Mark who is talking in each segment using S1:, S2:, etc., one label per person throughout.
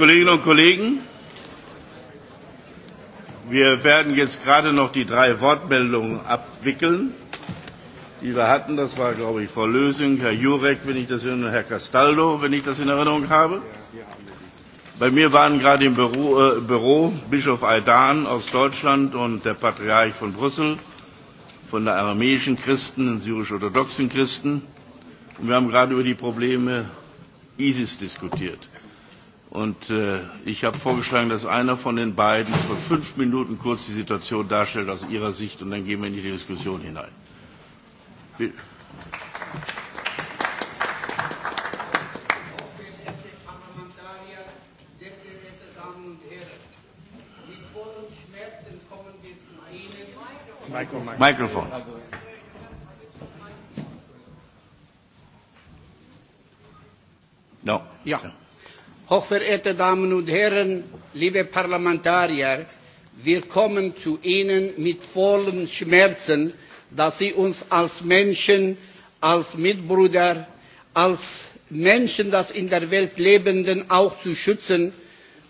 S1: Kolleginnen und Kollegen, wir werden jetzt gerade noch die drei Wortmeldungen abwickeln, die wir hatten. Das war, glaube ich, Frau Lösing, Herr Jurek, wenn ich das in, Herr Castaldo, wenn ich das in Erinnerung habe. Bei mir waren gerade im Büro, äh, Büro Bischof Aidan aus Deutschland und der Patriarch von Brüssel von der aramäischen Christen, den syrisch-orthodoxen Christen. Und wir haben gerade über die Probleme ISIS diskutiert. Und äh, ich habe vorgeschlagen, dass einer von den beiden für fünf Minuten kurz die Situation darstellt aus Ihrer Sicht und dann gehen wir in die Diskussion hinein. Bitte.
S2: Mikrofon.
S3: No. ja. No. Hochverehrte Damen und Herren, liebe Parlamentarier, wir kommen zu Ihnen mit vollen Schmerzen, dass Sie uns als Menschen, als Mitbrüder, als Menschen, das in der Welt Lebenden auch zu schützen.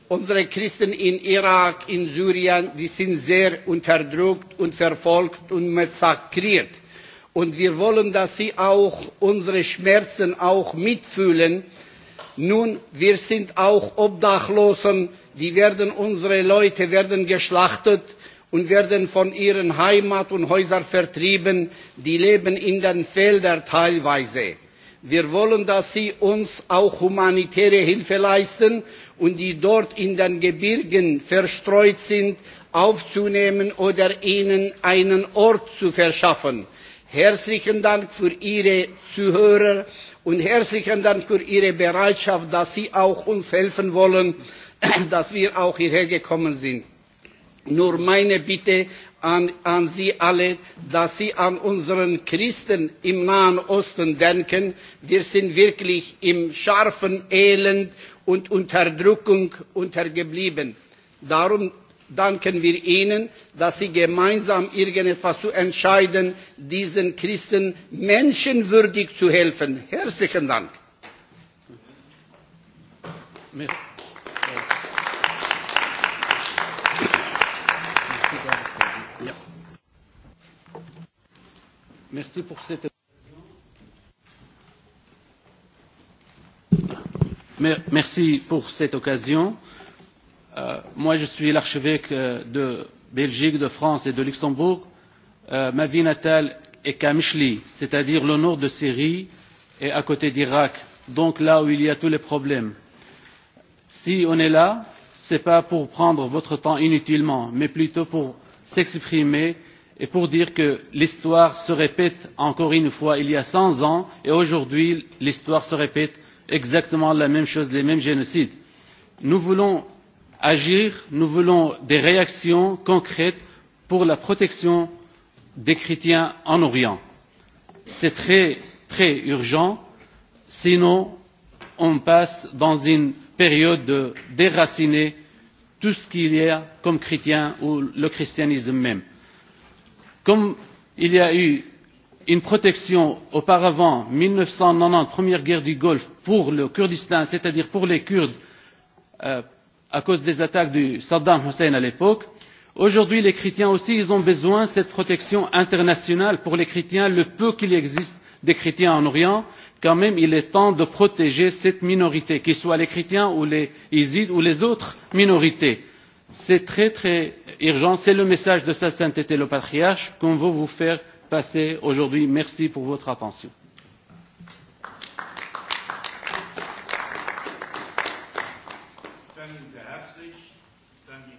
S3: Unsere Christen in Irak, in Syrien, die sind sehr unterdrückt und verfolgt und massakriert. Und wir wollen, dass Sie auch unsere Schmerzen auch mitfühlen Nun, wir sind auch Obdachlosen, die werden, unsere Leute werden geschlachtet und werden von ihren Heimat und Häusern vertrieben, die leben in den Feldern teilweise. Wir wollen, dass sie uns auch humanitäre Hilfe leisten und die dort in den Gebirgen verstreut sind, aufzunehmen oder ihnen einen Ort zu verschaffen. Herzlichen Dank für Ihre Zuhörer und herzlichen Dank für Ihre Bereitschaft, dass Sie auch uns helfen wollen, dass wir auch hierher gekommen sind. Nur meine Bitte an, an Sie alle, dass Sie an unseren Christen im Nahen Osten denken. Wir sind wirklich im scharfen Elend und Unterdrückung untergeblieben. Darum danken wir ihnen dass sie gemeinsam irgendetwas zu entscheiden diesen christen menschenwürdig zu helfen. herzlichen dank!
S4: merci pour cette occasion Euh, moi je suis l'archevêque euh, de belgique de france et de luxembourg euh, ma ville natale est kamishli c'est à dire le nord de syrie et à côté d'iraq donc là où il y a tous les problèmes. si on est là ce n'est pas pour prendre votre temps inutilement mais plutôt pour s'exprimer et pour dire que l'histoire se répète encore une fois il y a cent ans et aujourd'hui l'histoire se répète exactement la même chose les mêmes génocides. nous voulons agir nous voulons des réactions concrètes pour la protection des chrétiens en orient. c'est très très urgent sinon on passe dans une période de déraciner tout ce qu'il y a comme chrétien ou le christianisme même. comme il y a eu une protection auparavant en mille neuf cent quatre vingt dix première guerre du golfe pour le kurdistan c'est à dire pour les kurdes euh, à cause des attaques de Saddam Hussein à l'époque. Aujourd'hui, les chrétiens aussi, ils ont besoin de cette protection internationale pour les chrétiens, le peu qu'il existe des chrétiens en Orient. Quand même, il est temps de protéger cette minorité, qu'ils soient les chrétiens ou les yézidis ou les autres minorités. C'est très très urgent. C'est le message de sa sainteté le patriarche qu'on veut vous faire passer aujourd'hui. Merci pour votre attention.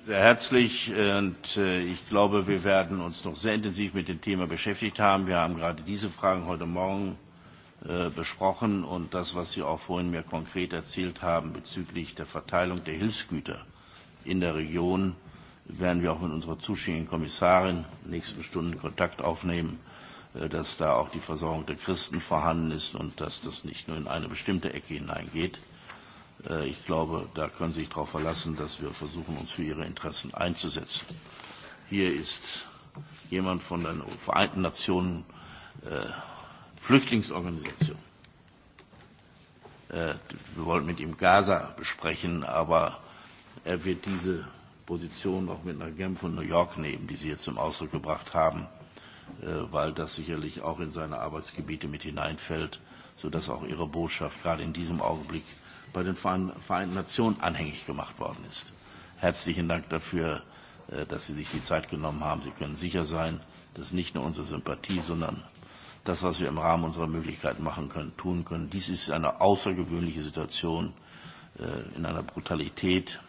S1: sehr herzlich und äh, ich glaube, wir werden uns noch sehr intensiv mit dem Thema beschäftigt haben. Wir haben gerade diese Fragen heute Morgen äh, besprochen und das, was Sie auch vorhin mir konkret erzählt haben bezüglich der Verteilung der Hilfsgüter in der Region, werden wir auch mit unserer zuständigen Kommissarin in den nächsten Stunden Kontakt aufnehmen, äh, dass da auch die Versorgung der Christen vorhanden ist und dass das nicht nur in eine bestimmte Ecke hineingeht. Äh, ich glaube, da können Sie sich darauf verlassen, dass wir versuchen, uns für Ihre Interessen einzusetzen. Hier ist jemand von den Vereinten Nationen äh, Flüchtlingsorganisation. Äh, wir wollten mit ihm Gaza besprechen, aber er wird diese Position auch mit einer Genf und New York nehmen, die Sie jetzt zum Ausdruck gebracht haben, äh, weil das sicherlich auch in seine Arbeitsgebiete mit hineinfällt, sodass auch Ihre Botschaft gerade in diesem Augenblick bei den Vereinten Nationen anhängig gemacht worden ist. Herzlichen Dank dafür, äh, dass Sie sich die Zeit genommen haben. Sie können sicher sein, dass nicht nur unsere Sympathie, sondern das, was wir im Rahmen unserer Möglichkeiten machen können, tun können. Dies ist eine außergewöhnliche Situation äh, in einer Brutalität,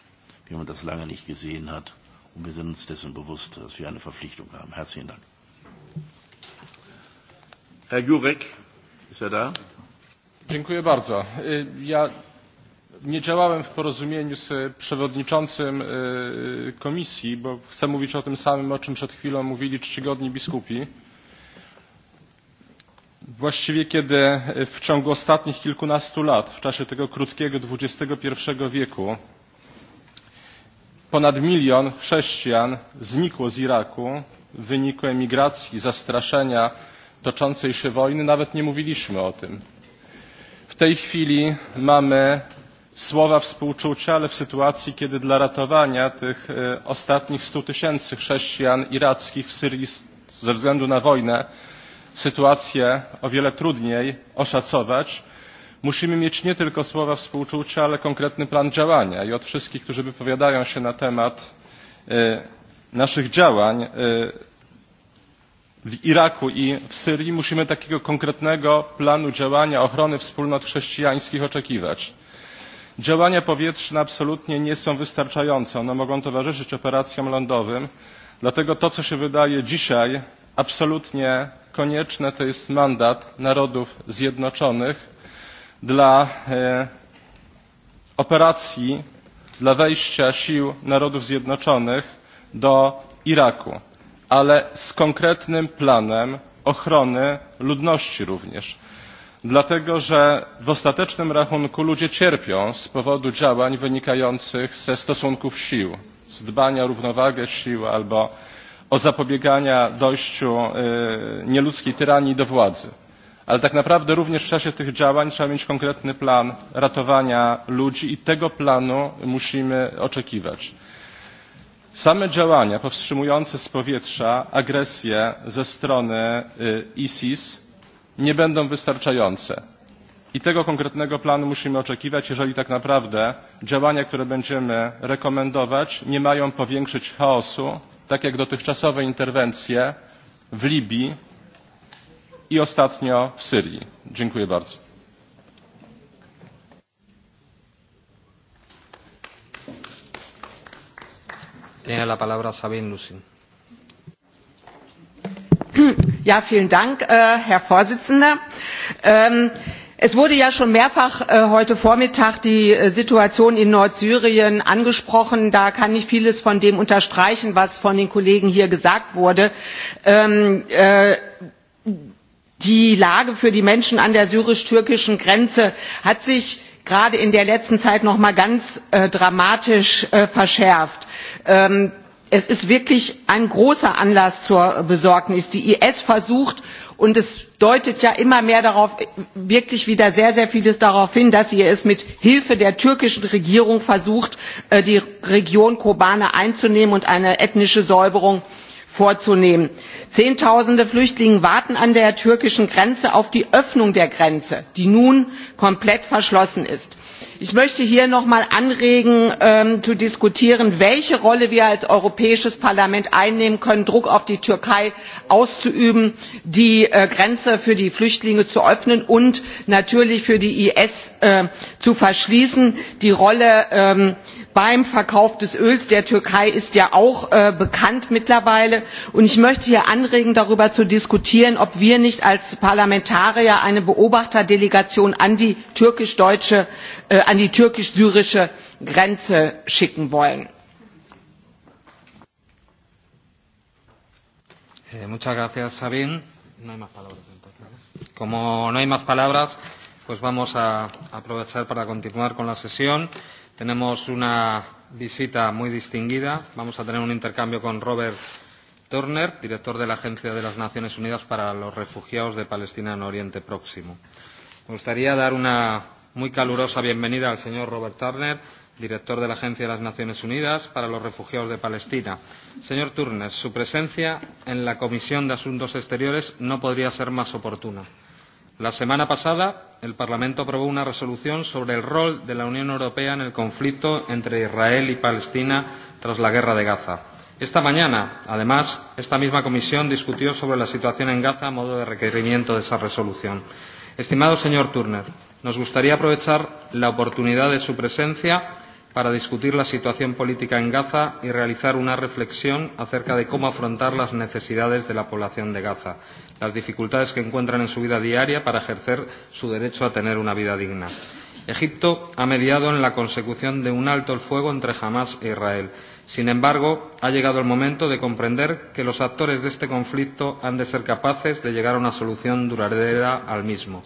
S1: wie man das lange nicht gesehen hat. Und wir sind uns dessen bewusst, dass wir eine Verpflichtung haben. Herzlichen Dank. Herr Jurek, ist er da? Dziękuję bardzo.
S5: Ja nie działałem w porozumieniu z przewodniczącym e, komisji bo chcę mówić o tym samym o czym przed chwilą mówili czcigodni biskupi. właściwie kiedy w ciągu ostatnich kilkunastu lat w czasie tego krótkiego xxi wieku ponad milion chrześcijan znikło z iraku w wyniku emigracji zastraszenia toczącej się wojny nawet nie mówiliśmy o tym. w tej chwili mamy słowa współczucia, ale w sytuacji, kiedy dla ratowania tych e, ostatnich 100 tysięcy chrześcijan irackich w Syrii ze względu na wojnę sytuację o wiele trudniej oszacować, musimy mieć nie tylko słowa współczucia, ale konkretny plan działania. I od wszystkich, którzy wypowiadają się na temat e, naszych działań e, w Iraku i w Syrii, musimy takiego konkretnego planu działania ochrony wspólnot chrześcijańskich oczekiwać działania powietrzne absolutnie nie są wystarczające one mogą towarzyszyć operacjom lądowym dlatego to co się wydaje dzisiaj absolutnie konieczne to jest mandat narodów zjednoczonych dla e, operacji dla wejścia sił narodów zjednoczonych do iraku ale z konkretnym planem ochrony ludności również dlatego że w ostatecznym rachunku ludzie cierpią z powodu działań wynikających ze stosunków sił z dbania o równowagę sił albo o zapobiegania dojściu nieludzkiej tyranii do władzy. Ale tak naprawdę również w czasie tych działań trzeba mieć konkretny plan ratowania ludzi i tego planu musimy oczekiwać. Same działania powstrzymujące z powietrza agresję ze strony ISIS nie będą wystarczające i tego konkretnego planu musimy oczekiwać jeżeli tak naprawdę działania które będziemy rekomendować nie mają powiększyć chaosu tak jak dotychczasowe interwencje w libii i ostatnio w syrii. dziękuję bardzo.
S6: Tiene la palabra Sabine Lucin.
S7: Äh, Herr präsident! Ähm, es wurde ja schon mehrfach äh, heute Vormittag die äh, Situation in Nordsyrien angesprochen. Da kann ich vieles von dem unterstreichen, was von den Kollegen hier gesagt wurde. Ähm, die Lage für die Menschen an der syrisch-türkischen Grenze hat sich gerade in der letzten Zeit noch mal ganz dramatisch verschärft. Ähm, es ist wirklich ein großer anlass zur besorgnis. der is versucht und es deutet ja immer mehr darauf wirklich wieder sehr sehr vieles darauf hin dass er es mit hilfe der türkischen regierung versucht äh, die region kobane einzunehmen und eine ethnische säuberung vorzunehmen. zehntausende flüchtlinge warten an der türkischen grenze auf die öffnung der grenze die nun komplett verschlossen ist. ich möchte hier noch einmal anregen ähm, zu diskutieren welche rolle wir als europäisches parlament einnehmen können druck auf die türkei auszuüben die äh, grenze für die flüchtlinge zu öffnen und natürlich für den is äh, zu verschließen die rolle ähm, beim verkauf des öls der türkei ist ja auch äh, bekannt mittlerweile und ich möchte hier anregen darüber zu diskutieren ob wir nicht als parlamentarier eine beobachterdelegation an die türkisch äh, syrische grenze schicken wollen.
S6: Tenemos una visita muy distinguida. Vamos a tener un intercambio con Robert Turner, director de la Agencia de las Naciones Unidas para los Refugiados de Palestina en Oriente Próximo. Me gustaría dar una muy calurosa bienvenida al señor Robert Turner, director de la Agencia de las Naciones Unidas para los Refugiados de Palestina. Señor Turner, su presencia en la Comisión de Asuntos Exteriores no podría ser más oportuna la semana pasada el parlamento aprobó una resolución sobre el rol de la unión europea en el conflicto entre israel y palestina tras la guerra de gaza. esta mañana además esta misma comisión discutió sobre la situación en gaza a modo de requerimiento de esa resolución. estimado señor turner nos gustaría aprovechar la oportunidad de su presencia para discutir la situación política en Gaza y realizar una reflexión acerca de cómo afrontar las necesidades de la población de Gaza, las dificultades que encuentran en su vida diaria para ejercer su derecho a tener una vida digna. Egipto ha mediado en la consecución de un alto el fuego entre Hamas e Israel. Sin embargo, ha llegado el momento de comprender que los actores de este conflicto han de ser capaces de llegar a una solución duradera al mismo.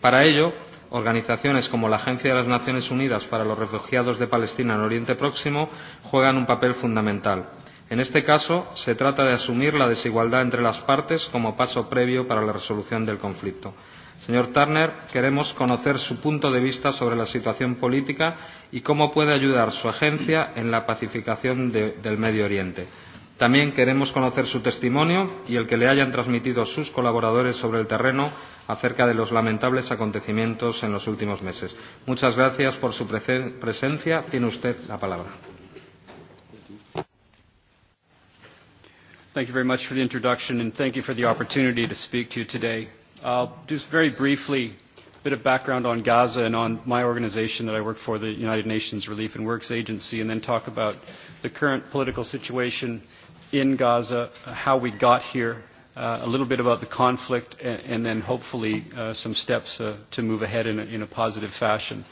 S6: Para ello, organizaciones como la agencia de las naciones unidas para los refugiados de palestina en oriente próximo juegan un papel fundamental. en este caso se trata de asumir la desigualdad entre las partes como paso previo para la resolución del conflicto. señor turner queremos conocer su punto de vista sobre la situación política y cómo puede ayudar su agencia en la pacificación de, del medio oriente. También queremos conocer su testimonio y el que le hayan transmitido sus colaboradores sobre el terreno acerca de los lamentables acontecimientos en los últimos meses. Muchas gracias
S8: por su presencia. Tiene usted la palabra. Thank you very much for the introduction and thank you for the opportunity to speak to you today. I'll just very briefly, a bit of background on Gaza and on my organization that I work for, the United Nations Relief and Works Agency, and then talk about the current political situation in Gaza, uh, how we got here, uh, a little bit about the conflict, and, and then hopefully uh, some steps uh, to move ahead in a, in a positive fashion.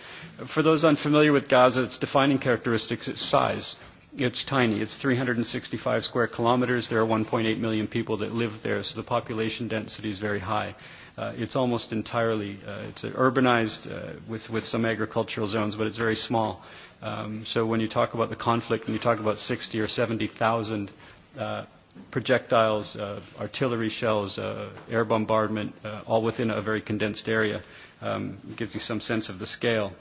S8: For those unfamiliar with Gaza, its defining characteristics, its size. It's tiny. It's 365 square kilometers. There are 1.8 million people that live there, so the population density is very high. Uh, it's almost entirely uh, it's urbanized uh, with, with some agricultural zones, but it's very small. Um, so when you talk about the conflict and you talk about 60 or 70,000 uh, projectiles, uh, artillery shells, uh, air bombardment, uh, all within a very condensed area. Um, it gives you some sense of the scale.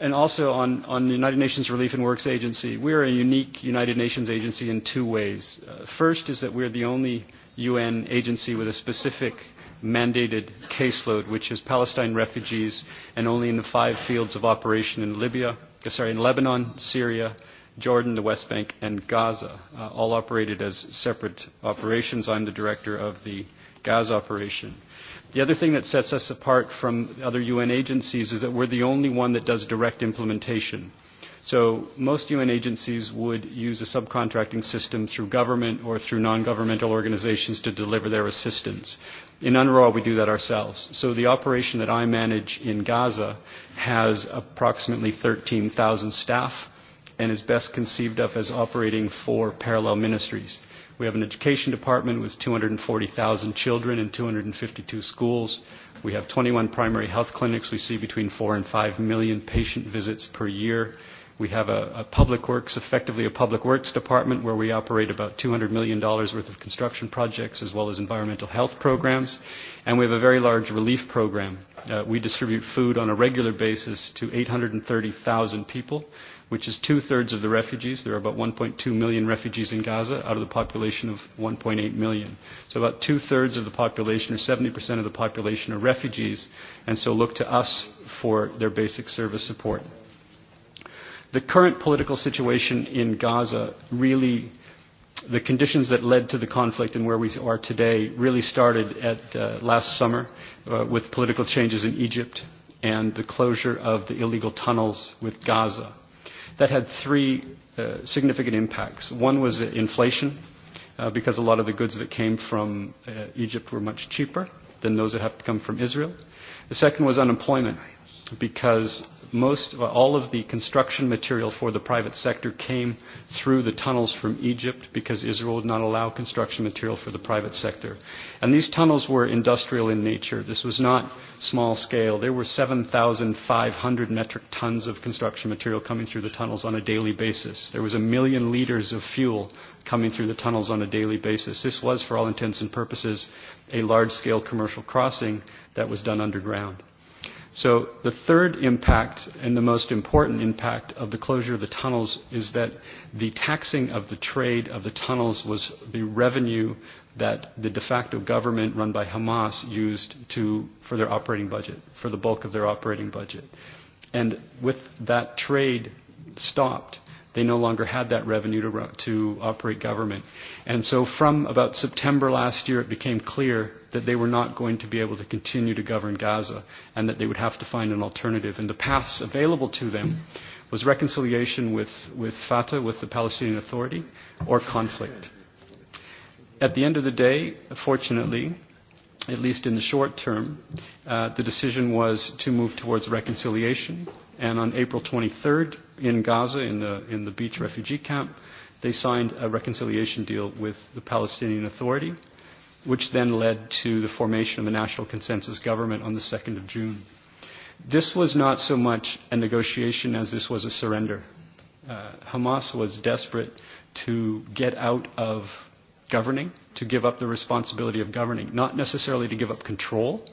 S8: And also on, on the United Nations Relief and Works Agency, we are a unique United Nations agency in two ways. Uh, first is that we're the only UN agency with a specific mandated caseload, which is Palestine refugees and only in the five fields of operation in Libya, sorry, in Lebanon, Syria, Jordan, the West Bank, and Gaza, uh, all operated as separate operations. I'm the director of the Gaza operation. The other thing that sets us apart from other UN agencies is that we're the only one that does direct implementation. So most UN agencies would use a subcontracting system through government or through non-governmental organizations to deliver their assistance. In UNRWA, we do that ourselves. So the operation that I manage in Gaza has approximately 13,000 staff and is best conceived of as operating four parallel ministries. We have an education department with 240,000 children in 252 schools. We have 21 primary health clinics. We see between 4 and 5 million patient visits per year. We have a, a public works, effectively a public works department where we operate about $200 million worth of construction projects as well as environmental health programs. And we have a very large relief program. Uh, we distribute food on a regular basis to 830,000 people which is two thirds of the refugees. There are about 1.2 million refugees in Gaza out of the population of 1.8 million. So about two thirds of the population, or 70% of the population, are refugees, and so look to us for their basic service support. The current political situation in Gaza really the conditions that led to the conflict and where we are today really started at uh, last summer uh, with political changes in Egypt and the closure of the illegal tunnels with Gaza. That had three uh, significant impacts. One was inflation, uh, because a lot of the goods that came from uh, Egypt were much cheaper than those that have to come from Israel. The second was unemployment, because most of all of the construction material for the private sector came through the tunnels from Egypt because Israel would not allow construction material for the private sector. And these tunnels were industrial in nature. This was not small scale. There were 7,500 metric tons of construction material coming through the tunnels on a daily basis. There was a million liters of fuel coming through the tunnels on a daily basis. This was, for all intents and purposes, a large scale commercial crossing that was done underground. So the third impact and the most important impact of the closure of the tunnels is that the taxing of the trade of the tunnels was the revenue that the de facto government run by Hamas used to, for their operating budget, for the bulk of their operating budget. And with that trade stopped, They no longer had that revenue to, to operate government. And so from about September last year, it became clear that they were not going to be able to continue to govern Gaza and that they would have to find an alternative. And the paths available to them was reconciliation with, with Fatah, with the Palestinian Authority, or conflict. At the end of the day, fortunately, at least in the short term, uh, the decision was to move towards reconciliation. And on April 23rd, in Gaza, in the, in the beach refugee camp, they signed a reconciliation deal with the Palestinian Authority, which then led to the formation of the National Consensus Government on the 2nd of June. This was not so much a negotiation as this was a surrender. Uh, Hamas was desperate to get out of governing, to give up the responsibility of governing, not necessarily to give up control,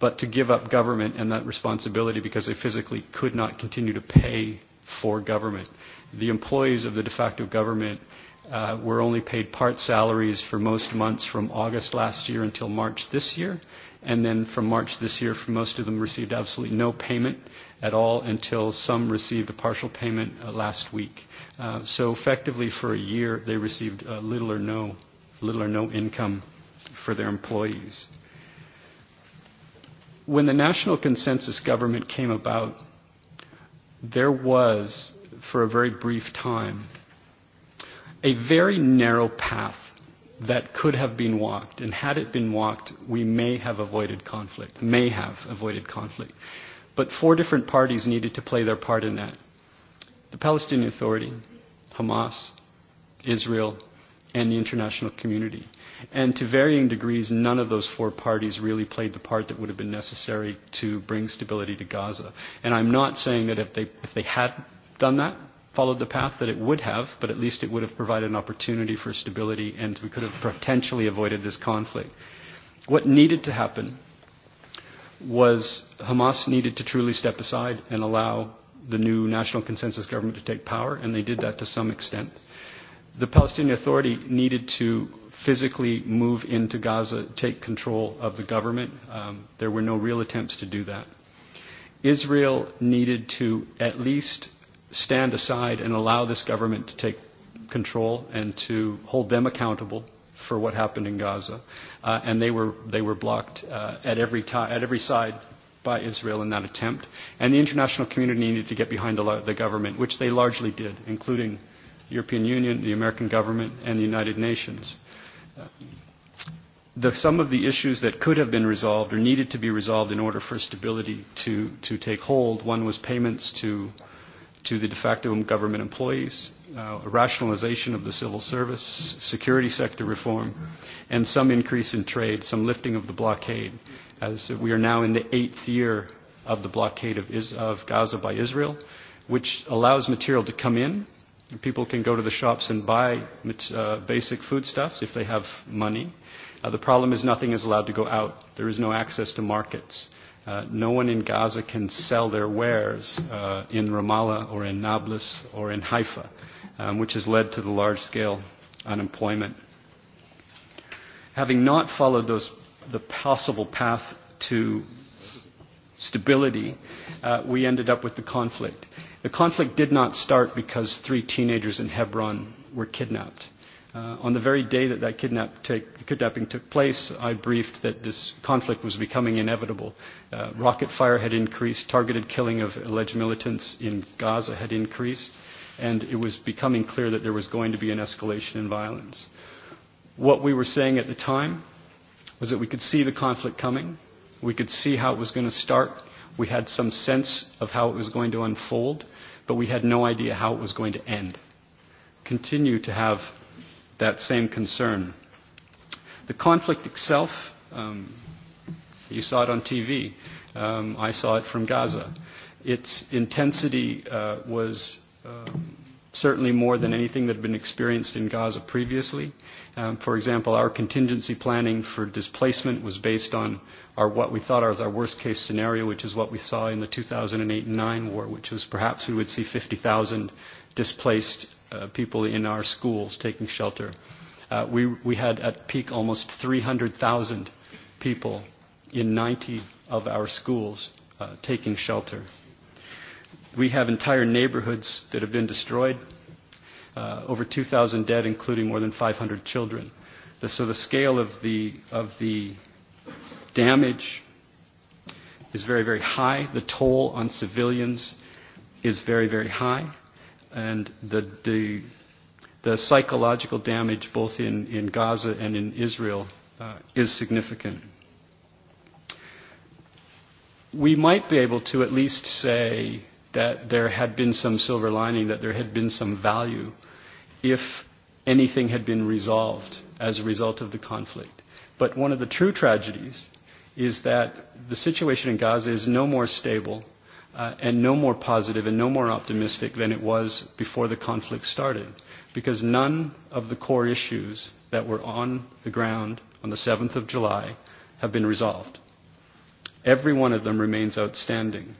S8: but to give up government and that responsibility because they physically could not continue to pay for government. The employees of the de facto government uh, were only paid part salaries for most months from August last year until March this year and then from March this year, for most of them, received absolutely no payment at all until some received a partial payment uh, last week. Uh, so effectively, for a year, they received uh, little or no, little or no income for their employees. When the national consensus government came about, there was, for a very brief time, a very narrow path that could have been walked. And had it been walked, we may have avoided conflict, may have avoided conflict. But four different parties needed to play their part in that the Palestinian Authority, Hamas, Israel, and the international community. And to varying degrees, none of those four parties really played the part that would have been necessary to bring stability to Gaza. And I'm not saying that if they, if they had done that, followed the path that it would have, but at least it would have provided an opportunity for stability and we could have potentially avoided this conflict. What needed to happen was Hamas needed to truly step aside and allow the new national consensus government to take power, and they did that to some extent. The Palestinian Authority needed to physically move into Gaza, take control of the government. Um, there were no real attempts to do that. Israel needed to at least stand aside and allow this government to take control and to hold them accountable for what happened in Gaza. Uh, and they were, they were blocked uh, at, every time, at every side by Israel in that attempt. And the international community needed to get behind the, the government, which they largely did, including the European Union, the American government, and the United Nations. Uh, the, some of the issues that could have been resolved or needed to be resolved in order for stability to, to take hold, one was payments to to the de facto government employees, uh, a rationalization of the civil service, security sector reform, and some increase in trade, some lifting of the blockade, as we are now in the eighth year of the blockade of, Is- of Gaza by Israel, which allows material to come in. People can go to the shops and buy uh, basic foodstuffs if they have money. Uh, the problem is nothing is allowed to go out. There is no access to markets. Uh, no one in Gaza can sell their wares uh, in Ramallah or in Nablus or in Haifa, um, which has led to the large scale unemployment. Having not followed those, the possible path to stability, uh, we ended up with the conflict. The conflict did not start because three teenagers in Hebron were kidnapped. Uh, on the very day that that kidnap take, kidnapping took place, I briefed that this conflict was becoming inevitable. Uh, rocket fire had increased, targeted killing of alleged militants in Gaza had increased, and it was becoming clear that there was going to be an escalation in violence. What we were saying at the time was that we could see the conflict coming, we could see how it was going to start, we had some sense of how it was going to unfold, but we had no idea how it was going to end. Continue to have that same concern. The conflict itself, um, you saw it on TV. Um, I saw it from Gaza. Its intensity uh, was um, certainly more than anything that had been experienced in Gaza previously. Um, for example, our contingency planning for displacement was based on our, what we thought was our worst case scenario, which is what we saw in the 2008 9 war, which was perhaps we would see 50,000 displaced Uh, people in our schools taking shelter. Uh, we, we had at peak almost 300,000 people in 90 of our schools uh, taking shelter. We have entire neighborhoods that have been destroyed, uh, over 2,000 dead, including more than 500 children. The, so the scale of the, of the damage is very, very high. The toll on civilians is very, very high and the, the, the psychological damage both in, in Gaza and in Israel uh, is significant. We might be able to at least say that there had been some silver lining, that there had been some value if anything had been resolved as a result of the conflict. But one of the true tragedies is that the situation in Gaza is no more stable uh, and no more positive and no more optimistic than it was before the conflict started. Because none of the core issues that were on the ground on the 7th of July have been resolved. Every one of them remains outstanding.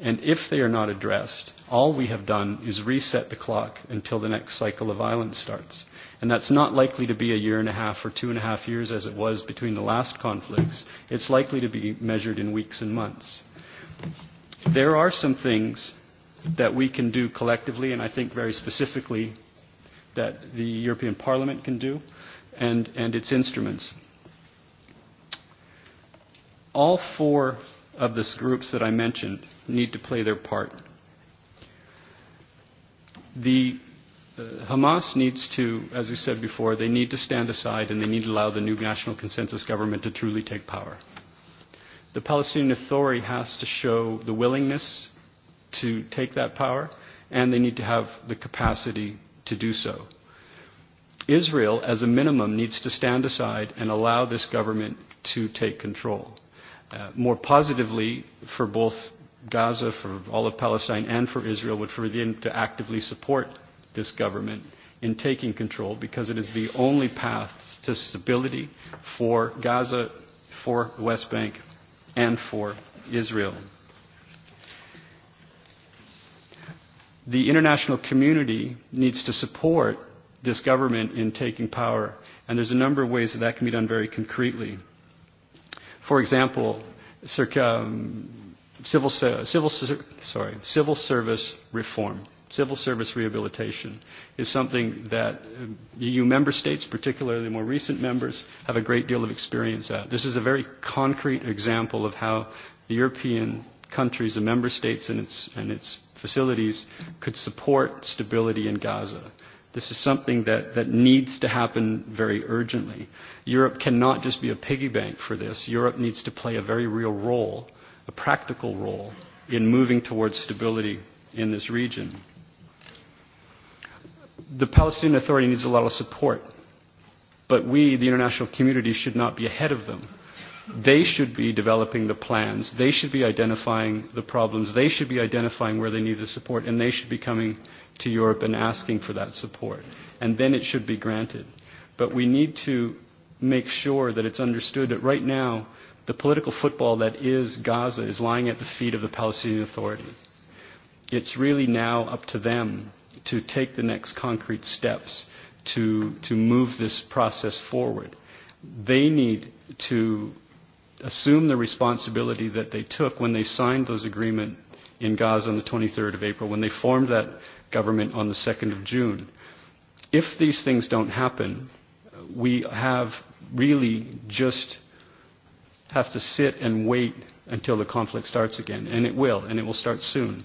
S8: And if they are not addressed, all we have done is reset the clock until the next cycle of violence starts. And that's not likely to be a year and a half or two and a half years as it was between the last conflicts. It's likely to be measured in weeks and months. There are some things that we can do collectively, and I think very specifically that the European Parliament can do and, and its instruments. All four of the groups that I mentioned need to play their part. The uh, Hamas needs to, as I said before, they need to stand aside and they need to allow the new national consensus government to truly take power the Palestinian Authority has to show the willingness to take that power, and they need to have the capacity to do so. Israel, as a minimum, needs to stand aside and allow this government to take control. Uh, more positively, for both Gaza, for all of Palestine, and for Israel, would for them to actively support this government in taking control because it is the only path to stability for Gaza, for West Bank, and for Israel. The international community needs to support this government in taking power, and there's a number of ways that that can be done very concretely. For example, um, civil, civil, sorry, civil service reform civil service rehabilitation is something that uh, EU member states, particularly the more recent members, have a great deal of experience at. This is a very concrete example of how the European countries, the member states and its, and its facilities could support stability in Gaza. This is something that, that needs to happen very urgently. Europe cannot just be a piggy bank for this. Europe needs to play a very real role, a practical role, in moving towards stability in this region the Palestinian Authority needs a lot of support, but we, the international community, should not be ahead of them. They should be developing the plans. They should be identifying the problems. They should be identifying where they need the support, and they should be coming to Europe and asking for that support. And then it should be granted. But we need to make sure that it's understood that right now, the political football that is Gaza is lying at the feet of the Palestinian Authority. It's really now up to them to take the next concrete steps to, to move this process forward. They need to assume the responsibility that they took when they signed those agreements in Gaza on the 23rd of April, when they formed that government on the 2nd of June. If these things don't happen, we have really just have to sit and wait until the conflict starts again, and it will, and it will start soon,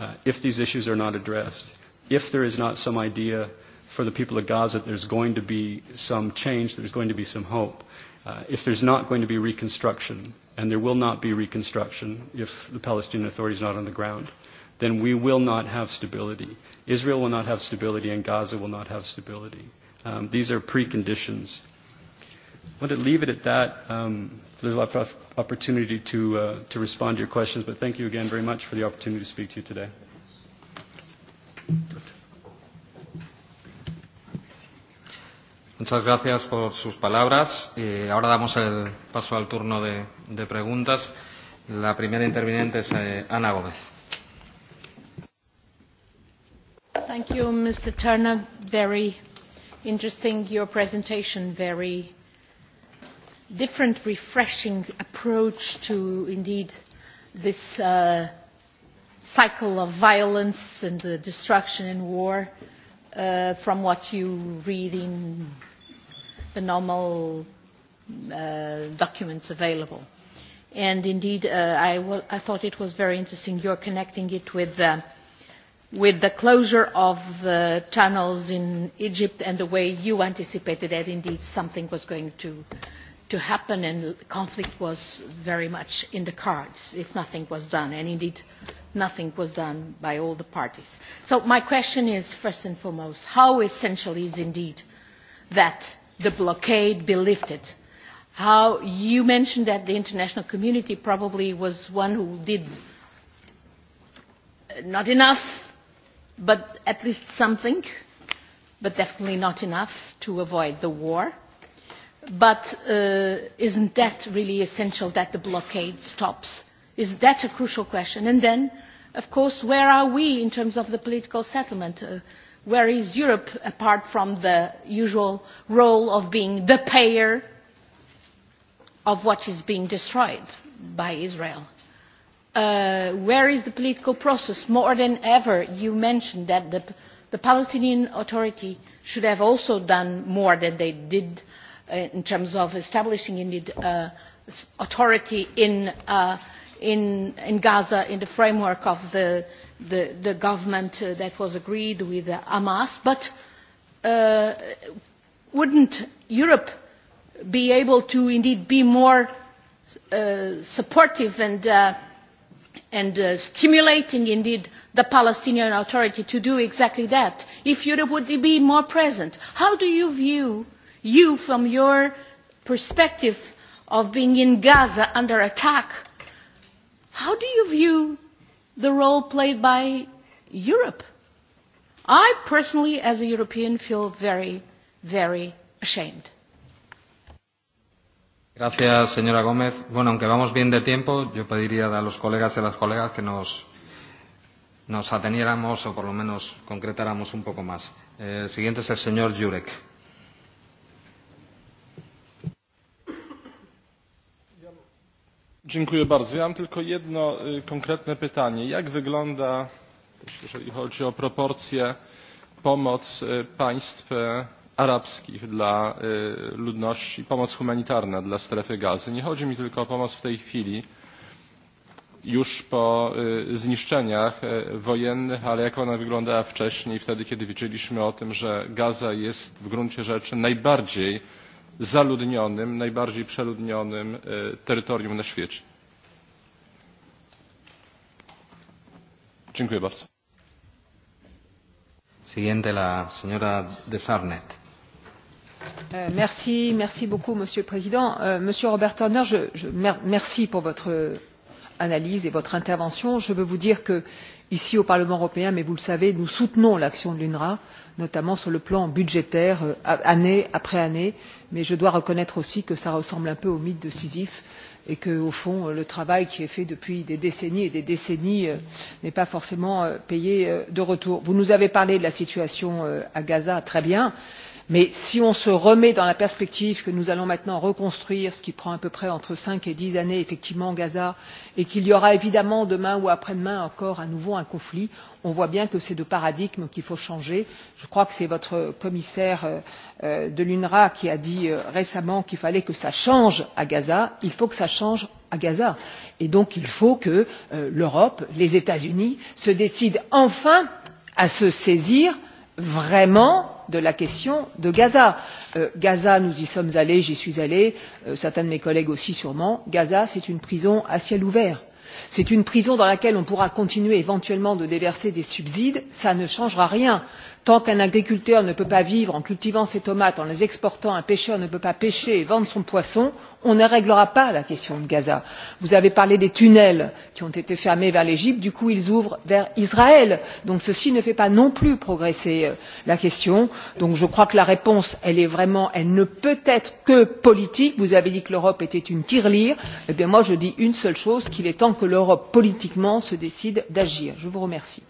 S8: uh, if these issues are not addressed if there is not some idea for the people of Gaza that there's going to be some change, there's going to be some hope. Uh, if there's not going to be reconstruction, and there will not be reconstruction if the Palestinian Authority is not on the ground, then we will not have stability. Israel will not have stability, and Gaza will not have stability. Um, these are preconditions. I want to leave it at that. Um, there's a lot of opportunity to, uh, to respond to your questions, but thank you again very much for the opportunity to speak to you today.
S6: Muchas gracias por sus palabras. Eh, ahora damos el paso al turno de, de preguntas. La primera interviniente es eh, Ana Gómez.
S9: Thank you, Mr. Turner. Very interesting your presentation. Very different, refreshing approach to indeed this uh, cycle of violence and uh, destruction and war uh, from what you read in the normal uh, documents available. And indeed, uh, I, will, I thought it was very interesting You're connecting it with, uh, with the closure of the tunnels in Egypt and the way you anticipated that indeed something was going to, to happen and conflict was very much in the cards if nothing was done. And indeed, nothing was done by all the parties. So my question is, first and foremost, how essential is indeed that the blockade be lifted? How you mentioned that the international community probably was one who did uh, not enough, but at least something, but definitely not enough to avoid the war. But uh, isn't that really essential that the blockade stops? Is that a crucial question? And then, of course, where are we in terms of the political settlement? Uh, where is Europe apart from the usual role of being the payer of what is being destroyed by Israel? Uh, where is the political process? More than ever, you mentioned that the, the Palestinian Authority should have also done more than they did uh, in terms of establishing indeed uh, authority in uh, in, in Gaza in the framework of the, the, the government uh, that was agreed with Hamas. But uh, wouldn't Europe be able to indeed be more uh, supportive and, uh, and uh, stimulating indeed the Palestinian Authority to do exactly that if Europe would be more present? How do you view you from your perspective of being in Gaza under attack How do you view the role played by Europe? I personally, as a European, feel very, very ashamed.
S6: Gracias, señora Gómez. Bueno, aunque vamos bien de tiempo, yo pediría a los colegas y a las colegas que nos, nos ateniéramos o por lo menos concretáramos un poco más. Eh, el siguiente es el señor Jurek.
S5: Ja mam tylko jedno konkretne pytanie. Jak wygląda, jeżeli chodzi o proporcje, pomoc państw arabskich dla ludności, pomoc humanitarna dla strefy gazy? Nie chodzi mi tylko o pomoc w tej chwili, już po zniszczeniach wojennych, ale jak ona wyglądała wcześniej, wtedy kiedy wiedzieliśmy o tym, że Gaza jest w gruncie rzeczy najbardziej zaludnionym, najbardziej przeludnionym e, terytorium na świecie. Dziękuję
S6: bardzo. Siguiente la señora de Sarnet.
S10: Euh, merci, merci beaucoup, Monsieur le Président. Euh, Monsieur Robert Turner, je, je, merci pour votre analyse et votre intervention. Je veux vous dire que, ici au Parlement européen, mais vous le savez, nous soutenons l'action de l'UNRWA notamment sur le plan budgétaire euh, année après année mais je dois reconnaître aussi que cela ressemble un peu au mythe de sisyphe et que au fond euh, le travail qui est fait depuis des décennies et des décennies euh, n'est pas forcément payé de retour. vous nous avez parlé de la situation à gaza très bien mais si on se remet dans la perspective que nous allons maintenant reconstruire ce qui prend à peu près entre cinq et dix années effectivement gaza et qu'il y aura évidemment demain ou après demain encore à nouveau un conflit on voit bien que c'est de paradigme qu'il faut changer. je crois que c'est votre commissaire euh, euh, de l'unrwa qui a dit euh, récemment qu'il fallait que ça change à gaza il faut que ça change à gaza et donc il faut que l'europe les états unis se décident enfin à se saisir vraiment de la question de gaza. Euh, gaza nous y sommes allés j'y suis allé, euh, certains de mes collègues aussi sûrement gaza c'est une prison à ciel ouvert c'est une prison dans laquelle on pourra continuer éventuellement de déverser des subsides cela ne changera rien tant qu'un agriculteur ne peut pas vivre en cultivant ses tomates en les exportant un pêcheur ne peut pas pêcher et vendre son poisson on ne réglera pas la question de gaza. vous avez parlé des tunnels qui ont été fermés vers l'égypte du coup ils ouvrent vers israël donc ceci ne fait pas non plus progresser euh, la question. donc je crois que la réponse elle est vraiment elle ne peut être que politique. vous avez dit que l'europe était une tirelire eh bien moi je dis une seule chose qu'il est temps que l'europe politiquement se décide d'agir. je vous remercie.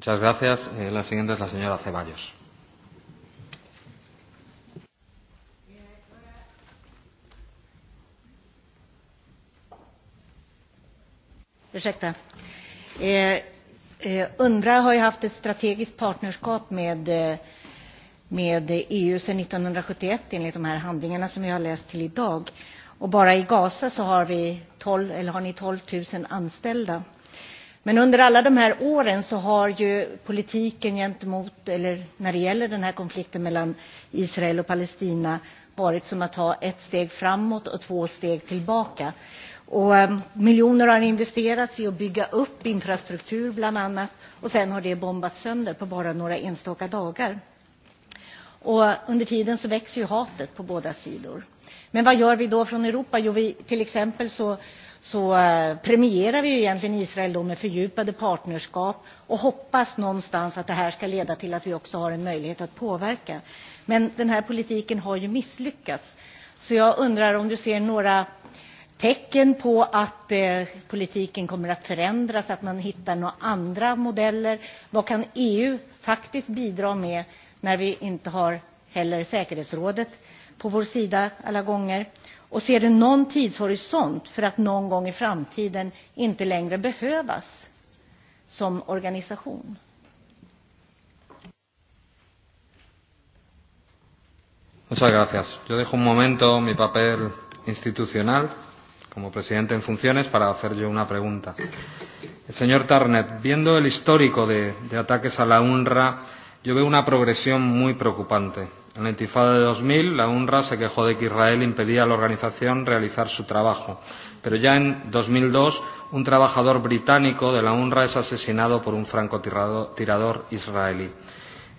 S6: Muchas gracias. Eh, la siguiente es la señora Ceballos.
S11: Ursäkta. Eh, eh Undra har ju haft ett strategiskt partnerskap med, eh, med EU sedan 1971 enligt de här handlingarna som jag har läst till idag. Och bara i Gaza så har, vi 12, eller har ni 12 000 anställda. Men under alla de här åren så har ju politiken gentemot, eller när det gäller den här konflikten mellan Israel och Palestina varit som att ta ett steg framåt och två steg tillbaka. Och eh, miljoner har investerats i att bygga upp infrastruktur bland annat och sen har det bombats sönder på bara några enstaka dagar. Och under tiden så växer ju hatet på båda sidor. Men vad gör vi då från Europa? Jo, vi, till exempel så så eh, premierar vi ju egentligen Israel då med fördjupade partnerskap och hoppas någonstans att det här ska leda till att vi också har en möjlighet att påverka. Men den här politiken har ju misslyckats. Så jag undrar om du ser några tecken på att eh, politiken kommer att förändras, att man hittar några andra modeller. Vad kan EU faktiskt bidra med när vi inte har heller säkerhetsrådet på vår sida alla gånger? Och ser du någon tidshorisont för att någon gång i framtiden inte längre behövas som organisation?
S6: Muchas gracias. Yo dejo un momento mi papel institucional como presidente en funciones para hacer yo una pregunta. El señor Tarnet, viendo el histórico de, de ataques a la UNRWA, yo veo una progresión muy preocupante en la intifada de 2000, la UNRWA se quejó de que Israel impedía a la organización realizar su trabajo. Pero ya en 2002, un trabajador británico de la UNRWA es asesinado por un francotirador israelí.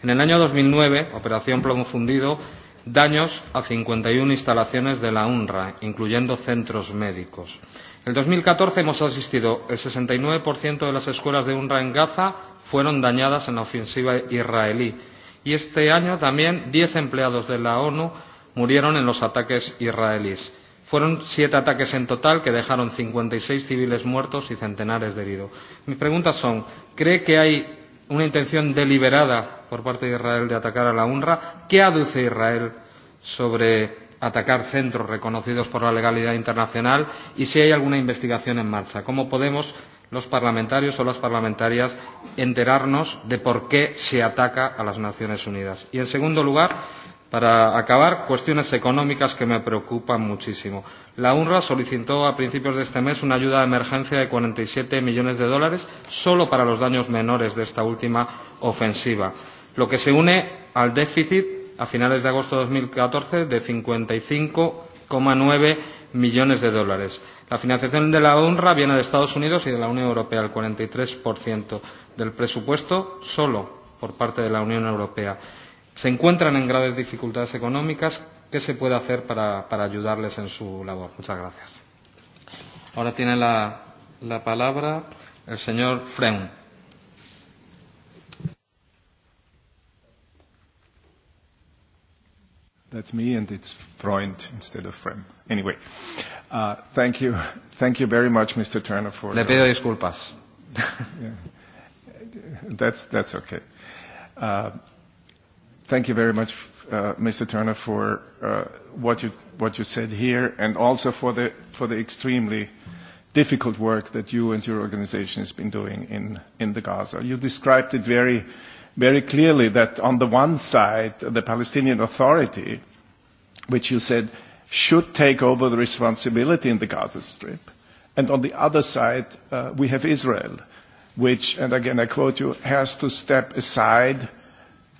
S6: En el año 2009, Operación Plomo Fundido, daños a 51 instalaciones de la UNRWA, incluyendo centros médicos. En 2014 hemos asistido el 69% de las escuelas de UNRWA en Gaza fueron dañadas en la ofensiva israelí Y este año también diez empleados de la ONU murieron en los ataques israelíes. Fueron siete ataques en total que dejaron 56 civiles muertos y centenares de heridos. Mis preguntas son, ¿cree que hay una intención deliberada por parte de Israel de atacar a la UNRWA? ¿Qué aduce Israel sobre atacar centros reconocidos por la legalidad internacional? ¿Y si hay alguna investigación en marcha? ¿Cómo podemos los parlamentarios o las parlamentarias enterarnos de por qué se ataca a las Naciones Unidas. Y, en segundo lugar, Para acabar, cuestiones económicas que me preocupan muchísimo. La UNRWA solicitó a principios de este mes una ayuda de emergencia de 47 millones de dólares solo para los daños menores de esta última ofensiva, lo que se une al déficit a finales de agosto de 2014 de 55,9 millones de dólares. La financiación de la UNRWA viene de Estados Unidos y de la Unión Europea, el 43% del presupuesto solo por parte de la Unión Europea. Se encuentran en graves dificultades económicas. ¿Qué se puede hacer para, para ayudarles en su labor? Muchas gracias. Ahora tiene la, la palabra
S12: el señor Freund. That's me, and it's Freund instead of Frem. Anyway, uh, thank you, thank you very much, Mr. Turner, for. Le pido disculpas. yeah. That's that's okay. Uh, thank you very much, uh, Mr. Turner, for uh, what you what you said here, and also for the for the extremely difficult work that you and your organization has been doing in in the Gaza. You described it very very clearly that on the one side, the Palestinian Authority, which you said should take over the responsibility in the Gaza Strip, and on the other side, uh, we have Israel, which, and again I quote you, has to step aside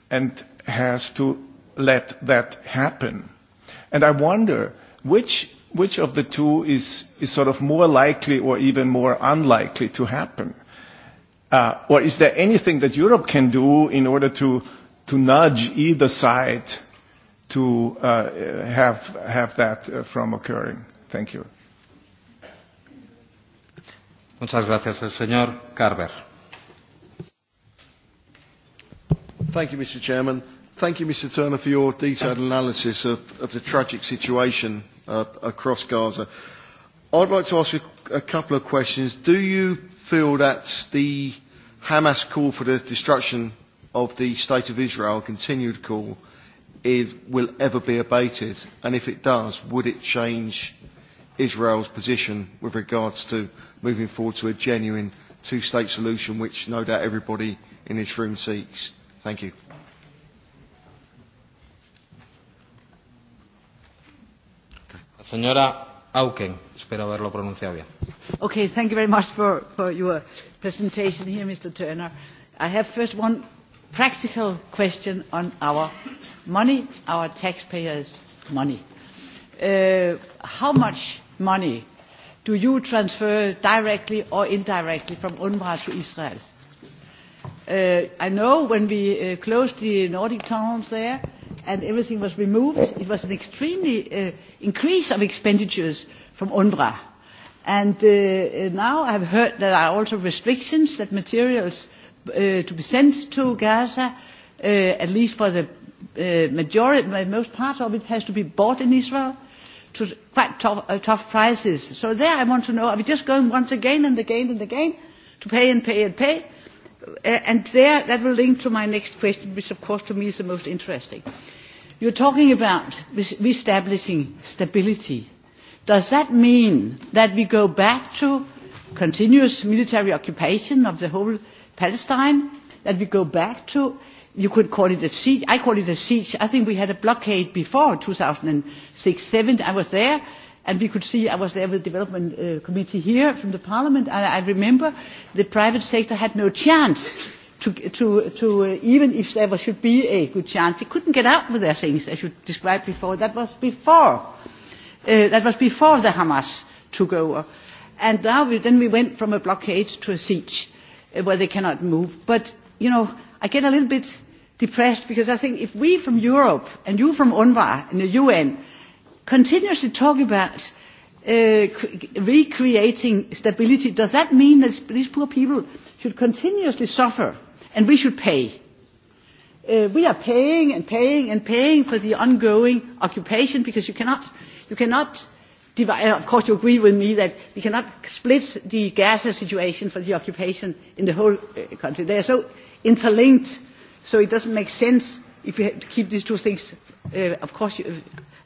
S12: and has to let that happen. And I wonder which, which of the two is, is sort of more likely or even more unlikely to happen Uh, or is there anything that Europe can do in order to, to nudge either side to uh, have, have that uh, from occurring? Thank you.
S6: Muchas gracias.
S3: El señor Carver. Thank you, Mr. Chairman. Thank you, Mr. Turner, for your detailed analysis of, of the tragic situation uh, across Gaza. I'd like to ask you a couple of questions. Do you feel that the Hamas call for the destruction of the State of Israel, a continued call, is, will ever be abated? And if it does, would it change Israel's position with regards to moving forward to a genuine two-state solution, which no doubt everybody in this room seeks? Thank you.
S6: Señora Auken, espero haberlo pronunciado bien.
S13: Okay, thank you very much for, for your presentation here, Mr. Turner. I have first one practical question on our money, our taxpayers' money. Uh, how much money do you transfer directly or indirectly from UNRWA to Israel? Uh, I know when we uh, closed the Nordic tunnels there and everything was removed, it was an extremely uh, increase of expenditures from UNRWA And uh, now I've heard there are also restrictions that materials uh, to be sent to Gaza, uh, at least for the uh, majority, most part of it has to be bought in Israel to quite tough, uh, tough prices. So there I want to know, are we just going once again and again and again to pay and pay and pay? Uh, and there, that will link to my next question, which of course to me is the most interesting. You're talking about re- establishing stability Does that mean that we go back to continuous military occupation of the whole Palestine? That we go back to, you could call it a siege, I call it a siege. I think we had a blockade before 2006 7. I was there, and we could see, I was there with the development uh, committee here from the parliament, and I remember the private sector had no chance to, to, to uh, even if there was, should be a good chance, they couldn't get out with their things, as you described before. That was before Uh, that was before the Hamas took over. And now we, then we went from a blockade to a siege uh, where they cannot move. But, you know, I get a little bit depressed because I think if we from Europe and you from UNRWA and the UN continuously talk about uh, recreating stability, does that mean that these poor people should continuously suffer and we should pay? Uh, we are paying and paying and paying for the ongoing occupation because you cannot You cannot divide, of course you agree with me that we cannot split the Gaza situation for the occupation in the whole uh, country. They are so interlinked, so it doesn't make sense if you keep these two things. Uh, of course, you,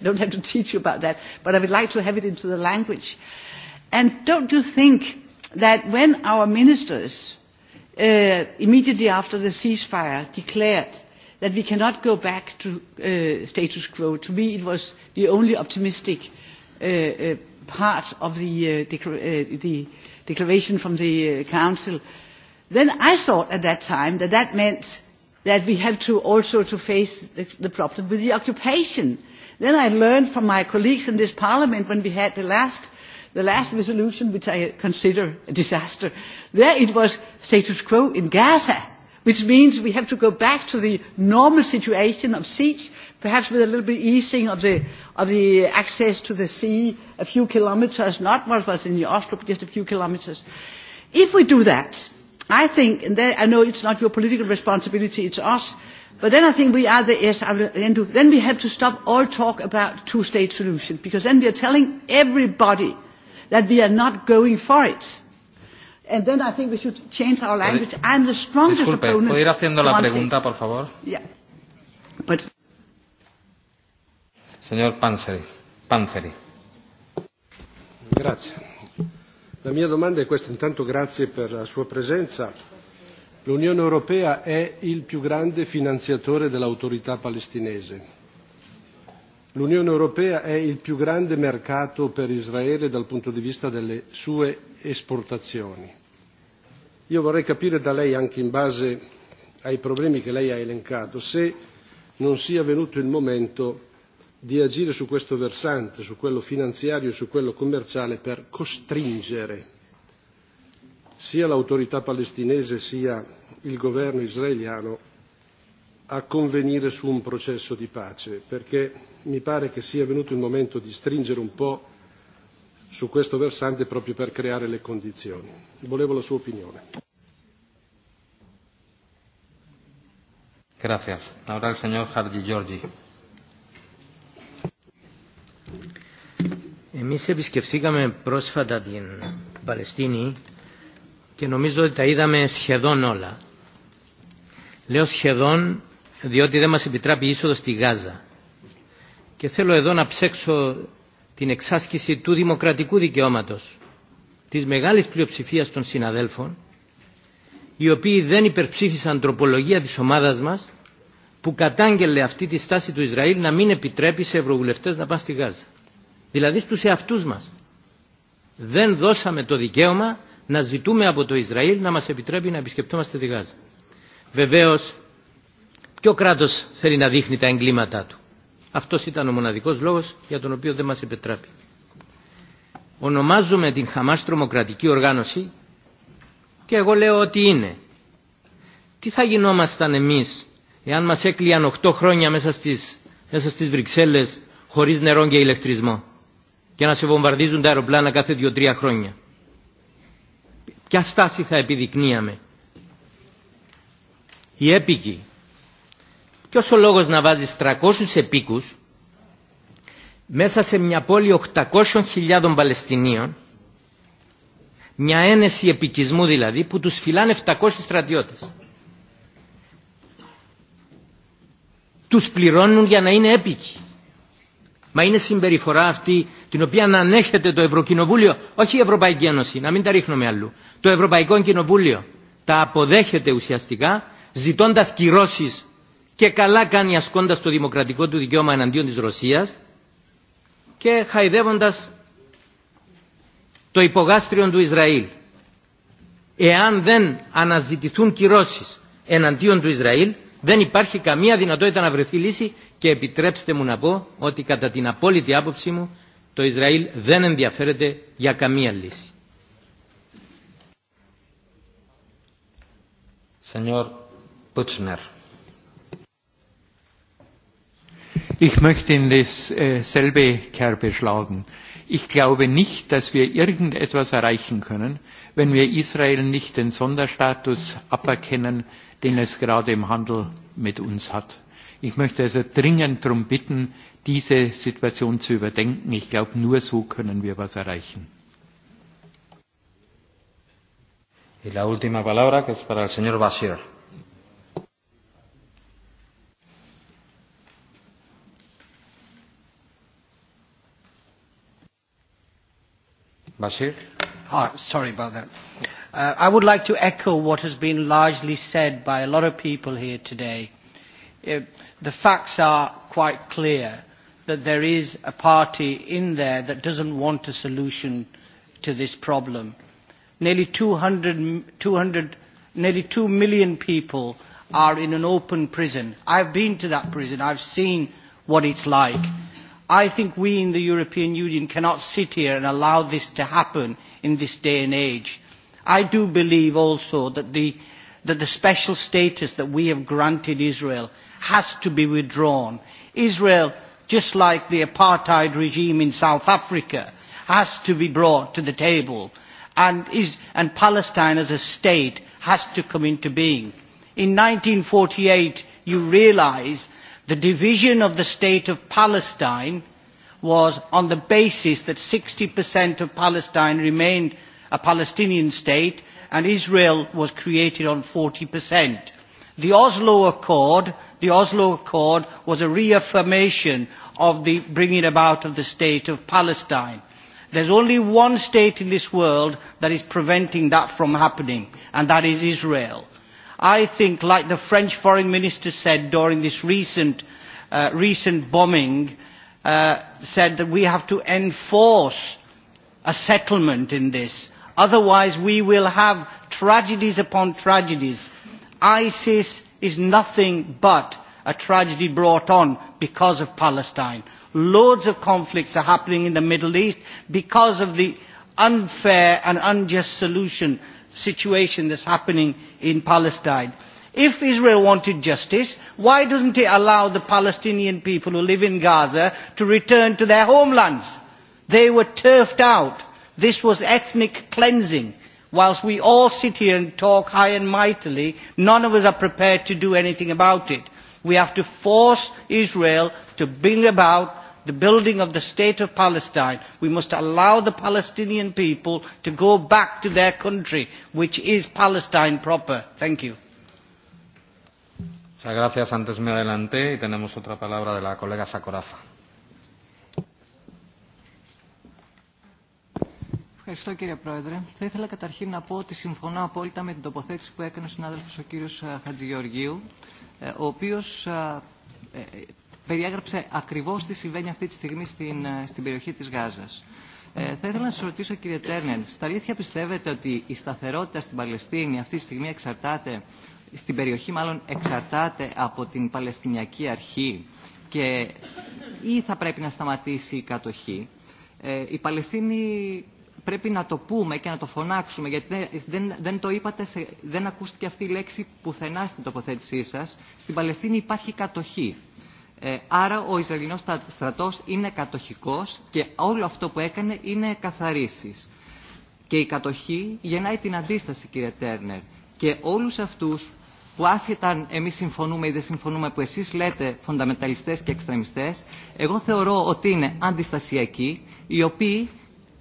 S13: I don't have to teach you about that, but I would like to have it into the language. And don't you think that when our ministers uh, immediately after the ceasefire declared that we cannot go back to uh, status quo. To me, it was the only optimistic uh, uh, part of the, uh, decra- uh, the declaration from the uh, Council. Then I thought at that time that that meant that we have to also to face the, the problem with the occupation. Then I learned from my colleagues in this Parliament when we had the last the last resolution, which I consider a disaster. There it was status quo in Gaza which means we have to go back to the normal situation of seas, perhaps with a little bit easing of the, of the access to the sea, a few kilometers, not what was in the Oslo, but just a few kilometers. If we do that, I think, and then, I know it's not your political responsibility, it's us, but then I think we are the, yes, I will end with, then we have to stop all talk about two-state solution, because then we are telling everybody that we are not going for it And then I think we should change our language. I'm the strongest Disculpe, opponent. ¿puedo ir haciendo la pregunta, por favor? Yeah.
S2: But...
S6: Señor Panseri. Panseri.
S2: Grazie. La mia domanda è questa. Intanto grazie per la sua presenza. L'Unione Europea è il più grande finanziatore dell'autorità palestinese L'Unione Europea è il più grande mercato per Israele dal punto di vista delle sue esportazioni. Io vorrei capire da lei, anche in base ai problemi che lei ha elencato, se non sia venuto il momento di agire su questo versante, su quello finanziario e su quello commerciale, per costringere sia l'autorità palestinese sia il governo israeliano a convenire su un processo di pace, perché mi pare che sia venuto il momento di stringere un po' su questo versante proprio per creare le condizioni. Volevo la sua opinione.
S6: Gracias. Ahora el señor Hardy Georgi.
S14: Εμείς επισκεφθήκαμε πρόσφατα την Παλαιστίνη και νομίζω ότι τα είδαμε σχεδόν όλα. Λέω σχεδόν διότι δεν μας επιτράπει είσοδο στη Γάζα. Και θέλω εδώ να ψέξω την εξάσκηση του δημοκρατικού δικαιώματος της μεγάλης πλειοψηφίας των συναδέλφων οι οποίοι δεν υπερψήφισαν τροπολογία της ομάδας μας που κατάγγελε αυτή τη στάση του Ισραήλ να μην επιτρέπει σε ευρωβουλευτές να πάνε στη Γάζα. Δηλαδή στους εαυτούς μας. Δεν δώσαμε το δικαίωμα να ζητούμε από το Ισραήλ να μας επιτρέπει να επισκεπτόμαστε τη Γάζα. Βεβαίως Ποιο κράτος θέλει να δείχνει τα εγκλήματά του. Αυτός ήταν ο μοναδικός λόγος για τον οποίο δεν μας επιτράπει. Ονομάζουμε την Χαμάς τρομοκρατική οργάνωση και εγώ λέω ότι είναι. Τι θα γινόμασταν εμείς εάν μας έκλειαν 8 χρόνια μέσα στις, μέσα στις Βρυξέλλες χωρίς νερό και ηλεκτρισμό και να σε βομβαρδίζουν τα αεροπλάνα κάθε 2-3 χρόνια. Ποια στάση θα επιδεικνύαμε. Οι έπικοι, Ποιο ο λόγο να βάζει 300 επίκου μέσα σε μια πόλη 800.000 Παλαιστινίων, μια ένεση επικισμού δηλαδή, που του φυλάνε 700 στρατιώτε. Του πληρώνουν για να είναι έπικοι. Μα είναι συμπεριφορά αυτή την οποία ανέχεται το Ευρωκοινοβούλιο, όχι η Ευρωπαϊκή Ένωση, να μην τα ρίχνουμε αλλού. Το Ευρωπαϊκό Κοινοβούλιο τα αποδέχεται ουσιαστικά ζητώντας κυρώσεις και καλά κάνει ασκώντας το δημοκρατικό του δικαίωμα εναντίον της Ρωσίας και χαϊδεύοντας το υπογάστριο του Ισραήλ. Εάν δεν αναζητηθούν κυρώσεις εναντίον του Ισραήλ, δεν υπάρχει καμία δυνατότητα να βρεθεί λύση και επιτρέψτε μου να πω ότι κατά την απόλυτη άποψή μου το Ισραήλ δεν ενδιαφέρεται για καμία λύση. Señor Butchner.
S8: Ich möchte in dasselbe äh, Kerbe schlagen. Ich glaube nicht, dass wir irgendetwas erreichen können, wenn wir Israel nicht den Sonderstatus aberkennen, den es gerade im Handel mit uns hat. Ich möchte also dringend darum bitten, diese Situation zu überdenken. Ich glaube, nur so können wir was erreichen. Y
S6: la última palabra que es para el señor Bashir. Bashir? Oh, ah,
S15: sorry about that. Uh, I would like to echo what has been largely said by a lot of people here today. Uh, the facts are quite clear that there is a party in there that doesn't want a solution to this problem. Nearly 200, 200, nearly 2 million people are in an open prison. I've been to that prison. I've seen what it's like. I think we in the European Union cannot sit here and allow this to happen in this day and age. I do believe also that the, that the special status that we have granted Israel has to be withdrawn. Israel, just like the apartheid regime in South Africa, has to be brought to the table. And, is, and Palestine as a state has to come into being. In 1948, you realise The division of the state of Palestine was on the basis that 60% of Palestine remained a Palestinian state and Israel was created on 40%. The Oslo Accord, the Oslo Accord was a reaffirmation of the bringing about of the state of Palestine. There's only one state in this world that is preventing that from happening, and that is Israel I think, like the French Foreign Minister said during this recent, uh, recent bombing, uh, said that we have to enforce a settlement in this. Otherwise, we will have tragedies upon tragedies. ISIS is nothing but a tragedy brought on because of Palestine. Loads of conflicts are happening in the Middle East because of the unfair and unjust solution situation that's happening in Palestine. If Israel wanted justice, why doesn't it allow the Palestinian people who live in Gaza to return to their homelands? They were turfed out. This was ethnic cleansing. Whilst we all sit here and talk high and mightily, none of us are prepared to do anything about it. We have to force Israel to bring about the building of the state of Palestine. We must allow the Palestinian people to go back to their country, which is Palestine proper. Thank you.
S6: Muchas gracias. Antes me adelanté y tenemos otra palabra de la colega Sakorafa.
S16: Ευχαριστώ κύριε Πρόεδρε. Θα ήθελα καταρχήν να πω ότι συμφωνώ απόλυτα με την τοποθέτηση που έκανε ο συνάδελφος ο κύριος Χατζηγεωργίου, ο οποίος περιέγραψε ακριβώς τι συμβαίνει αυτή τη στιγμή στην, στην περιοχή της Γάζας. Ε, θα ήθελα να σας ρωτήσω κύριε Τέρνελ, στα αλήθεια πιστεύετε ότι η σταθερότητα στην Παλαιστίνη αυτή τη στιγμή εξαρτάται, στην περιοχή μάλλον εξαρτάται από την Παλαιστινιακή αρχή και ή θα πρέπει να σταματήσει η κατοχή. Ε, η Παλαιστίνη πρέπει να το πούμε και να το φωνάξουμε, γιατί δεν, δεν το είπατε, σε, δεν ακούστηκε αυτή η λέξη πουθενά στην τοποθέτησή σας. Στην Παλαιστίνη υπάρχει κατοχή. Ε, άρα ο Ισραηλινός στρατός είναι κατοχικός και όλο αυτό που έκανε είναι καθαρίσεις. Και η κατοχή γεννάει την αντίσταση κύριε Τέρνερ. Και όλους αυτούς που άσχετα αν εμείς συμφωνούμε ή δεν συμφωνούμε που εσείς λέτε φονταμεταλιστές και εξτρεμιστές, εγώ θεωρώ ότι είναι αντιστασιακοί οι οποίοι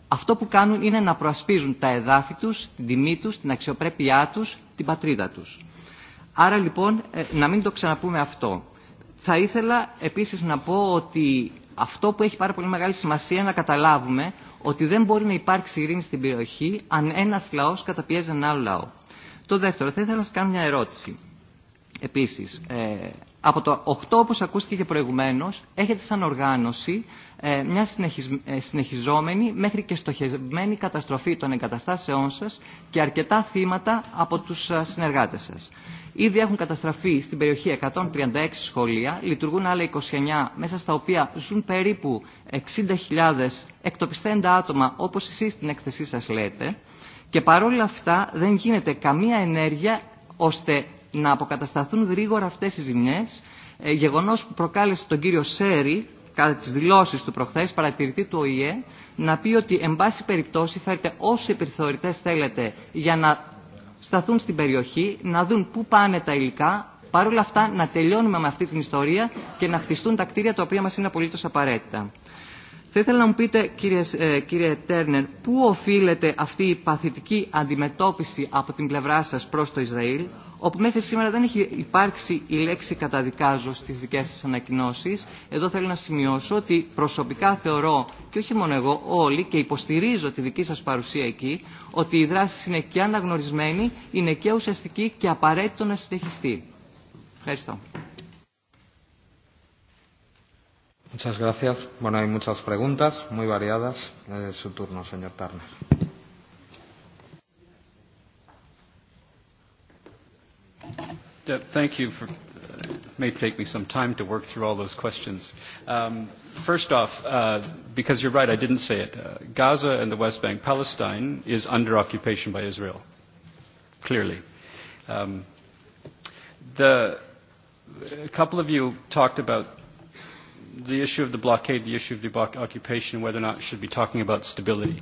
S16: αυτό που κάνουν είναι να προασπίζουν τα εδάφη τους, την τιμή τους, την αξιοπρέπειά τους, την πατρίδα τους. Άρα λοιπόν ε, να μην το ξαναπούμε αυτό. Θα ήθελα επίσης να πω ότι αυτό που έχει πάρα πολύ μεγάλη σημασία να καταλάβουμε ότι δεν μπορεί να υπάρξει ειρήνη στην περιοχή αν ένας λαός καταπιέζει έναν άλλο λαό. Το δεύτερο, θα ήθελα να σας κάνω μια ερώτηση. Επίσης, ε, από το 8 όπως ακούστηκε και προηγουμένως έχετε σαν οργάνωση ε, μια συνεχιζ, ε, συνεχιζόμενη μέχρι και στοχευμένη καταστροφή των εγκαταστάσεών σας και αρκετά θύματα από τους ε, συνεργάτες σας. Ήδη έχουν καταστραφεί στην περιοχή 136 σχολεία, λειτουργούν άλλα 29 μέσα στα οποία ζουν περίπου 60.000 εκτοπιστέντα άτομα όπως εσείς στην έκθεσή σας λέτε και παρόλα αυτά δεν γίνεται καμία ενέργεια ώστε να αποκατασταθούν γρήγορα αυτές οι ζημιές, γεγονός που προκάλεσε τον κύριο Σέρι, κατά τις δηλώσεις του προχθές, παρατηρητή του ΟΗΕ, να πει ότι, εν πάση περιπτώσει, θα έρθετε όσοι επιθεωρητές θέλετε για να σταθούν στην περιοχή, να δουν πού πάνε τα υλικά, παρόλα αυτά να τελειώνουμε με αυτή την ιστορία και να χτιστούν τα κτίρια τα οποία μας είναι απολύτως απαραίτητα. Θα ήθελα να μου πείτε, κύριε, ε, κύριε Τέρνερ, πού οφείλεται αυτή η παθητική αντιμετώπιση από την πλευρά σας προς το Ισραήλ, όπου μέχρι σήμερα δεν έχει υπάρξει η λέξη καταδικάζω στις δικές σας ανακοινώσεις. Εδώ θέλω να σημειώσω ότι προσωπικά θεωρώ, και όχι μόνο εγώ, όλοι, και υποστηρίζω τη δική σας παρουσία εκεί, ότι η δράση είναι και αναγνωρισμένη, είναι και ουσιαστική και απαραίτητο να συνεχιστεί. Ευχαριστώ.
S6: Muchas gracias. Bueno, hay muchas preguntas muy variadas. Es eh, su turno, señor Turner.
S8: thank you for uh, may take me some time to work through all those questions. Um, first off, uh, because you're right, I didn't say it. Uh, Gaza and the West Bank, Palestine is under occupation by Israel, clearly. Um, the, a couple of you talked about the issue of the blockade, the issue of the occupation, whether or not should be talking about stability.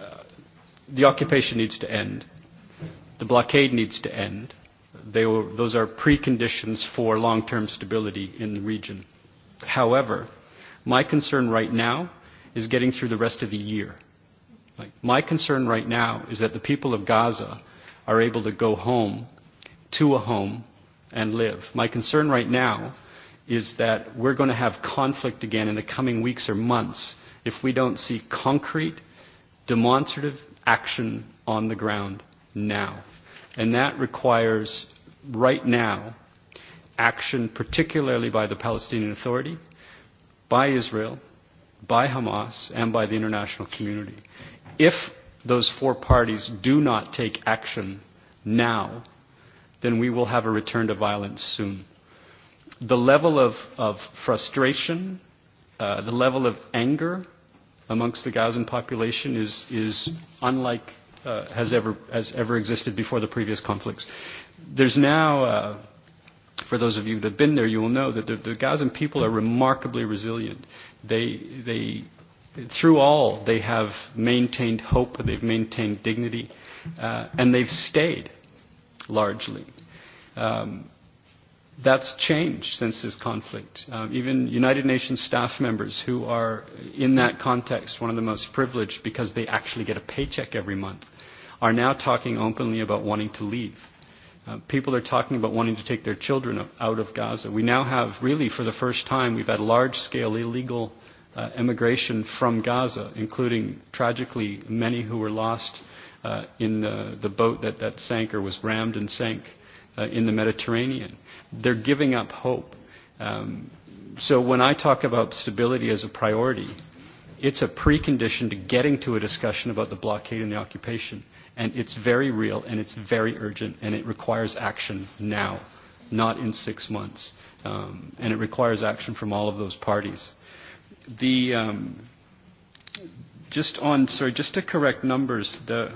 S8: Uh, the occupation needs to end. The blockade needs to end. They will, those are preconditions for long-term stability in the region. However, my concern right now is getting through the rest of the year. Like, my concern right now is that the people of Gaza are able to go home to a home and live. My concern right now is that we're going to have conflict again in the coming weeks or months if we don't see concrete, demonstrative action on the ground now. And that requires, right now, action, particularly by the Palestinian Authority, by Israel, by Hamas, and by the international community. If those four parties do not take action now, then we will have a return to violence soon the level of, of frustration, uh, the level of anger amongst the Gazan population is, is unlike uh, has, ever, has ever existed before the previous conflicts. There's now, uh, for those of you that have been there, you will know that the, the Gazan people are remarkably resilient. They, they, through all, they have maintained hope, they've maintained dignity, uh, and they've stayed largely. Um, that's changed since this conflict. Um, even United Nations staff members who are, in that context, one of the most privileged because they actually get a paycheck every month, are now talking openly about wanting to leave. Uh, people are talking about wanting to take their children out of Gaza. We now have, really, for the first time, we've had large scale illegal uh, immigration from Gaza, including, tragically, many who were lost uh, in the, the boat that, that sank or was rammed and sank. Uh, uh, in the Mediterranean. They're giving up hope. Um, so when I talk about stability as a priority, it's a precondition to getting to a discussion about the blockade and the occupation. And it's very real and it's very urgent and it requires action now, not in six months. Um, and it requires action from all of those parties. The, um, just on, sorry, just to correct numbers, the,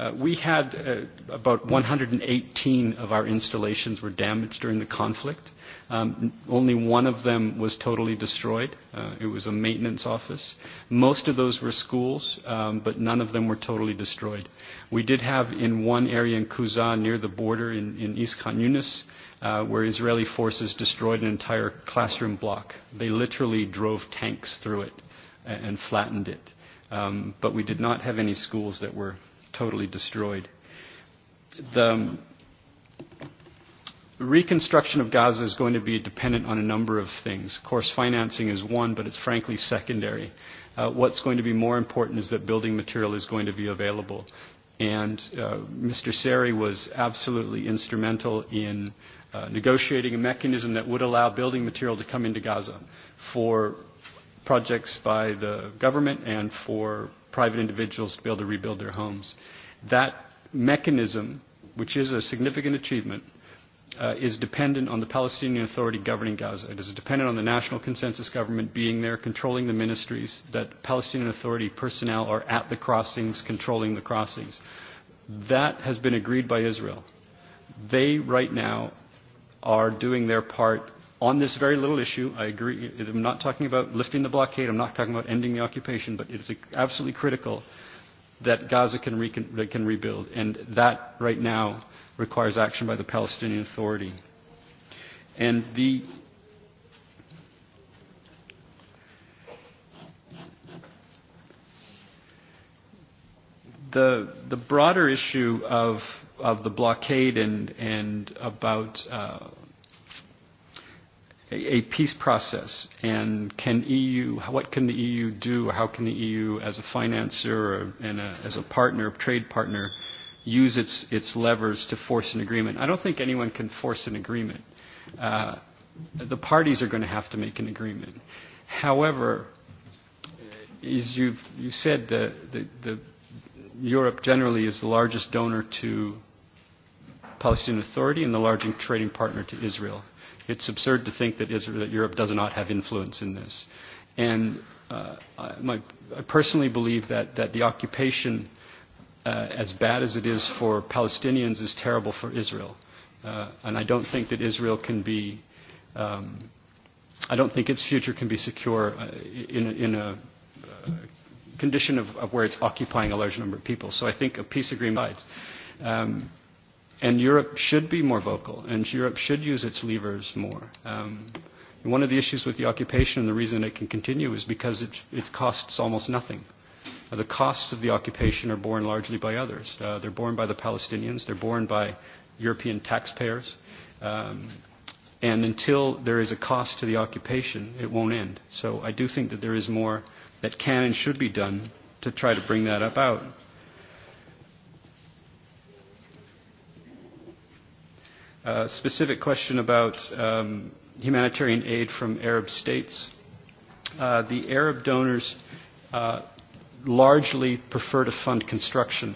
S8: Uh, we had uh, about 118 of our installations were damaged during the conflict. Um, only one of them was totally destroyed. Uh, it was a maintenance office. Most of those were schools, um, but none of them were totally destroyed. We did have in one area in Kuzan near the border in, in East Khan Yunis, uh, where Israeli forces destroyed an entire classroom block. They literally drove tanks through it and, and flattened it. Um, but we did not have any schools that were totally destroyed. The reconstruction of Gaza is going to be dependent on a number of things. Of course, financing is one, but it's frankly secondary. Uh, what's going to be more important is that building material is going to be available. And uh, Mr. Seri was absolutely instrumental in uh, negotiating a mechanism that would allow building material to come into Gaza for projects by the government and for private individuals to be able to rebuild their homes. Uh, that mechanism, which is a significant achievement, uh, is dependent on the Palestinian Authority governing Gaza. It is dependent on the national consensus government being there, controlling the ministries, that Palestinian Authority personnel are at the crossings, controlling the crossings. That has been agreed by Israel. They right now are doing their part on this very little issue. I agree. I'm not talking about lifting the blockade. I'm not talking about ending the occupation, but it is absolutely critical that Gaza can, recon, that can rebuild. And that right now requires action by the Palestinian Authority. And the the the broader issue of of the blockade and and about uh, a, a peace process? And can EU, what can the EU do? How can the EU, as a or, and a, as a partner, trade partner, use its, its levers to force an agreement? I don't think anyone can force an agreement. Uh, the parties are going to have to make an agreement. However, uh, as you've, you said, the, the, the Europe generally is the largest donor to Palestinian Authority and the largest trading partner to Israel. It's absurd to think that, Israel, that Europe does not have influence in this. And uh, I, my, I personally believe that, that the occupation, uh, as bad as it is for Palestinians, is terrible for Israel. Uh, and I don't think that Israel can be, um, I don't think its future can be secure uh, in, in a uh, condition of, of where it's occupying a large number of people. So I think a peace agreement. Um, and Europe should be more vocal, and Europe should use its levers more. Um, one of the issues with the occupation and the reason it can continue is because it, it costs almost nothing. Uh, the costs of the occupation are borne largely by others. Uh, they're borne by the Palestinians. They're borne by European taxpayers. Um, and until there is a cost to the occupation, it won't end. So I do think that there is more that can and should be done to try to bring that about. specific question about um, humanitarian aid from Arab states. Uh, the Arab donors uh, largely prefer to fund construction.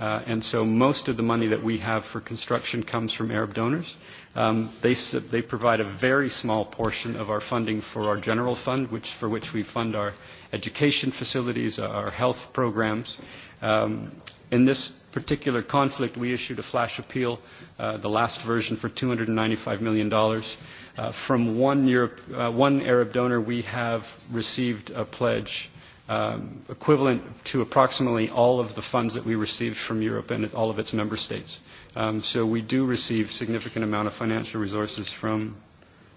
S8: Uh, and so most of the money that we have for construction comes from Arab donors. Um, they, they provide a very small portion of our funding for our general fund, which, for which we fund our education facilities, our health programs. Um, in this particular conflict, we issued a flash appeal, uh, the last version for $295 million. Uh, from one, Europe, uh, one Arab donor, we have received a pledge um, equivalent to approximately all of the funds that we received from Europe and all of its member states. Um, so we do receive significant amount of financial resources from,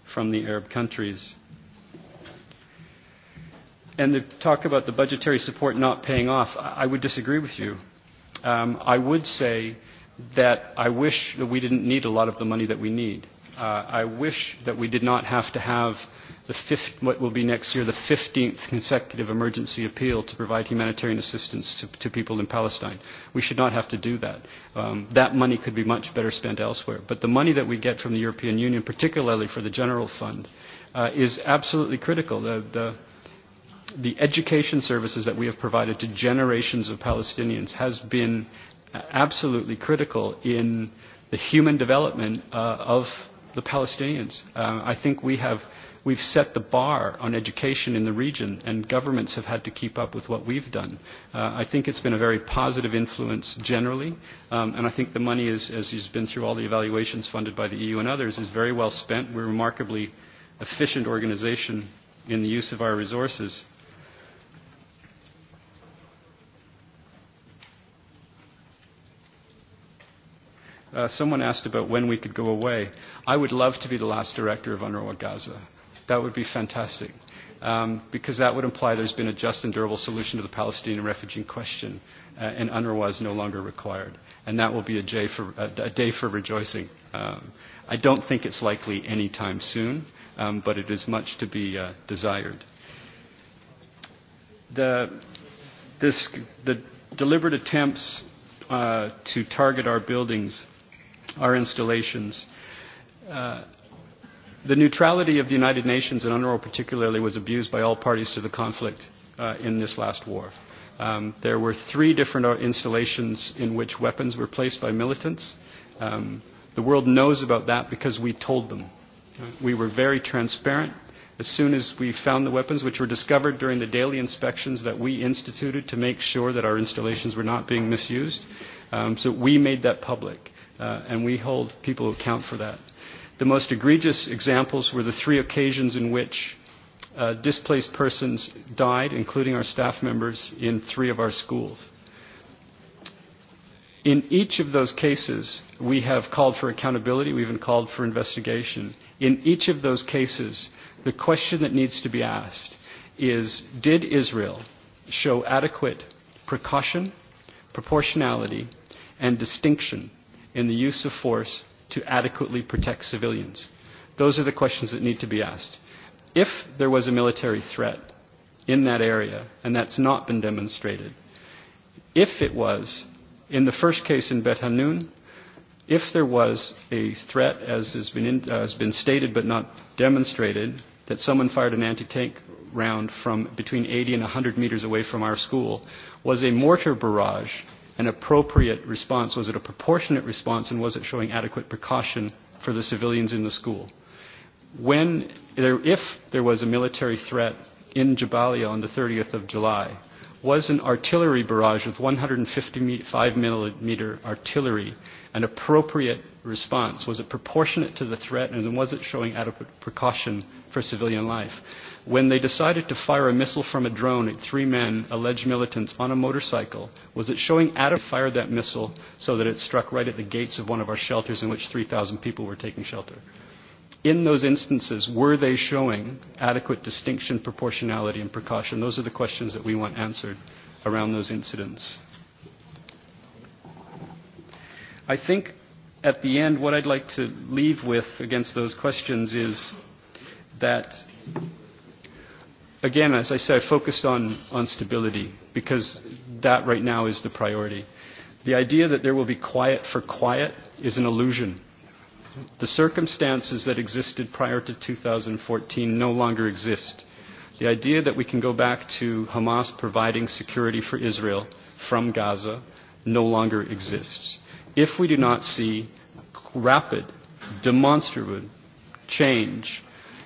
S8: from the Arab countries. And to talk about the budgetary support not paying off, I, would disagree with you um, I would say that I wish that we didn't need a lot of the money that we need. Uh, I wish that we did not have to have the fifth, what will be next year the 15th consecutive emergency appeal to provide humanitarian assistance to, to people in Palestine. We should not have to do that. Um, that money could be much better spent elsewhere. But the money that we get from the European Union, particularly for the General Fund, uh, is absolutely critical. The, the, the education services that we have provided to generations of Palestinians has been uh, absolutely critical in the human development uh, of the Palestinians. Uh, I think we have we've set the bar on education in the region, and governments have had to keep up with what we've done. Uh, I think it's been a very positive influence generally, um, and I think the money, is, as has been through all the evaluations funded by the EU and others, is very well spent. We're a remarkably efficient organization in the use of our resources. Uh, someone asked about when we could go away. I would love to be the last director of UNRWA Gaza. That would be fantastic. Um, because that would imply there's been a just and durable solution to the Palestinian refugee question, uh, and UNRWA is no longer required. And that will be a day for, a, day for rejoicing. Um, I don't think it's likely anytime soon, um, but it is much to be uh, desired. The, this, the deliberate attempts uh, to target our buildings our installations. Uh, the neutrality of the United Nations and UNRWA particularly was abused by all parties to the conflict uh, in this last war. Um, there were three different uh, installations in which weapons were placed by militants. Um, the world knows about that because we told them. Uh, we were very transparent. As soon as we found the weapons, which were discovered during the daily inspections that we instituted to make sure that our installations were not being misused, um, so we made that public uh, and we hold people who account for that. The most egregious examples were the three occasions in which uh, displaced persons died, including our staff members, in three of our schools. In each of those cases, we have called for accountability, we even called for investigation. In each of those cases, the question that needs to be asked is Did Israel show adequate precaution, proportionality, and distinction in the use of force to adequately protect civilians? Those are the questions that need to be asked. If there was a military threat in that area, and that's not been demonstrated, if it was, in the first case in Bet Hanun, if there was a threat, as has been, in, uh, has been stated but not demonstrated, that someone fired an anti-tank round from between 80 and 100 meters away from our school, was a mortar barrage an appropriate response? Was it a proportionate response? And was it showing adequate precaution for the civilians in the school? When, there, if there was a military threat in Jabalia on the 30th of July, was an artillery barrage with 155 millimeter artillery an appropriate response? Was it proportionate to the threat and was it showing adequate precaution for civilian life? when they decided to fire a missile from a drone at three men, alleged militants, on a motorcycle, was it showing Adam fired that missile so that it struck right at the gates of one of our shelters in which 3,000 people were taking shelter? in those instances, were they showing adequate distinction, proportionality, and precaution? Those are the questions that we want answered around those incidents. I think at the end, what I'd like to leave with against those questions is that again, as I say, I focused on, on stability because that right now is the priority. The idea that there will be quiet for quiet is an illusion. The circumstances that existed prior to 2014 no longer exist. The idea that we can go back to Hamas providing security for Israel from Gaza no longer exists. If we do not see rapid, demonstrable change,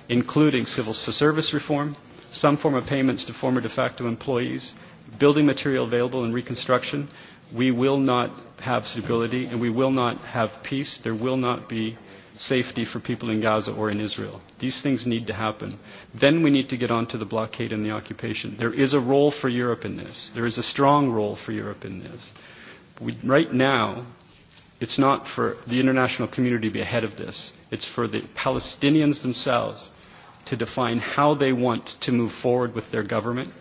S8: including civil service reform, some form of payments to former de facto employees, building material available in reconstruction, we will not have stability and we will not have peace. There will not be safety for people in Gaza or in Israel. These things need to happen. Then we need to get on to the blockade and the occupation. There is a role for Europe in this. There is a strong role for Europe in this. We, right now, it's not for the international community to be ahead of this. It's for the Palestinians themselves to define how they want to move forward with their government,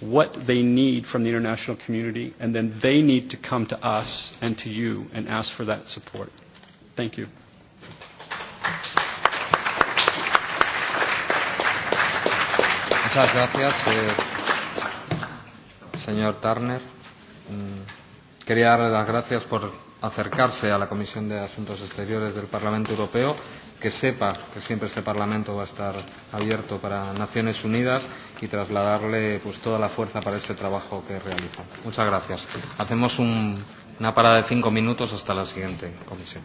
S8: what they need from the international community, and then they need to come to us and to you and ask for that support. Thank you. Muchas gracias, eh,
S6: señor Turner. Mm, quería darle las gracias por acercarse a la Comisión de Asuntos Exteriores del Parlamento Europeo que sepa que siempre este Parlamento va a estar abierto para Naciones Unidas y trasladarle pues, toda la fuerza para ese trabajo que realiza. Muchas gracias. Hacemos un, una parada de cinco minutos hasta la siguiente comisión.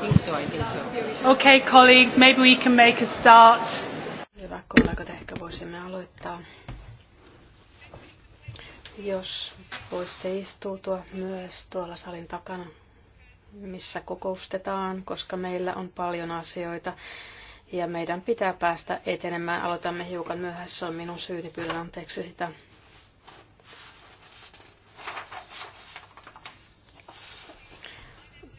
S17: think so, I think so.
S18: Okay, colleagues, maybe we can make a start. Hyvä kollegat, ehkä voisimme aloittaa.
S19: Jos voisitte istua myös tuolla salin takana, missä kokoustetaan, koska meillä on paljon asioita ja meidän pitää päästä etenemään. Aloitamme hiukan myöhässä, on minun syyni, pyydän anteeksi sitä.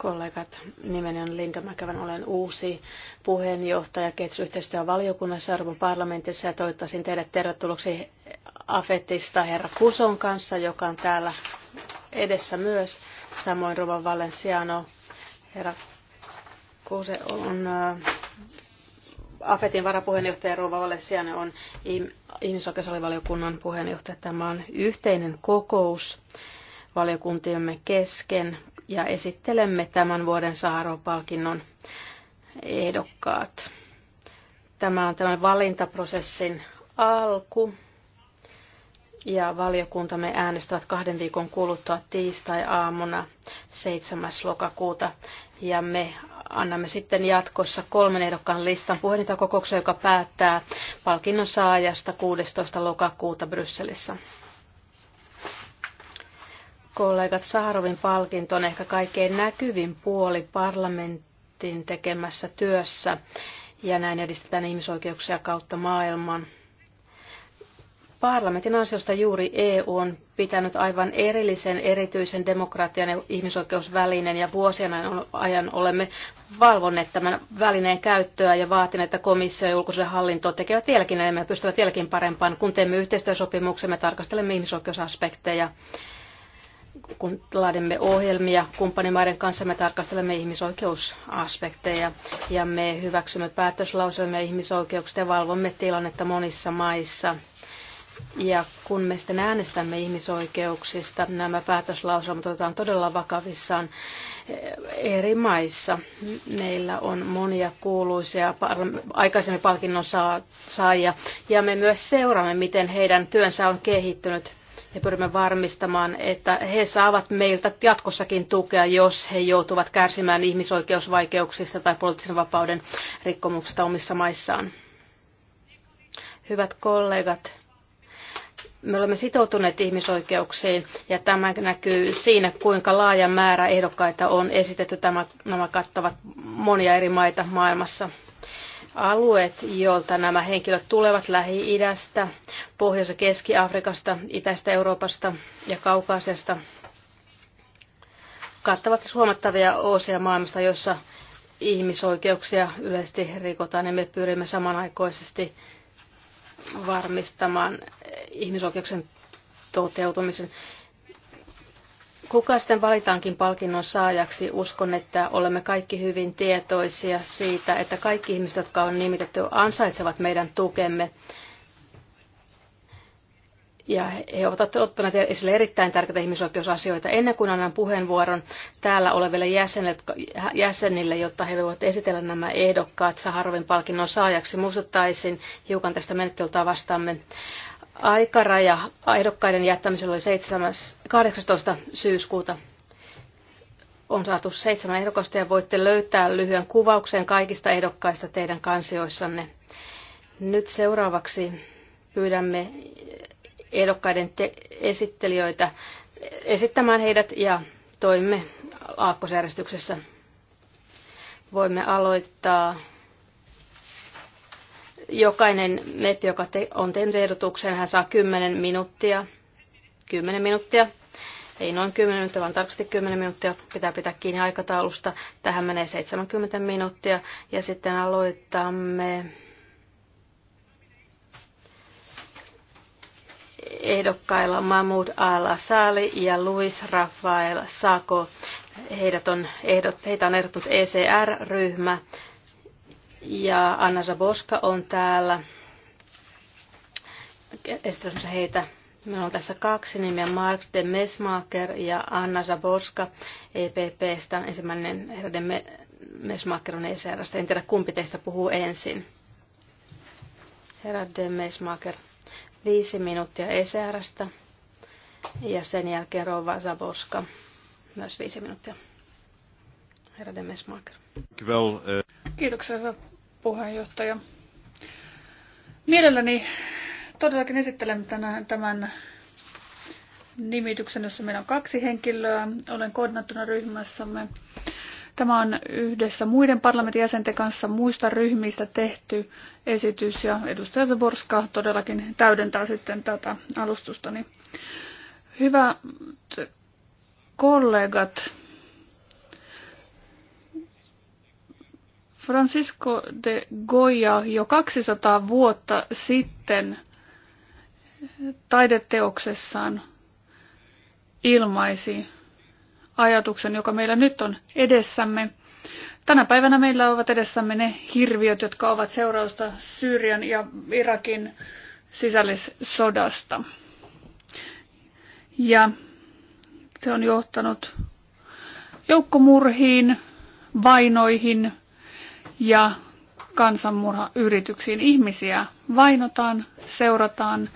S19: kollegat. Nimeni on Linda Mäkävän, olen uusi puheenjohtaja kehitysyhteistyövaliokunnassa Arvon parlamentissa ja toivottaisin teidät tervetulleeksi Afetista herra Puson kanssa, joka on täällä edessä myös. Samoin Ruvan Valenciano, herra Kuse on äh, AFETin varapuheenjohtaja Rouva Valenciano on ihmisoikeusalivaliokunnan puheenjohtaja. Tämä on yhteinen kokous valiokuntiemme kesken ja esittelemme tämän vuoden Saaro-palkinnon ehdokkaat. Tämä on tämän valintaprosessin alku ja valiokuntamme äänestävät kahden viikon kuluttua tiistai-aamuna 7. lokakuuta. Ja me annamme sitten jatkossa kolmen ehdokkaan listan puheenjohtajakokouksen, joka päättää palkinnon saajasta 16. lokakuuta Brysselissä. Kollegat, Saharovin palkinto on ehkä kaikkein näkyvin puoli parlamentin tekemässä työssä ja näin edistetään ihmisoikeuksia kautta maailman. Parlamentin ansiosta juuri EU on pitänyt aivan erillisen erityisen demokratian ja ihmisoikeusvälineen ja vuosien ajan olemme valvonneet tämän välineen käyttöä ja vaatineet, että komissio ja ulkoisen hallinto tekevät vieläkin enemmän ja pystyvät vieläkin parempaan. Kun teemme yhteistyösopimuksen, me tarkastelemme ihmisoikeusaspekteja kun laadimme ohjelmia kumppanimaiden kanssa, me tarkastelemme ihmisoikeusaspekteja ja me hyväksymme päätöslauselmia ihmisoikeuksista ja valvomme tilannetta monissa maissa. Ja kun me sitten äänestämme ihmisoikeuksista, nämä päätöslauselmat otetaan todella vakavissaan eh, eri maissa. Meillä on monia kuuluisia aikaisemmin palkinnon saajia ja me myös seuraamme, miten heidän työnsä on kehittynyt ja pyrimme varmistamaan, että he saavat meiltä jatkossakin tukea, jos he joutuvat kärsimään ihmisoikeusvaikeuksista tai poliittisen vapauden rikkomuksista omissa maissaan. Hyvät kollegat, me olemme sitoutuneet ihmisoikeuksiin ja tämä näkyy siinä, kuinka laaja määrä ehdokkaita on esitetty. Tämä, nämä kattavat monia eri maita maailmassa alueet, joilta nämä henkilöt tulevat Lähi-idästä, Pohjois- ja Keski-Afrikasta, Itäistä Euroopasta ja Kaukaisesta, kattavat huomattavia osia maailmasta, joissa ihmisoikeuksia yleisesti rikotaan ja me pyrimme samanaikaisesti varmistamaan ihmisoikeuksien toteutumisen. Kuka sitten valitaankin palkinnon saajaksi, uskon, että olemme kaikki hyvin tietoisia siitä, että kaikki ihmiset, jotka on nimitetty, ansaitsevat meidän tukemme. Ja he ovat ottaneet esille erittäin tärkeitä ihmisoikeusasioita. Ennen kuin annan puheenvuoron täällä oleville jäsenille, jotta he voivat esitellä nämä ehdokkaat Saharovin palkinnon saajaksi, muistuttaisin hiukan tästä menettelytavastamme. Aikaraja ehdokkaiden jättämisellä oli 7, 18. syyskuuta. On saatu seitsemän ehdokasta ja voitte löytää lyhyen kuvauksen kaikista ehdokkaista teidän kansioissanne. Nyt seuraavaksi pyydämme ehdokkaiden te- esittelijöitä esittämään heidät ja toimme aakkosjärjestyksessä. Voimme aloittaa Jokainen MEP, joka te, on tehnyt ehdotuksen, hän saa 10 minuuttia. 10 minuuttia. Ei noin 10 minuuttia, vaan tarkasti 10 minuuttia. Pitää pitää kiinni aikataulusta. Tähän menee 70 minuuttia. Ja sitten aloitamme ehdokkailla Mahmoud al-Asali ja Luis Rafael Sako. Heidät on ehdot, heitä on ehdottanut ECR-ryhmä ja Anna Zaboska on täällä esittelemässä heitä. Meillä on tässä kaksi nimeä, Mark de Mesmaker ja Anna Zaboska EPPstä. Ensimmäinen herra de Mesmaker on ECRstä. En tiedä, kumpi teistä puhuu ensin. Herra de Mesmaker, viisi minuuttia ECRstä ja sen jälkeen Rova Zaboska, myös viisi minuuttia.
S18: Herra de Mesmaker.
S20: Uh,
S18: Kiitoksia, puheenjohtaja. Mielelläni todellakin esittelen tänään tämän nimityksen, jossa meillä on kaksi henkilöä. Olen koordinaattuna ryhmässämme. Tämä on yhdessä muiden parlamentin jäsenten kanssa muista ryhmistä tehty esitys ja edustaja Zaborska todellakin täydentää sitten tätä alustustani. Hyvät kollegat, Francisco de Goya jo 200 vuotta sitten taideteoksessaan ilmaisi ajatuksen, joka meillä nyt on edessämme. Tänä päivänä meillä ovat edessämme ne hirviöt, jotka ovat seurausta Syyrian ja Irakin sisällissodasta. Ja se on johtanut joukkomurhiin, vainoihin, ja kansanmurhayrityksiin. Ihmisiä vainotaan, seurataan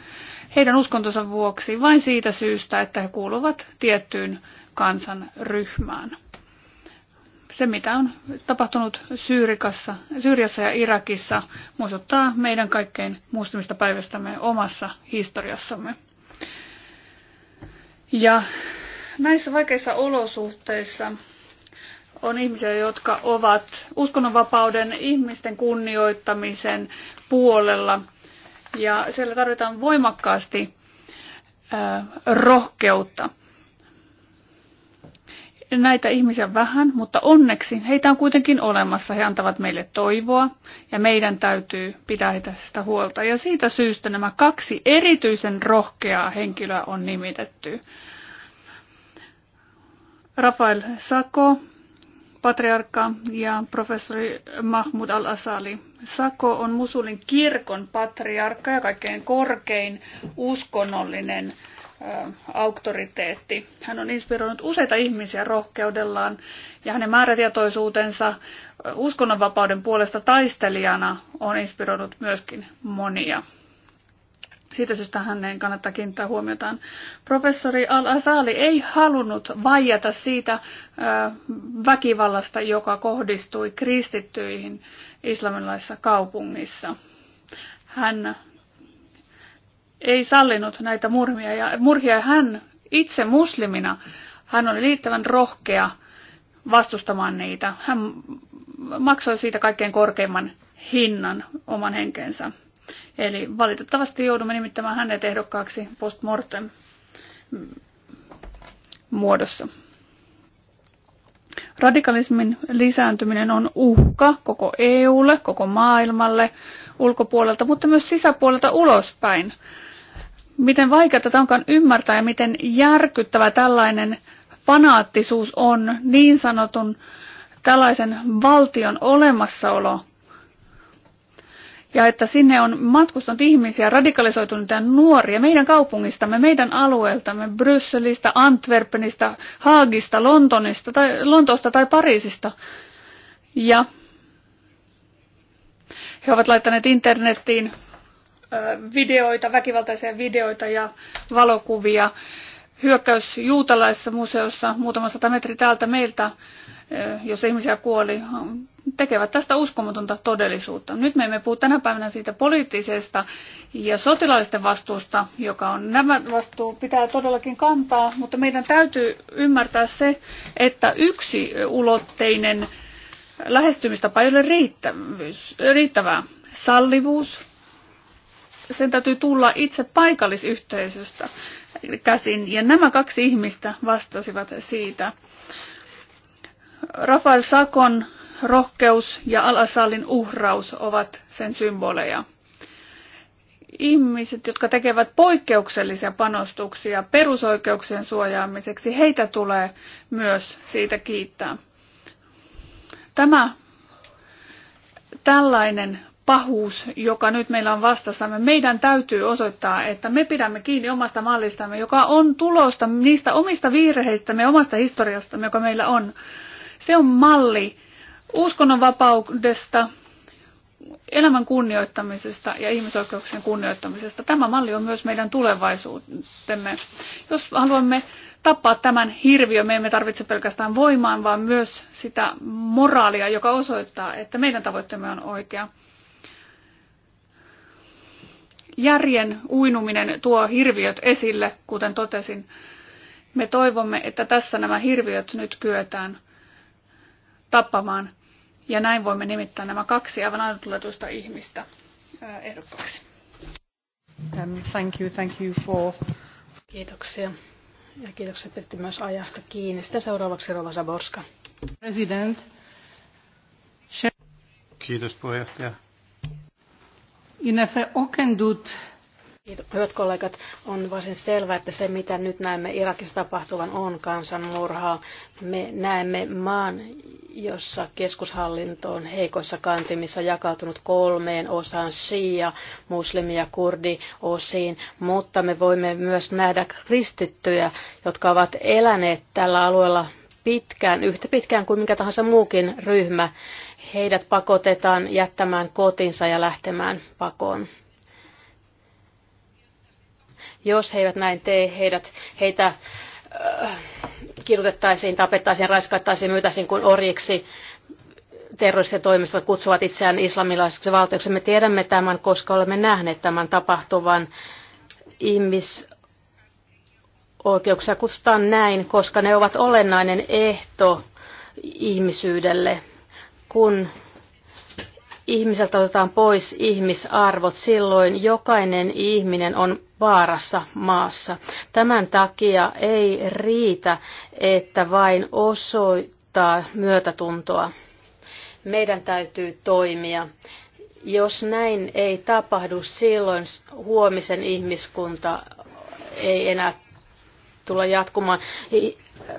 S18: heidän uskontonsa vuoksi vain siitä syystä, että he kuuluvat tiettyyn kansanryhmään. Se, mitä on tapahtunut Syyrikassa, Syyriassa ja Irakissa, muistuttaa meidän kaikkein muistumista päivästämme omassa historiassamme. Ja näissä vaikeissa olosuhteissa on ihmisiä, jotka ovat uskonnonvapauden, ihmisten kunnioittamisen puolella. Ja siellä tarvitaan voimakkaasti rohkeutta. Näitä ihmisiä vähän, mutta onneksi heitä on kuitenkin olemassa. He antavat meille toivoa ja meidän täytyy pitää heitä sitä huolta. Ja siitä syystä nämä kaksi erityisen rohkeaa henkilöä on nimitetty. Rafael Sako patriarkka ja professori Mahmud al-Asali. Sako on Musulin kirkon patriarkka ja kaikkein korkein uskonnollinen auktoriteetti. Hän on inspiroinut useita ihmisiä rohkeudellaan ja hänen määrätietoisuutensa uskonnonvapauden puolesta taistelijana on inspiroinut myöskin monia. Siitä syystä hänen kannattaa kiinnittää huomiotaan. Professori al azali ei halunnut vaijata siitä väkivallasta, joka kohdistui kristittyihin islamilaisissa kaupungissa. Hän ei sallinut näitä murmia ja, murhia ja hän itse muslimina, hän oli liittävän rohkea vastustamaan niitä. Hän maksoi siitä kaikkein korkeimman hinnan oman henkensä. Eli valitettavasti joudumme nimittämään hänet ehdokkaaksi postmortem muodossa. Radikalismin lisääntyminen on uhka koko EUlle, koko maailmalle, ulkopuolelta, mutta myös sisäpuolelta ulospäin. Miten vaikea tätä onkaan ymmärtää ja miten järkyttävä tällainen fanaattisuus on niin sanotun tällaisen valtion olemassaolo ja että sinne on matkustanut ihmisiä, radikalisoituneita nuoria meidän kaupungistamme, meidän alueeltamme, Brysselistä, Antwerpenista, Haagista, Lontonista tai, Lontoosta tai Pariisista. Ja he ovat laittaneet internettiin videoita, väkivaltaisia videoita ja valokuvia. Hyökkäys juutalaisessa museossa muutama sata metri täältä meiltä, jos ihmisiä kuoli, tekevät tästä uskomatonta todellisuutta. Nyt me emme puhu tänä päivänä siitä poliittisesta ja sotilaallisten vastuusta, joka on nämä vastuu pitää todellakin kantaa, mutta meidän täytyy ymmärtää se, että yksi ulotteinen lähestymistapa ei ole riittävää. Sallivuus, sen täytyy tulla itse paikallisyhteisöstä käsin, ja nämä kaksi ihmistä vastasivat siitä. Rafael Sakon rohkeus ja al uhraus ovat sen symboleja. Ihmiset, jotka tekevät poikkeuksellisia panostuksia perusoikeuksien suojaamiseksi, heitä tulee myös siitä kiittää. Tämä tällainen pahuus, joka nyt meillä on vastassamme, meidän täytyy osoittaa, että me pidämme kiinni omasta mallistamme, joka on tulosta niistä omista virheistämme, omasta historiastamme, joka meillä on. Se on malli, uskonnonvapaudesta, elämän kunnioittamisesta ja ihmisoikeuksien kunnioittamisesta. Tämä malli on myös meidän tulevaisuutemme. Jos haluamme tappaa tämän hirviö, me emme tarvitse pelkästään voimaan, vaan myös sitä moraalia, joka osoittaa, että meidän tavoitteemme on oikea. Järjen uinuminen tuo hirviöt esille, kuten totesin. Me toivomme, että tässä nämä hirviöt nyt kyetään tappamaan. Ja näin voimme nimittää nämä kaksi aivan ainutlaatuista ihmistä ehdokkaaksi. Um, thank you, thank you for...
S19: Kiitoksia. Ja kiitoksia Pertti myös ajasta kiinni. Sitä seuraavaksi Rova Saborska.
S11: President.
S20: Kiitos puheenjohtaja.
S11: Innefe okendut Hyvät kollegat, on varsin
S19: selvää, että se mitä nyt näemme Irakissa tapahtuvan on kansanmurhaa. Me näemme maan, jossa keskushallinto on heikoissa kantimissa jakautunut kolmeen osaan shia, muslimi ja kurdi osiin, mutta me voimme myös nähdä kristittyjä, jotka ovat eläneet tällä alueella pitkään, yhtä pitkään kuin mikä tahansa muukin ryhmä. Heidät pakotetaan jättämään kotinsa ja lähtemään pakoon jos he eivät näin tee, heidät, heitä äh, kidutettaisiin, tapettaisiin, raiskattaisiin, myytäisiin kuin orjiksi terroristitoimistot kutsuvat itseään islamilaiseksi valtioksi. Me tiedämme tämän, koska olemme nähneet tämän tapahtuvan ihmisoikeuksia kutsutaan näin, koska ne ovat olennainen ehto ihmisyydelle. Kun ihmiseltä otetaan pois ihmisarvot, silloin jokainen ihminen on vaarassa maassa. Tämän takia ei riitä, että vain osoittaa myötätuntoa. Meidän täytyy toimia. Jos näin ei tapahdu, silloin huomisen ihmiskunta ei enää tulla jatkumaan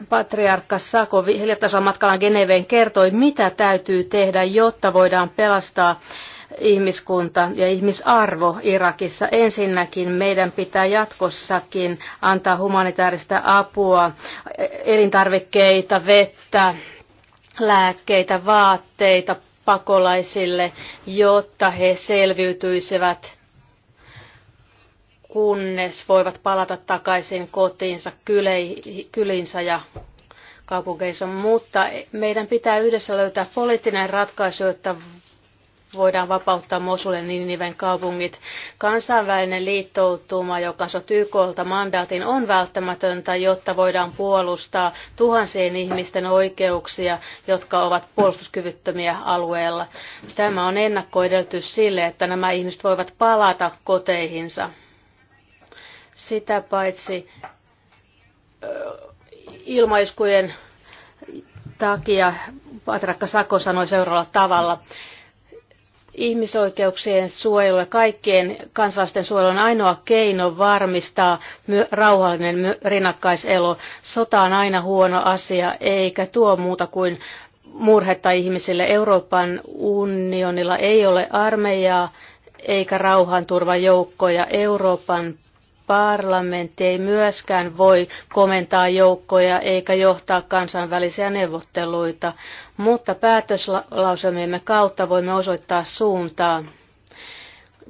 S19: patriarkka Sako hiljattaisella matkalla Geneveen kertoi, mitä täytyy tehdä, jotta voidaan pelastaa ihmiskunta ja ihmisarvo Irakissa. Ensinnäkin meidän pitää jatkossakin antaa humanitaarista apua, elintarvikkeita, vettä, lääkkeitä, vaatteita pakolaisille, jotta he selviytyisivät kunnes voivat palata takaisin kotiinsa, kyliinsä ja kaupungeissa. Mutta meidän pitää yhdessä löytää poliittinen ratkaisu, että voidaan vapauttaa Mosulen Niniven kaupungit. Kansainvälinen liittoutuma, joka on YKlta mandaatin, on välttämätöntä, jotta voidaan puolustaa tuhansien ihmisten oikeuksia, jotka ovat puolustuskyvyttömiä alueella. Tämä on ennakkoedellytys sille, että nämä ihmiset voivat palata koteihinsa. Sitä paitsi ilmaiskujen takia Patrakka Sako sanoi seuraavalla tavalla. Ihmisoikeuksien suojelu ja kaikkien kansalaisten suojelu on ainoa keino varmistaa rauhallinen rinnakkaiselo. Sota on aina huono asia, eikä tuo muuta kuin murhetta ihmisille. Euroopan unionilla ei ole armeijaa eikä rauhanturvajoukkoja. Euroopan parlamentti ei myöskään voi komentaa joukkoja eikä johtaa kansainvälisiä neuvotteluita, mutta päätöslauselmiemme kautta voimme osoittaa suuntaa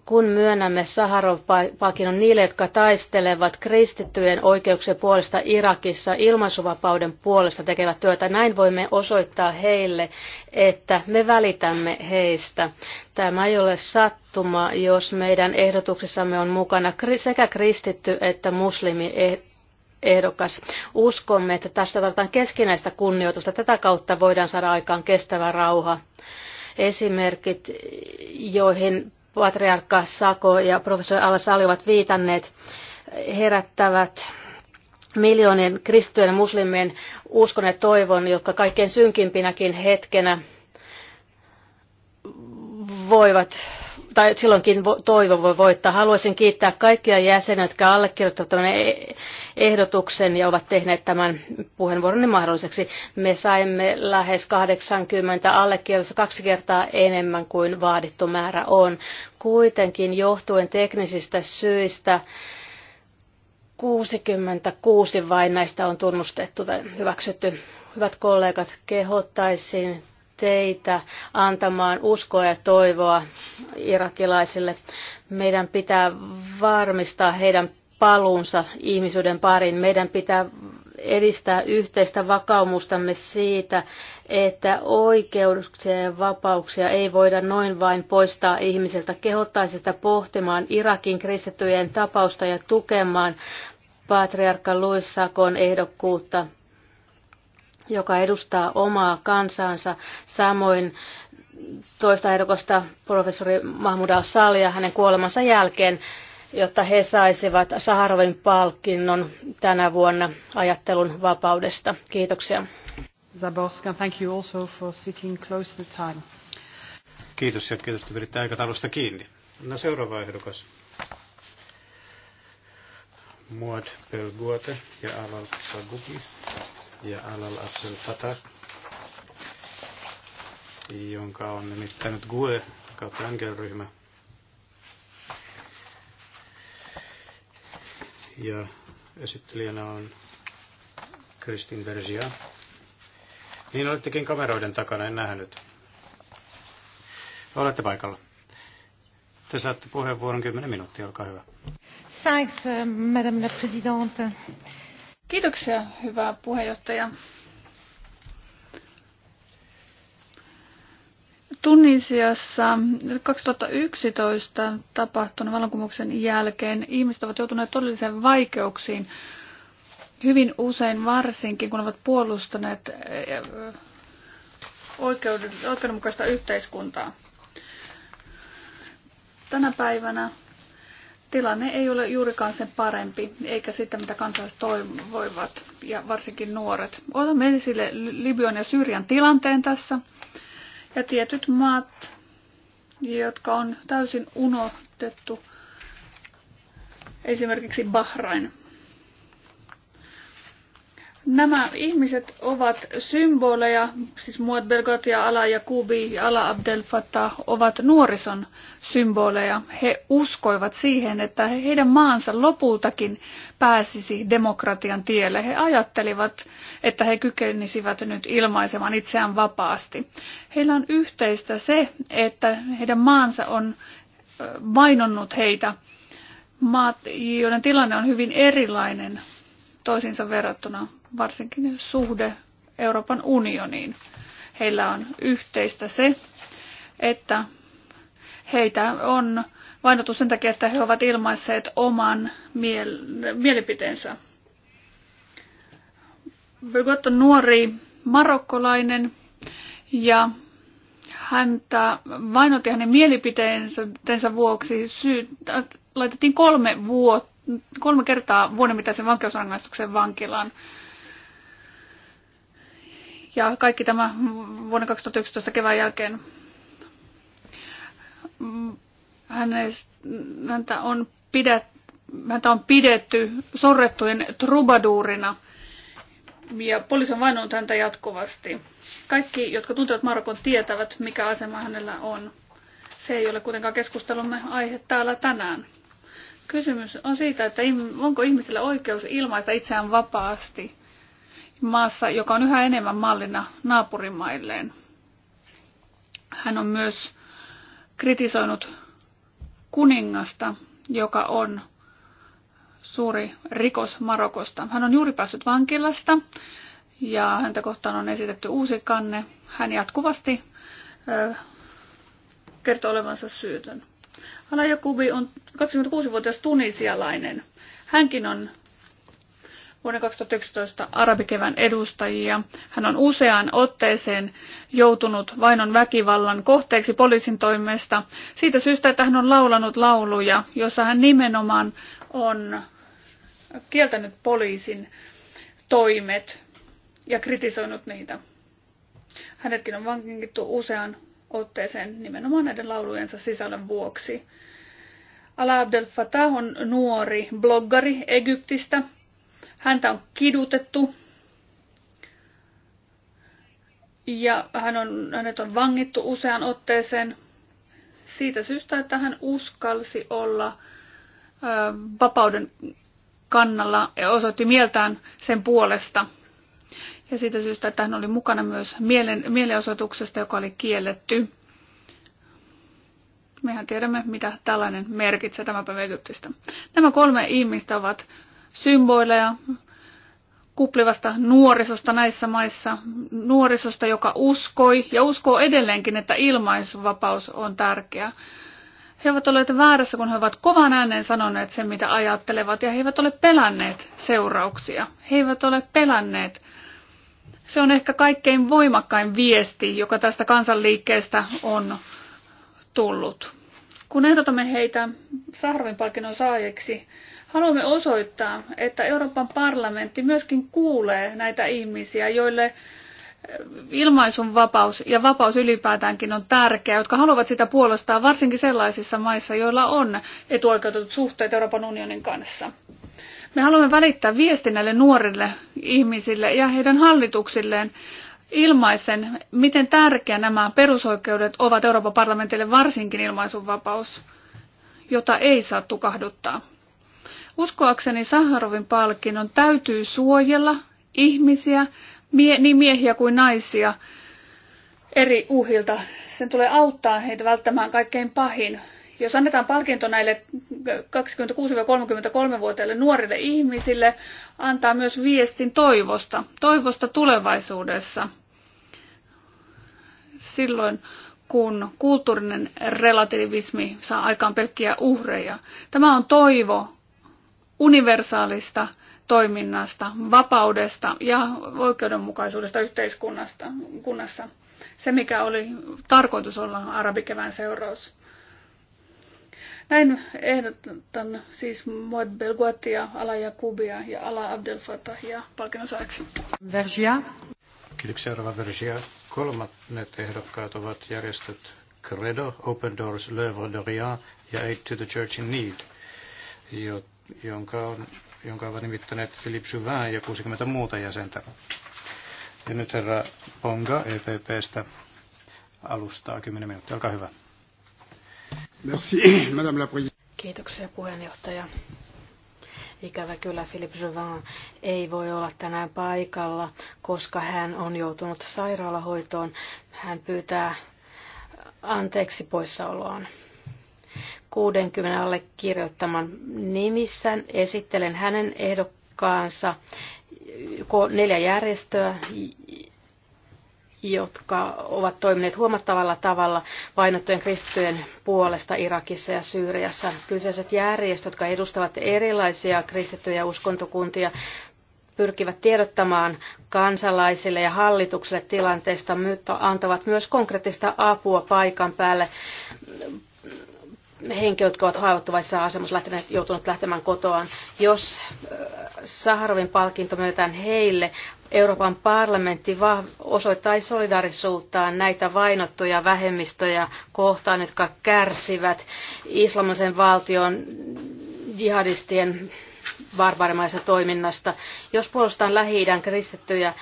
S19: kun myönnämme Saharov-palkinnon niille, jotka taistelevat kristittyjen oikeuksien puolesta Irakissa, ilmaisuvapauden puolesta tekevät työtä, näin voimme osoittaa heille, että me välitämme heistä. Tämä ei ole sattuma, jos meidän ehdotuksessamme on mukana sekä kristitty että muslimi eh- ehdokas. Uskomme, että tästä tarvitaan keskinäistä kunnioitusta. Tätä kautta voidaan saada aikaan kestävä rauha esimerkit, joihin patriarkka Sako ja professori Al-Sali ovat viitanneet, herättävät miljoonien kristittyjen muslimien uskon ja toivon, jotka kaikkein synkimpinäkin hetkenä voivat tai silloinkin toivo voi voittaa. Haluaisin kiittää kaikkia jäseniä, jotka allekirjoittavat tämän e, ehdotuksen ja ovat tehneet tämän puheenvuoroni mahdolliseksi. Me saimme lähes 80 allekirjoitusta kaksi kertaa enemmän kuin vaadittu määrä on. Kuitenkin johtuen teknisistä syistä 66 vain näistä on tunnustettu tai hyväksytty. Hyvät kollegat, kehottaisin teitä antamaan uskoa ja toivoa irakilaisille. Meidän pitää varmistaa heidän paluunsa ihmisyyden parin, Meidän pitää edistää yhteistä vakaumustamme siitä, että oikeuksia ja vapauksia ei voida noin vain poistaa ihmiseltä. Kehottaisi sitä pohtimaan Irakin kristittyjen tapausta ja tukemaan patriarkka Luissakon ehdokkuutta joka edustaa omaa kansansa. Samoin toista ehdokasta professori Mahmoud al ja hänen kuolemansa jälkeen, jotta he saisivat Saharovin palkinnon tänä vuonna ajattelun vapaudesta. Kiitoksia. Zaborska,
S8: thank you also for sitting close to the time.
S20: Kiitos ja kiitos, että piditte aikataulusta kiinni. No seuraava ehdokas. Muad Pelguate ja Aval Sagubi ja Alal Absel Fatah, jonka on nimittänyt GUE kautta Angel-ryhmä. Ja esittelijänä on Kristin Bergia. Niin olettekin kameroiden takana, en nähnyt. Olette paikalla. Te saatte puheenvuoron 10 minuuttia, olkaa hyvä.
S11: Thanks, uh, Madame la Présidente.
S18: Kiitoksia, hyvä puheenjohtaja. Tunisiassa 2011 tapahtuneen vallankumouksen jälkeen ihmiset ovat joutuneet todelliseen vaikeuksiin hyvin usein varsinkin, kun ovat puolustaneet eh, oikeuden, oikeudenmukaista yhteiskuntaa. Tänä päivänä tilanne ei ole juurikaan sen parempi, eikä sitä mitä kansalaiset toivoivat, ja varsinkin nuoret. Otamme esille Libyan ja Syyrian tilanteen tässä, ja tietyt maat, jotka on täysin unohdettu, esimerkiksi Bahrain. Nämä ihmiset ovat symboleja, siis Muad ja Ala ja ja Ala Abdel Fattah ovat nuorison symboleja. He uskoivat siihen, että heidän maansa lopultakin pääsisi demokratian tielle. He ajattelivat, että he kykenisivät nyt ilmaisemaan itseään vapaasti. Heillä on yhteistä se, että heidän maansa on vainonnut heitä. Maat, joiden tilanne on hyvin erilainen toisiinsa verrattuna varsinkin suhde Euroopan unioniin. Heillä on yhteistä se, että heitä on vainottu sen takia, että he ovat ilmaisseet oman miel- mielipiteensä. Bygot on nuori marokkolainen ja häntä vainotti hänen mielipiteensä vuoksi syy, laitettiin kolme, vuot, kolme kertaa vuoden mittaisen vankeusrangaistuksen vankilaan. Ja kaikki tämä vuonna 2011 kevään jälkeen mm, häntä on, pidet, häntä on pidetty sorrettujen trubaduurina ja poliisi on vainonut häntä jatkuvasti. Kaikki, jotka tuntevat Marokon, tietävät, mikä asema hänellä on. Se ei ole kuitenkaan keskustelumme aihe täällä tänään. Kysymys on siitä, että onko ihmisillä oikeus ilmaista itseään vapaasti – maassa, joka on yhä enemmän mallina naapurimailleen. Hän on myös kritisoinut kuningasta, joka on suuri rikos Marokosta. Hän on juuri päässyt vankilasta ja häntä kohtaan on esitetty uusi kanne. Hän jatkuvasti kertoo olevansa syytön. Alajakubi on 26-vuotias tunisialainen. Hänkin on vuoden 2011 arabikevään edustajia. Hän on useaan otteeseen joutunut vainon väkivallan kohteeksi poliisin toimesta siitä syystä, että hän on laulanut lauluja, jossa hän nimenomaan on kieltänyt poliisin toimet ja kritisoinut niitä. Hänetkin on vankinkittu useaan otteeseen nimenomaan näiden laulujensa sisällön vuoksi. Ala Abdel Fattah on nuori bloggari Egyptistä, Häntä on kidutettu ja hän on, hänet on vangittu usean otteeseen siitä syystä, että hän uskalsi olla ö, vapauden kannalla ja osoitti mieltään sen puolesta. Ja siitä syystä, että hän oli mukana myös mielen, mielenosoituksesta, joka oli kielletty. Mehän tiedämme, mitä tällainen merkitsee tämä päivä Egyptistä. Nämä kolme ihmistä ovat symboleja kuplivasta nuorisosta näissä maissa, nuorisosta, joka uskoi ja uskoo edelleenkin, että ilmaisuvapaus on tärkeä. He ovat olleet väärässä, kun he ovat kovan ääneen sanoneet sen, mitä ajattelevat, ja he eivät ole pelänneet seurauksia. He eivät ole pelänneet. Se on ehkä kaikkein voimakkain viesti, joka tästä kansanliikkeestä on tullut. Kun ehdotamme heitä Saharovin palkinnon saajiksi, Haluamme osoittaa, että Euroopan parlamentti myöskin kuulee näitä ihmisiä, joille eh, ilmaisun vapaus ja vapaus ylipäätäänkin on tärkeä, jotka haluavat sitä puolustaa varsinkin sellaisissa maissa, joilla on etuoikeutetut suhteet Euroopan unionin kanssa. Me haluamme välittää viestin näille nuorille ihmisille ja heidän hallituksilleen ilmaisen, miten tärkeä nämä perusoikeudet ovat Euroopan parlamentille, varsinkin ilmaisunvapaus, jota ei saa tukahduttaa. Uskoakseni Saharovin palkinnon täytyy suojella ihmisiä, mie- niin miehiä kuin naisia, eri uhilta. Sen tulee auttaa heitä välttämään kaikkein pahin. Jos annetaan palkinto näille 26-33-vuotiaille nuorille ihmisille, antaa myös viestin toivosta, toivosta tulevaisuudessa. Silloin kun kulttuurinen relativismi saa aikaan pelkkiä uhreja. Tämä on toivo universaalista toiminnasta, vapaudesta ja oikeudenmukaisuudesta yhteiskunnasta. Kunnassa. Se, mikä oli tarkoitus olla arabikevään seuraus. Näin ehdotan siis Moed Belguatia, Ala Jakubia ja Ala Abdel Fattahia palkinnon saajaksi.
S8: Vergia.
S20: Kiitoksia, Rava Vergia. Kolmannet ehdokkaat ovat järjestöt Credo, Open Doors, L'Oeuvre d'Orient ja Aid to the Church in Need, jotka jonka, on, jonka ovat nimittäneet Philip Juvin ja 60 muuta jäsentä. Ja nyt herra Ponga EPPstä alustaa 10 minuuttia. Olkaa hyvä. Merci, Madame la
S19: Kiitoksia puheenjohtaja. Ikävä kyllä Philip Juvin ei voi olla tänään paikalla, koska hän on joutunut sairaalahoitoon. Hän pyytää anteeksi poissaoloaan. 60 allekirjoittaman nimissä esittelen hänen ehdokkaansa neljä järjestöä, jotka ovat toimineet huomattavalla tavalla painottujen kristittyjen puolesta Irakissa ja Syyriassa. Kyseiset järjestöt, jotka edustavat erilaisia kristittyjä uskontokuntia, pyrkivät tiedottamaan kansalaisille ja hallitukselle tilanteesta, mutta antavat myös konkreettista apua paikan päälle henkilöt, jotka ovat haavoittuvaisessa asemassa lähteneet, joutuneet lähtemään kotoaan. Jos äh, Saharovin palkinto myönnetään heille, Euroopan parlamentti osoittaa solidaarisuuttaan näitä vainottuja vähemmistöjä kohtaan, jotka kärsivät islamisen valtion jihadistien barbarimaisesta toiminnasta. Jos puolustetaan lähi kristittyjä,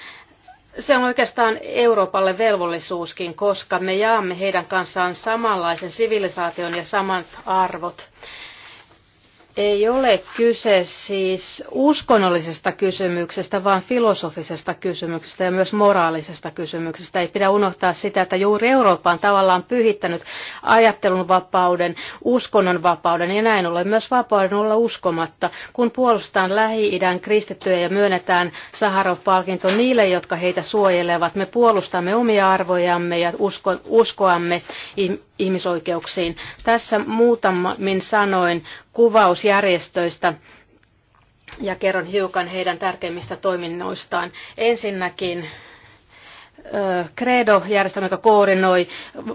S19: se on oikeastaan Euroopalle velvollisuuskin, koska me jaamme heidän kanssaan samanlaisen sivilisaation ja samat arvot ei ole kyse siis uskonnollisesta kysymyksestä, vaan filosofisesta kysymyksestä ja myös moraalisesta kysymyksestä. Ei pidä unohtaa sitä, että juuri Eurooppa on tavallaan pyhittänyt ajattelunvapauden, uskonnonvapauden ja näin ollen myös vapauden olla uskomatta, kun puolustetaan Lähi-idän kristittyjä ja myönnetään Saharov-palkinto niille, jotka heitä suojelevat. Me puolustamme omia arvojamme ja usko, uskoamme ihmisoikeuksiin. Tässä muutamin sanoin kuvaus järjestöistä ja kerron hiukan heidän tärkeimmistä toiminnoistaan. Ensinnäkin Credo-järjestelmä, joka koordinoi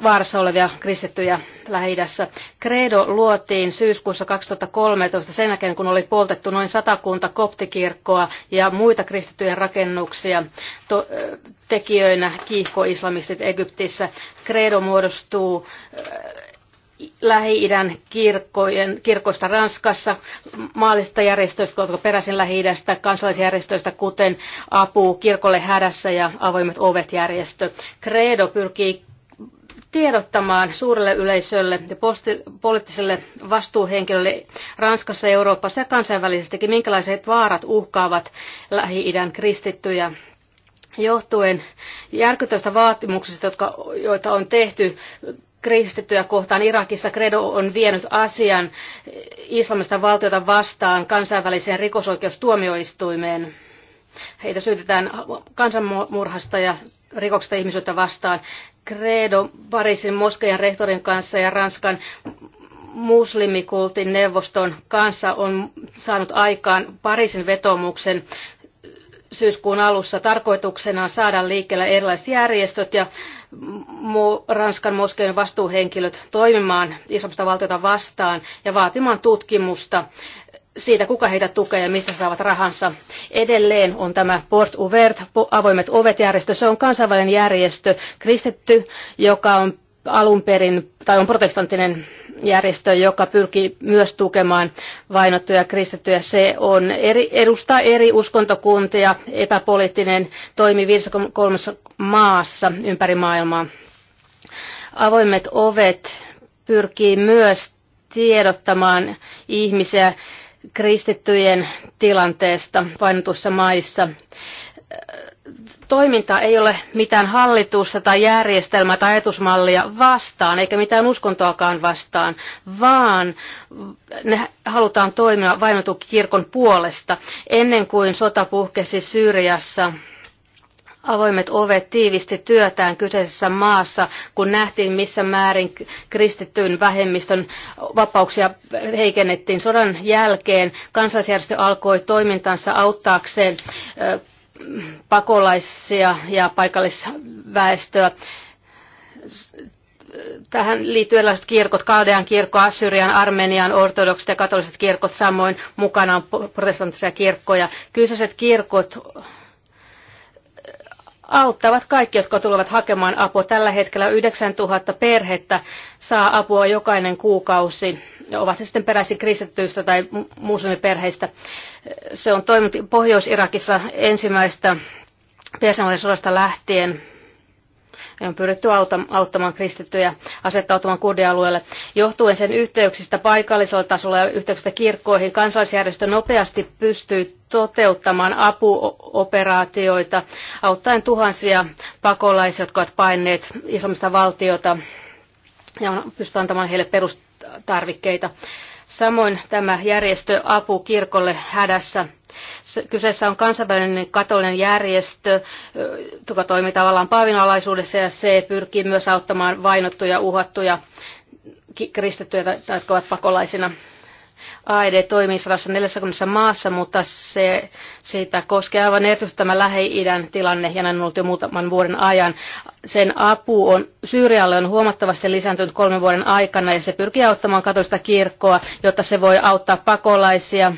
S19: vaarassa olevia kristittyjä lähi -idässä. Credo luotiin syyskuussa 2013 sen jälkeen, kun oli poltettu noin satakunta koptikirkkoa ja muita kristittyjen rakennuksia to- tekijöinä kiihkoislamistit Egyptissä. Credo muodostuu Lähi-idän kirkkojen, kirkosta Ranskassa, maallisista järjestöistä, jotka peräisin Lähi-idästä, kansalaisjärjestöistä, kuten Apu, Kirkolle hädässä ja Avoimet ovet järjestö. Credo pyrkii tiedottamaan suurelle yleisölle ja posti, poliittiselle vastuuhenkilölle Ranskassa, Euroopassa ja kansainvälisestikin, minkälaiset vaarat uhkaavat Lähi-idän kristittyjä johtuen järkyttävistä vaatimuksista, jotka, joita on tehty kristittyä kohtaan Irakissa Credo on vienyt asian islamista valtiota vastaan kansainväliseen rikosoikeustuomioistuimeen. Heitä syytetään kansanmurhasta ja rikoksesta ihmisyyttä vastaan. Credo Pariisin moskeijan rehtorin kanssa ja Ranskan muslimikultin neuvoston kanssa on saanut aikaan Pariisin vetomuksen syyskuun alussa tarkoituksena on saada liikkeelle erilaiset järjestöt ja Ranskan moskeen vastuuhenkilöt toimimaan islamista valtiota vastaan ja vaatimaan tutkimusta siitä, kuka heitä tukee ja mistä saavat rahansa. Edelleen on tämä Port Uvert, avoimet ovet järjestö. Se on kansainvälinen järjestö, kristitty, joka on alun perin, tai on protestanttinen järjestö, joka pyrkii myös tukemaan vainottuja kristittyjä. Se on eri, edustaa eri uskontokuntia, epäpoliittinen, toimii 53 maassa ympäri maailmaa. Avoimet ovet pyrkii myös tiedottamaan ihmisiä kristittyjen tilanteesta painotussa maissa. Toiminta ei ole mitään hallitusta tai järjestelmää tai ajatusmallia vastaan, eikä mitään uskontoakaan vastaan, vaan ne halutaan toimia vainotun kirkon puolesta. Ennen kuin sota puhkesi Syyriassa avoimet ovet tiivisti työtään kyseisessä maassa, kun nähtiin missä määrin kristittyyn vähemmistön vapauksia heikennettiin. Sodan jälkeen kansalaisjärjestö alkoi toimintansa auttaakseen pakolaisia ja paikallisväestöä tähän liittyy erilaiset kirkot, Kaldean kirkko, Assyrian, Armenian, ortodokset ja katoliset kirkot, samoin mukana on protestanttisia kirkkoja. Kyseiset kirkot auttavat kaikki, jotka tulevat hakemaan apua. Tällä hetkellä 9000 perhettä saa apua jokainen kuukausi. Ovat he sitten peräisin kristittyistä tai muslimiperheistä. Se on toiminut Pohjois-Irakissa ensimmäistä persoonallisuudesta lähtien ja on pyritty auttamaan kristittyjä asettautumaan kurdialueelle. Johtuen sen yhteyksistä paikallisella tasolla ja yhteyksistä kirkkoihin, kansalaisjärjestö nopeasti pystyy toteuttamaan apuoperaatioita, auttaen tuhansia pakolaisia, jotka ovat paineet isommista valtiota ja pystyy antamaan heille perustarvikkeita. Samoin tämä järjestö Apu kirkolle hädässä Kyseessä on kansainvälinen katolinen järjestö, joka toimii tavallaan paavinalaisuudessa ja se pyrkii myös auttamaan vainottuja, uhattuja kristittyjä, jotka ovat pakolaisina. AED toimii 140 maassa, mutta se, siitä koskee aivan erityisesti tämä Lähi-idän tilanne, ja näin on ollut jo muutaman vuoden ajan. Sen apu on, Syyrialle on huomattavasti lisääntynyt kolmen vuoden aikana, ja se pyrkii auttamaan katolista kirkkoa, jotta se voi auttaa pakolaisia,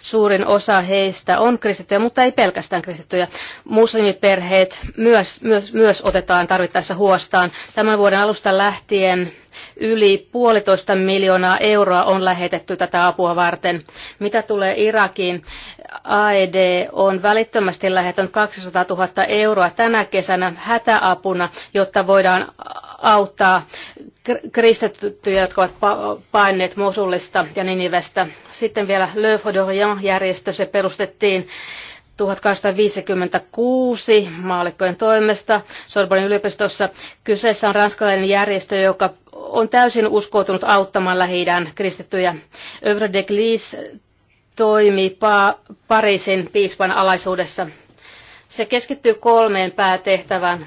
S19: Suurin osa heistä on kristittyjä, mutta ei pelkästään kristittyjä. Muslimiperheet myös, myös, myös otetaan tarvittaessa huostaan. Tämän vuoden alusta lähtien Yli puolitoista miljoonaa euroa on lähetetty tätä apua varten. Mitä tulee Irakiin, AED on välittömästi lähetön 200 000 euroa tänä kesänä hätäapuna, jotta voidaan auttaa kristittyjä, jotka ovat paineet Mosulista ja Ninivestä. Sitten vielä Le järjestö se perustettiin 1856 maalikkojen toimesta Sorbonin yliopistossa. Kyseessä on ranskalainen järjestö, joka on täysin uskoutunut auttamaan lähi kristittyjä. Övre de Glis toimii pa- Pariisin piispan alaisuudessa. Se keskittyy kolmeen päätehtävään.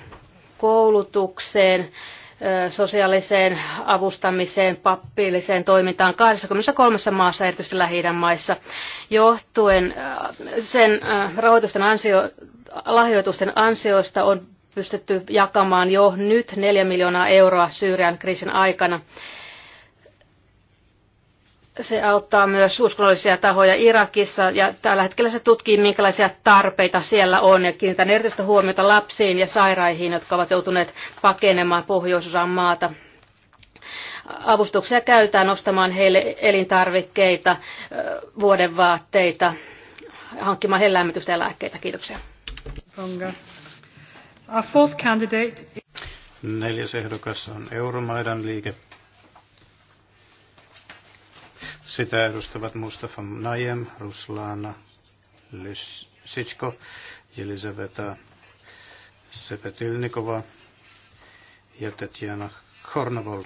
S19: Koulutukseen, sosiaaliseen avustamiseen, pappilliseen toimintaan 23 maassa, erityisesti lähi maissa, johtuen sen rahoitusten ansio, lahjoitusten ansioista on pystytty jakamaan jo nyt 4 miljoonaa euroa Syyrian kriisin aikana. Se auttaa myös uskonnollisia tahoja Irakissa ja tällä hetkellä se tutkii, minkälaisia tarpeita siellä on ja kiinnitän erityistä huomiota lapsiin ja sairaihin, jotka ovat joutuneet pakenemaan pohjoisosaan maata. Avustuksia käytetään nostamaan heille elintarvikkeita, vuodenvaatteita, hankkimaan heille lämmitystä ja lääkkeitä. Kiitoksia. Onka.
S18: Our fourth candidate...
S20: Neljäs ehdokas on Euromaidan liike. Sitä edustavat Mustafa Najem, Ruslana Lysitsko, Elisaveta Sepetilnikova ja Tetjana Kornavol.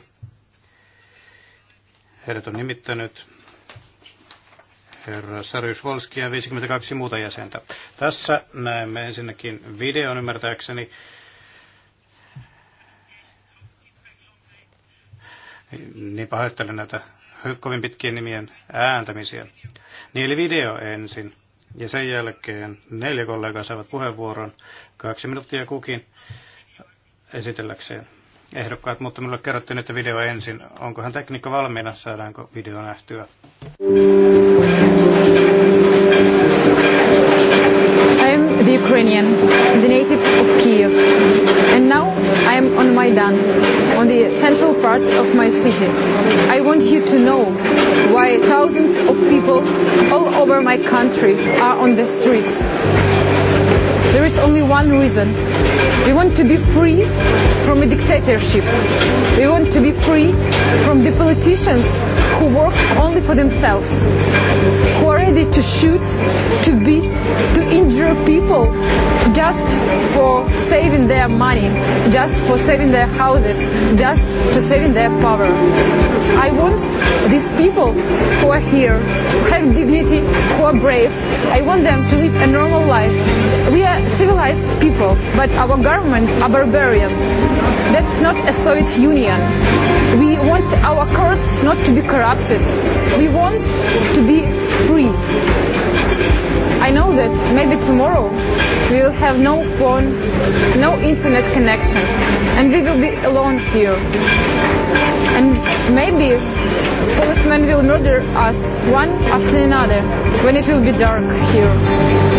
S20: Heidät on nimittänyt herra Sarius Volski ja 52 muuta jäsentä. Tässä näemme ensinnäkin videon ymmärtääkseni. Niin pahoittelen näitä kovin pitkien nimien ääntämisiä. Niin eli video ensin. Ja sen jälkeen neljä kollegaa saavat puheenvuoron, kaksi minuuttia kukin, esitelläkseen ehdokkaat, mutta minulle kerrottiin, että video ensin. Onkohan tekniikka valmiina, saadaanko video nähtyä? Mm.
S17: Ukrainian, the native of Kiev. And now I am on Maidan, on the central part of my city. I want you to know why thousands of people all over my country are on the streets There is only one reason. We want to be free from a dictatorship. We want to be free from the politicians who work only for themselves, who are ready to shoot, to beat, to injure people just for saving their money, just for saving their houses, just to saving their power. I want these people who are here, who have dignity, who are brave, I want them to live a normal life. We are civilized people, but our governments are barbarians. That's not a Soviet Union. We want our courts not to be corrupted. We want to be free. I know that maybe tomorrow we will have no phone, no internet connection, and we will be alone here. And maybe policemen will murder us one after another when it will be dark here.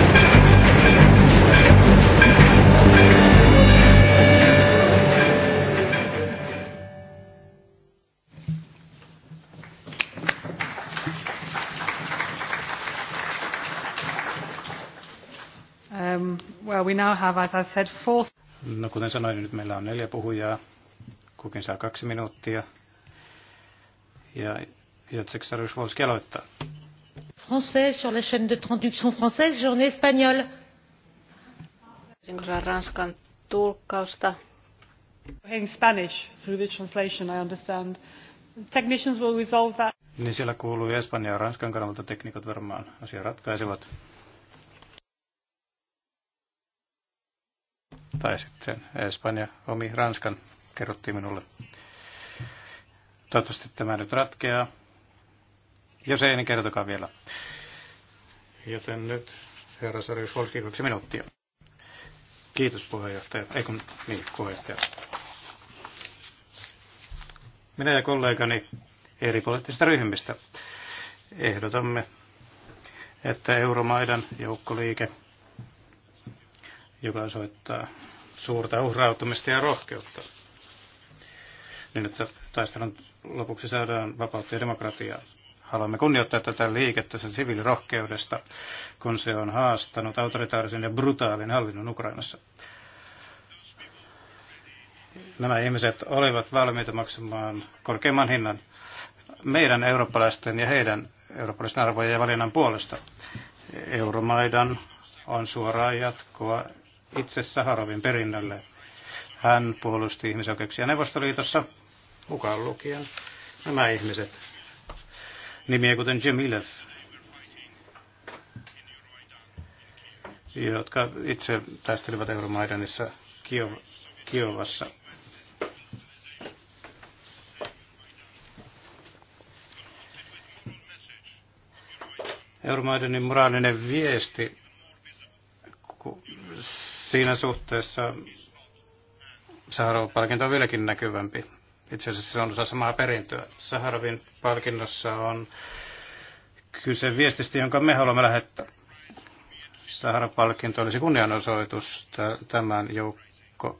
S18: Uh, we now have, as I said, four...
S20: No kuten sanoin, niin nyt meillä on neljä puhujaa. Kukin saa kaksi minuuttia. Ja Jotsek Sarusvolski aloittaa.
S11: Français sur la chaîne de traduction française, journée espagnole.
S18: Ranskan tulkkausta. In Spanish, through the translation, I understand. Technicians will resolve that.
S20: Niin siellä kuuluu espanja ja Ranskan kanavalta, teknikot varmaan asia ratkaisevat. tai sitten Espanja omi Ranskan, kerrottiin minulle. Toivottavasti tämä nyt ratkeaa. Jos ei, niin kertokaa vielä. Joten nyt herra Sarjus Volki, kaksi minuuttia. Kiitos puheenjohtaja. Ei kun, niin, puheenjohtaja. Minä ja kollegani eri poliittisista ryhmistä ehdotamme, että Euromaidan joukkoliike – joka osoittaa suurta uhrautumista ja rohkeutta, niin että taistelun lopuksi saadaan vapautta ja demokratiaa. Haluamme kunnioittaa tätä liikettä sen siviilirohkeudesta, kun se on haastanut autoritaarisen ja brutaalin hallinnon Ukrainassa. Nämä ihmiset olivat valmiita maksamaan korkeimman hinnan meidän eurooppalaisten ja heidän eurooppalaisten arvojen ja valinnan puolesta. Euromaidan on suoraa jatkoa itse Saharovin perinnölle. Hän puolusti ihmisoikeuksia Neuvostoliitossa, mukaan lukien nämä ihmiset. Nimiä kuten Ilef, jotka itse taistelivat Euromaidanissa Kio, Kiovassa. Euromaidanin moraalinen viesti Siinä suhteessa Saharov-palkinto on vieläkin näkyvämpi. Itse asiassa se on osa samaa perintöä. Saharovin palkinnossa on kyse viestistä, jonka me haluamme lähettää. Saharovin palkinto olisi kunnianosoitus tämän joukko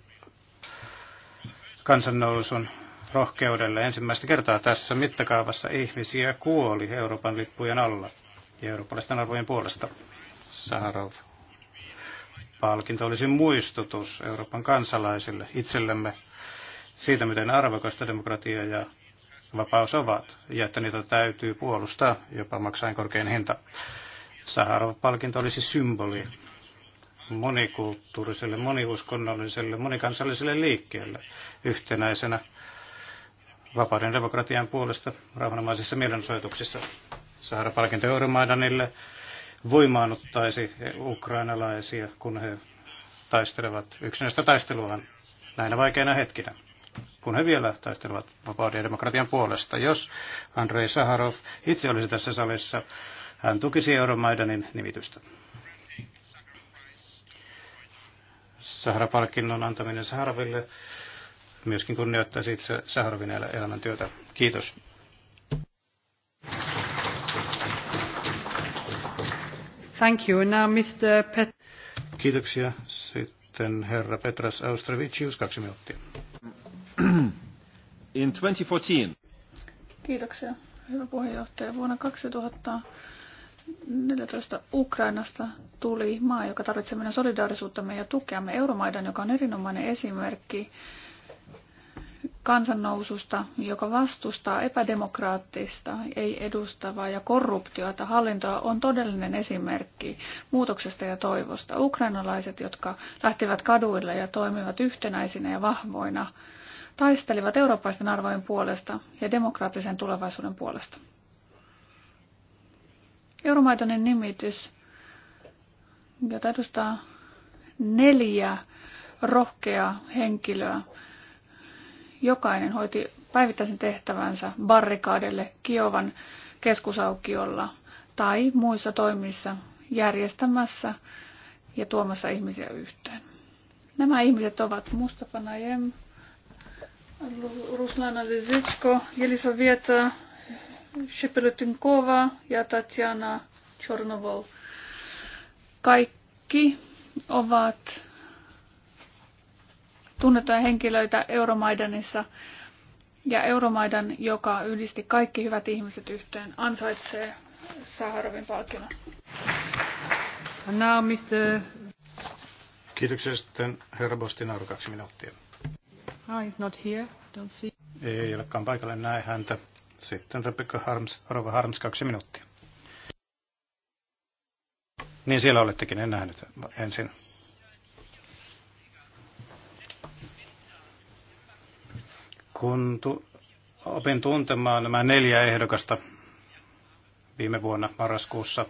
S20: kansannousun rohkeudelle. Ensimmäistä kertaa tässä mittakaavassa ihmisiä kuoli Euroopan lippujen alla ja eurooppalaisten arvojen puolesta. Saharov Palkinto olisi muistutus Euroopan kansalaisille itsellemme siitä, miten arvokasta demokratia ja vapaus ovat, ja että niitä täytyy puolustaa jopa maksaen korkein hinta. Saharov-palkinto olisi symboli monikulttuuriselle, moniuskonnolliselle, monikansalliselle liikkeelle yhtenäisenä vapauden demokratian puolesta rauhanomaisissa mielenosoituksissa. Saharov-palkinto Euromaidanille voimaanottaisi ukrainalaisia, kun he taistelevat yksinäistä taisteluaan näinä vaikeina hetkinä, kun he vielä taistelevat vapauden ja demokratian puolesta. Jos Andrei Saharov itse olisi tässä salissa, hän tukisi Euromaidanin nimitystä. Sahara-palkinnon antaminen Saharoville myöskin kunnioittaisi itse Saharovin elämäntyötä. Kiitos.
S18: Thank you. Now Mr. Pet-
S20: Kiitoksia. Sitten herra Petras Austrevicius, kaksi minuuttia. In
S3: 2014.
S18: Kiitoksia, hyvä puheenjohtaja. Vuonna 2014 Ukrainasta tuli maa, joka tarvitsee meidän solidaarisuuttamme ja tukeamme Euromaidan, joka on erinomainen esimerkki kansannoususta, joka vastustaa epädemokraattista, ei edustavaa ja korruptiota hallintoa, on todellinen esimerkki muutoksesta ja toivosta. Ukrainalaiset, jotka lähtivät kaduille ja toimivat yhtenäisinä ja vahvoina, taistelivat eurooppaisten arvojen puolesta ja demokraattisen tulevaisuuden puolesta. Euromaitonin nimitys, jota edustaa neljä rohkeaa henkilöä, jokainen hoiti päivittäisen tehtävänsä barrikaadelle Kiovan keskusaukiolla tai muissa toimissa järjestämässä ja tuomassa ihmisiä yhteen. Nämä ihmiset ovat Mustafa Najem, Ruslana Lizitsko, Jelisaveta Shepelutynkova ja Tatjana Chornovol. Kaikki ovat tunnettuja henkilöitä Euromaidanissa. Ja Euromaidan, joka yhdisti kaikki hyvät ihmiset yhteen, ansaitsee Saharovin palkinnon. Now, Mr.
S20: Kiitoksia sitten herra Bostinaru kaksi minuuttia.
S18: Ah, he's not here. Don't see.
S20: Ei olekaan paikalle näe häntä. Sitten Rebecca Harms, Rova Harms kaksi minuuttia. Niin siellä olettekin, en nähnyt ensin. Kun tu- opin tuntemaan nämä neljä ehdokasta viime vuonna marraskuussa,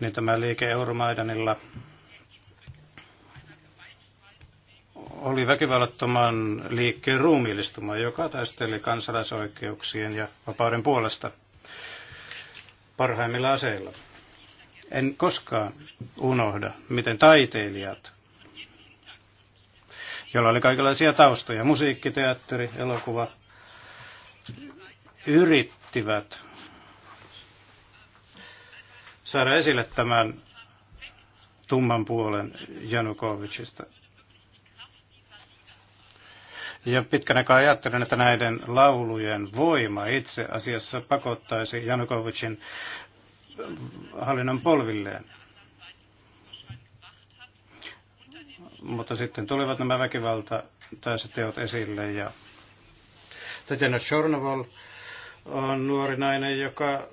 S20: niin tämä liike Euromaidanilla oli väkivallattoman liikkeen ruumiillistuma, joka taisteli kansalaisoikeuksien ja vapauden puolesta parhaimmilla aseilla. En koskaan unohda, miten taiteilijat jolla oli kaikenlaisia taustoja, musiikki, teatteri, elokuva, yrittivät saada esille tämän tumman puolen Janukovicista. Ja pitkän aikaa ajattelin, että näiden laulujen voima itse asiassa pakottaisi Janukovicin hallinnon polvilleen. Mutta sitten tulivat nämä väkivalta tässä teot esille ja Tatjana Chornovol on nuori nainen, joka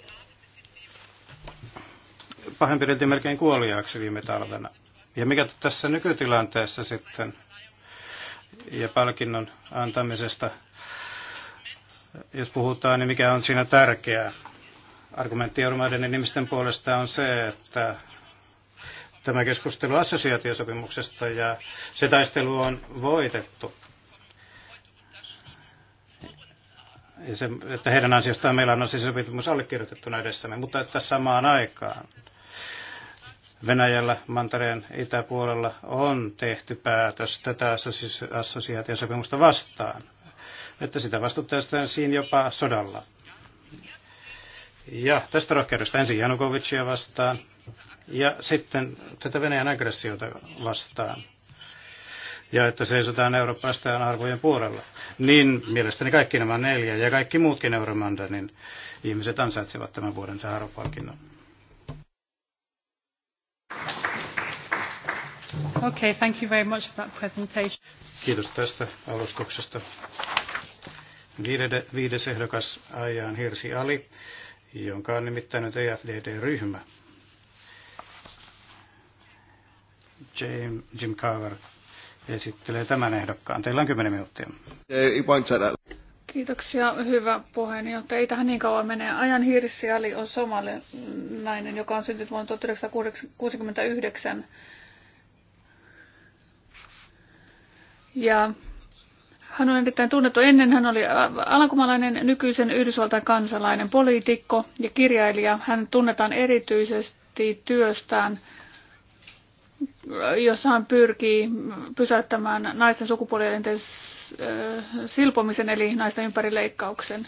S20: pahempirilti melkein kuoliaaksi viime talvena. Ja mikä tässä nykytilanteessa sitten ja palkinnon antamisesta, jos puhutaan, niin mikä on siinä tärkeää? Argumentti Euromaiden nimisten puolesta on se, että tämä keskustelu assosiaatiosopimuksesta ja se taistelu on voitettu. Ja se, että heidän ansiostaan meillä on siis sopimus allekirjoitettuna edessämme, mutta että samaan aikaan Venäjällä, Mantereen itäpuolella on tehty päätös tätä assosiaatiosopimusta vastaan, että sitä vastustetaan siinä jopa sodalla. Ja tästä rohkeudesta ensin Janukovicia vastaan, ja sitten tätä Venäjän aggressiota vastaan ja että seisotaan eurooppalaisten arvojen puolella. Niin mielestäni kaikki nämä neljä ja kaikki muutkin Euromandanin ihmiset ansaitsevat tämän vuoden saharopalkinnon.
S18: Okay, thank you very much for that presentation.
S20: Kiitos tästä alustuksesta. viides ehdokas Ajaan Hirsi Ali, jonka on nimittänyt EFDD-ryhmä. Jim, Jim Carver esittelee tämän ehdokkaan. Teillä on 10 minuuttia.
S18: Kiitoksia, hyvä puheenjohtaja. Ei tähän niin kauan mene. Ajan Hirsi Ali on somalilainen, joka on syntynyt vuonna 1969. Ja hän on erittäin tunnettu. Ennen hän oli alankomalainen nykyisen Yhdysvaltain kansalainen poliitikko ja kirjailija. Hän tunnetaan erityisesti työstään – jossa hän pyrkii pysäyttämään naisten sukupuolielinten äh, silpomisen eli naisten ympärileikkauksen.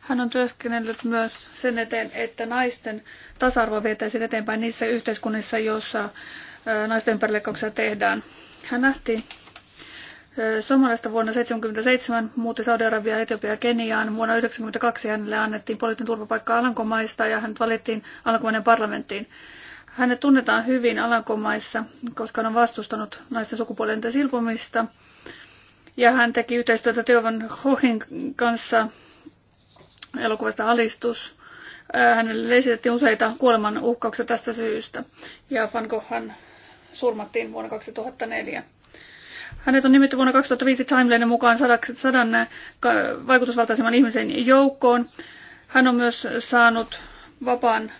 S18: Hän on työskennellyt myös sen eteen, että naisten tasa-arvo vietäisiin eteenpäin niissä yhteiskunnissa, joissa äh, naisten ympärileikkauksia tehdään. Hän nähti äh, Somalista vuonna 1977, muutti Saudi-Arabia, Etiopia ja Keniaan. Vuonna 1992 hänelle annettiin poliittinen turvapaikka Alankomaista ja hän valittiin Alankomainen parlamenttiin. Hänet tunnetaan hyvin Alankomaissa, koska hän on vastustanut naisten sukupuolinten silpomista. Ja hän teki yhteistyötä Tiovan Hohin kanssa elokuvasta Alistus. Hänelle esitettiin useita kuoleman uhkauksia tästä syystä. Ja Van Goghhan surmattiin vuonna 2004. Hänet on nimetty vuonna 2005 Timelinen mukaan sadan vaikutusvaltaisemman ihmisen joukkoon. Hän on myös saanut vapaan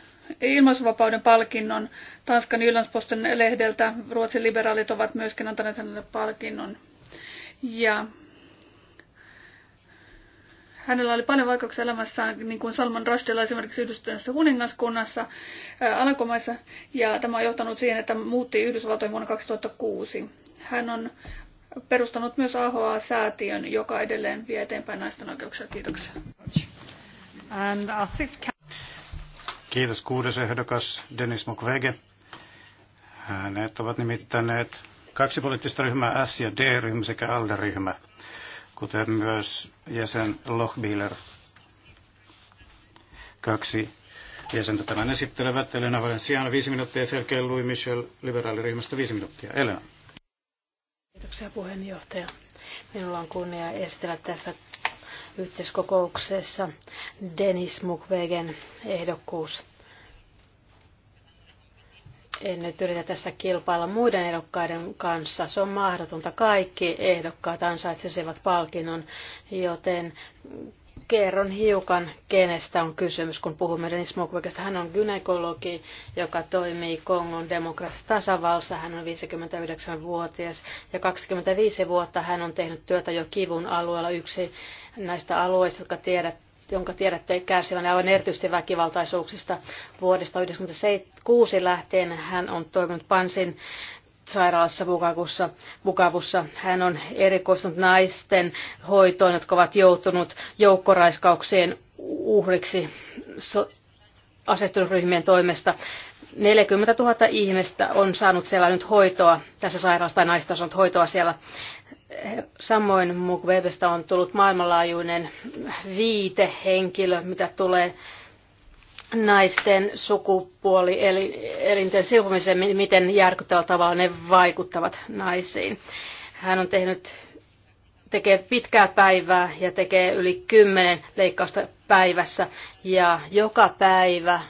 S18: ilmaisuvapauden palkinnon Tanskan Jyllandsposten lehdeltä. Ruotsin liberaalit ovat myöskin antaneet hänelle palkinnon. Ja hänellä oli paljon vaikeuksia elämässään, niin kuin Salman Rushdilla esimerkiksi yhdistyneessä kuningaskunnassa, äh, Alankomaissa, ja tämä on johtanut siihen, että muutti Yhdysvaltoihin vuonna 2006. Hän on perustanut myös AHA-säätiön, joka edelleen vie eteenpäin naisten oikeuksia. Kiitoksia. And
S20: Kiitos kuudes ehdokas Denis Mukwege. Hänet ovat nimittäneet kaksi poliittista ryhmää, S- ja D-ryhmä sekä ALDE-ryhmä, kuten myös jäsen Lochbieler. Kaksi jäsentä tämän esittelevät. Elena Valenciano viisi minuuttia ja selkeä Louis Michel liberaaliryhmästä viisi minuuttia. Elena.
S19: Kiitoksia puheenjohtaja. Minulla on kunnia esitellä tässä yhteiskokouksessa Denis Mukwegen ehdokkuus. En nyt yritä tässä kilpailla muiden ehdokkaiden kanssa. Se on mahdotonta. Kaikki ehdokkaat ansaitsisivat palkinnon, joten kerron hiukan, kenestä on kysymys, kun puhumme Denis Mukwegestä. Hän on gynekologi, joka toimii Kongon demokraattisessa tasavallassa. Hän on 59-vuotias ja 25 vuotta hän on tehnyt työtä jo kivun alueella. Yksi näistä alueista, jotka tiedät, jonka tiedätte kärsivän aivan erityisesti väkivaltaisuuksista. Vuodesta 1996 lähtien hän on toiminut Pansin sairaalassa Mukavussa. Mukavussa. Hän on erikoistunut naisten hoitoon, jotka ovat joutuneet joukkoraiskaukseen uhriksi so- asettunutryhmien toimesta. 40 000 ihmistä on saanut siellä nyt hoitoa, tässä sairaalassa tai naista on saanut hoitoa siellä. Samoin Mukwebestä on tullut maailmanlaajuinen viitehenkilö, mitä tulee naisten sukupuoli eli elinten silpomiseen, miten järkyttävällä tavalla ne vaikuttavat naisiin. Hän on tehnyt tekee pitkää päivää ja tekee yli kymmenen leikkausta päivässä. Ja joka päivä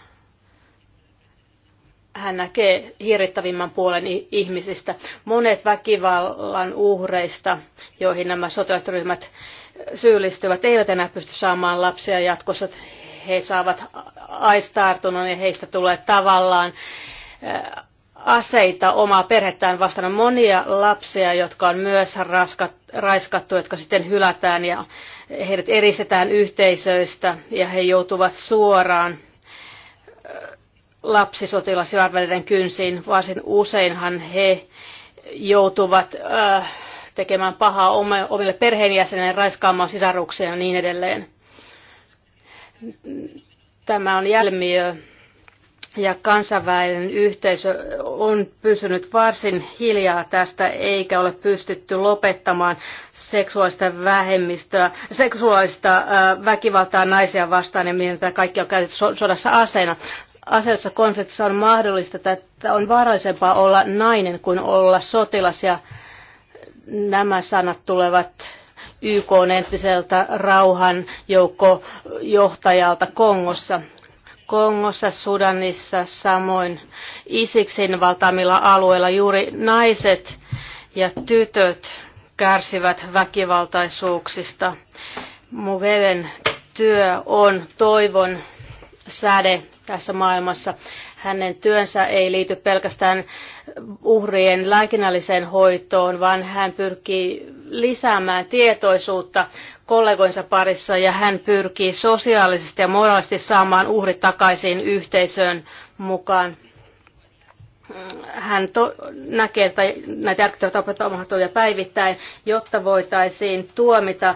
S19: hän näkee hirvittävimmän puolen ihmisistä. Monet väkivallan uhreista, joihin nämä sotilasryhmät syyllistyvät, eivät enää pysty saamaan lapsia jatkossa he saavat aistartunnon ja heistä tulee tavallaan aseita omaa perhettään vastaan. On monia lapsia, jotka on myös raskat, raiskattu, jotka sitten hylätään ja heidät eristetään yhteisöistä ja he joutuvat suoraan lapsisotilasjärveleiden kynsiin. Varsin useinhan he joutuvat äh, tekemään pahaa omille perheenjäsenille, raiskaamaan sisaruksia ja niin edelleen. Tämä on jälmiö ja kansainvälinen yhteisö on pysynyt varsin hiljaa tästä eikä ole pystytty lopettamaan seksuaalista vähemmistöä, seksuaalista väkivaltaa naisia vastaan ja mihin kaikki on käytetty sodassa aseena. Aseellisessa konfliktissa on mahdollista, että on vaarallisempaa olla nainen kuin olla sotilas ja nämä sanat tulevat YK entiseltä rauhanjoukkojohtajalta Kongossa. Kongossa, Sudanissa, samoin Isiksin valtaamilla alueilla juuri naiset ja tytöt kärsivät väkivaltaisuuksista. Mugeven työ on toivon säde tässä maailmassa hänen työnsä ei liity pelkästään uhrien lääkinnälliseen hoitoon, vaan hän pyrkii lisäämään tietoisuutta kollegoinsa parissa ja hän pyrkii sosiaalisesti ja moraalisesti saamaan uhrit takaisin yhteisöön mukaan. Hän to- näkee että näitä järkyttäviä tapahtuvia päivittäin, jotta voitaisiin tuomita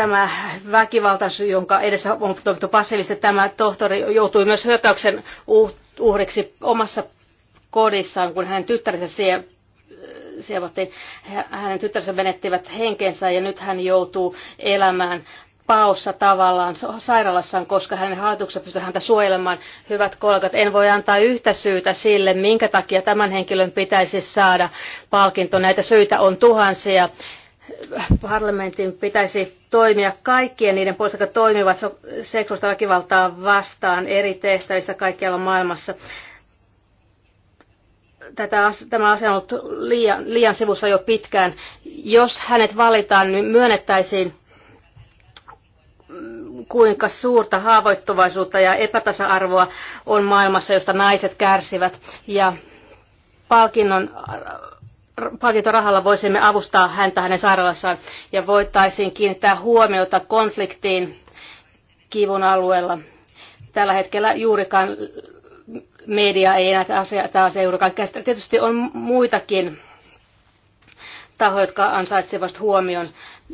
S19: tämä väkivalta, jonka edessä on toimittu passiivisesti, tämä tohtori joutui myös hyökkäyksen uh-, uhriksi omassa kodissaan, kun hänen tyttärensä sie, sievattiin. Hänen tyttärensä menettivät henkensä ja nyt hän joutuu elämään paossa tavallaan sairaalassaan, koska hänen hallituksensa pystyy häntä suojelemaan. Hyvät kollegat, en voi antaa yhtä syytä sille, minkä takia tämän henkilön pitäisi saada palkinto. Näitä syitä on tuhansia parlamentin pitäisi toimia kaikkien niiden puolesta, jotka toimivat seksuaalista väkivaltaa vastaan eri tehtävissä kaikkialla maailmassa. Tätä, tämä asia on ollut liian, liian sivussa jo pitkään. Jos hänet valitaan, niin myönnettäisiin kuinka suurta haavoittuvaisuutta ja epätasa-arvoa on maailmassa, josta naiset kärsivät. Ja palkinnon palkintorahalla voisimme avustaa häntä hänen sairaalassaan ja voitaisiin kiinnittää huomiota konfliktiin kivun alueella. Tällä hetkellä juurikaan media ei enää taas juurikaan käsitellä. Tietysti on muitakin tahoja, jotka ansaitsevat huomion.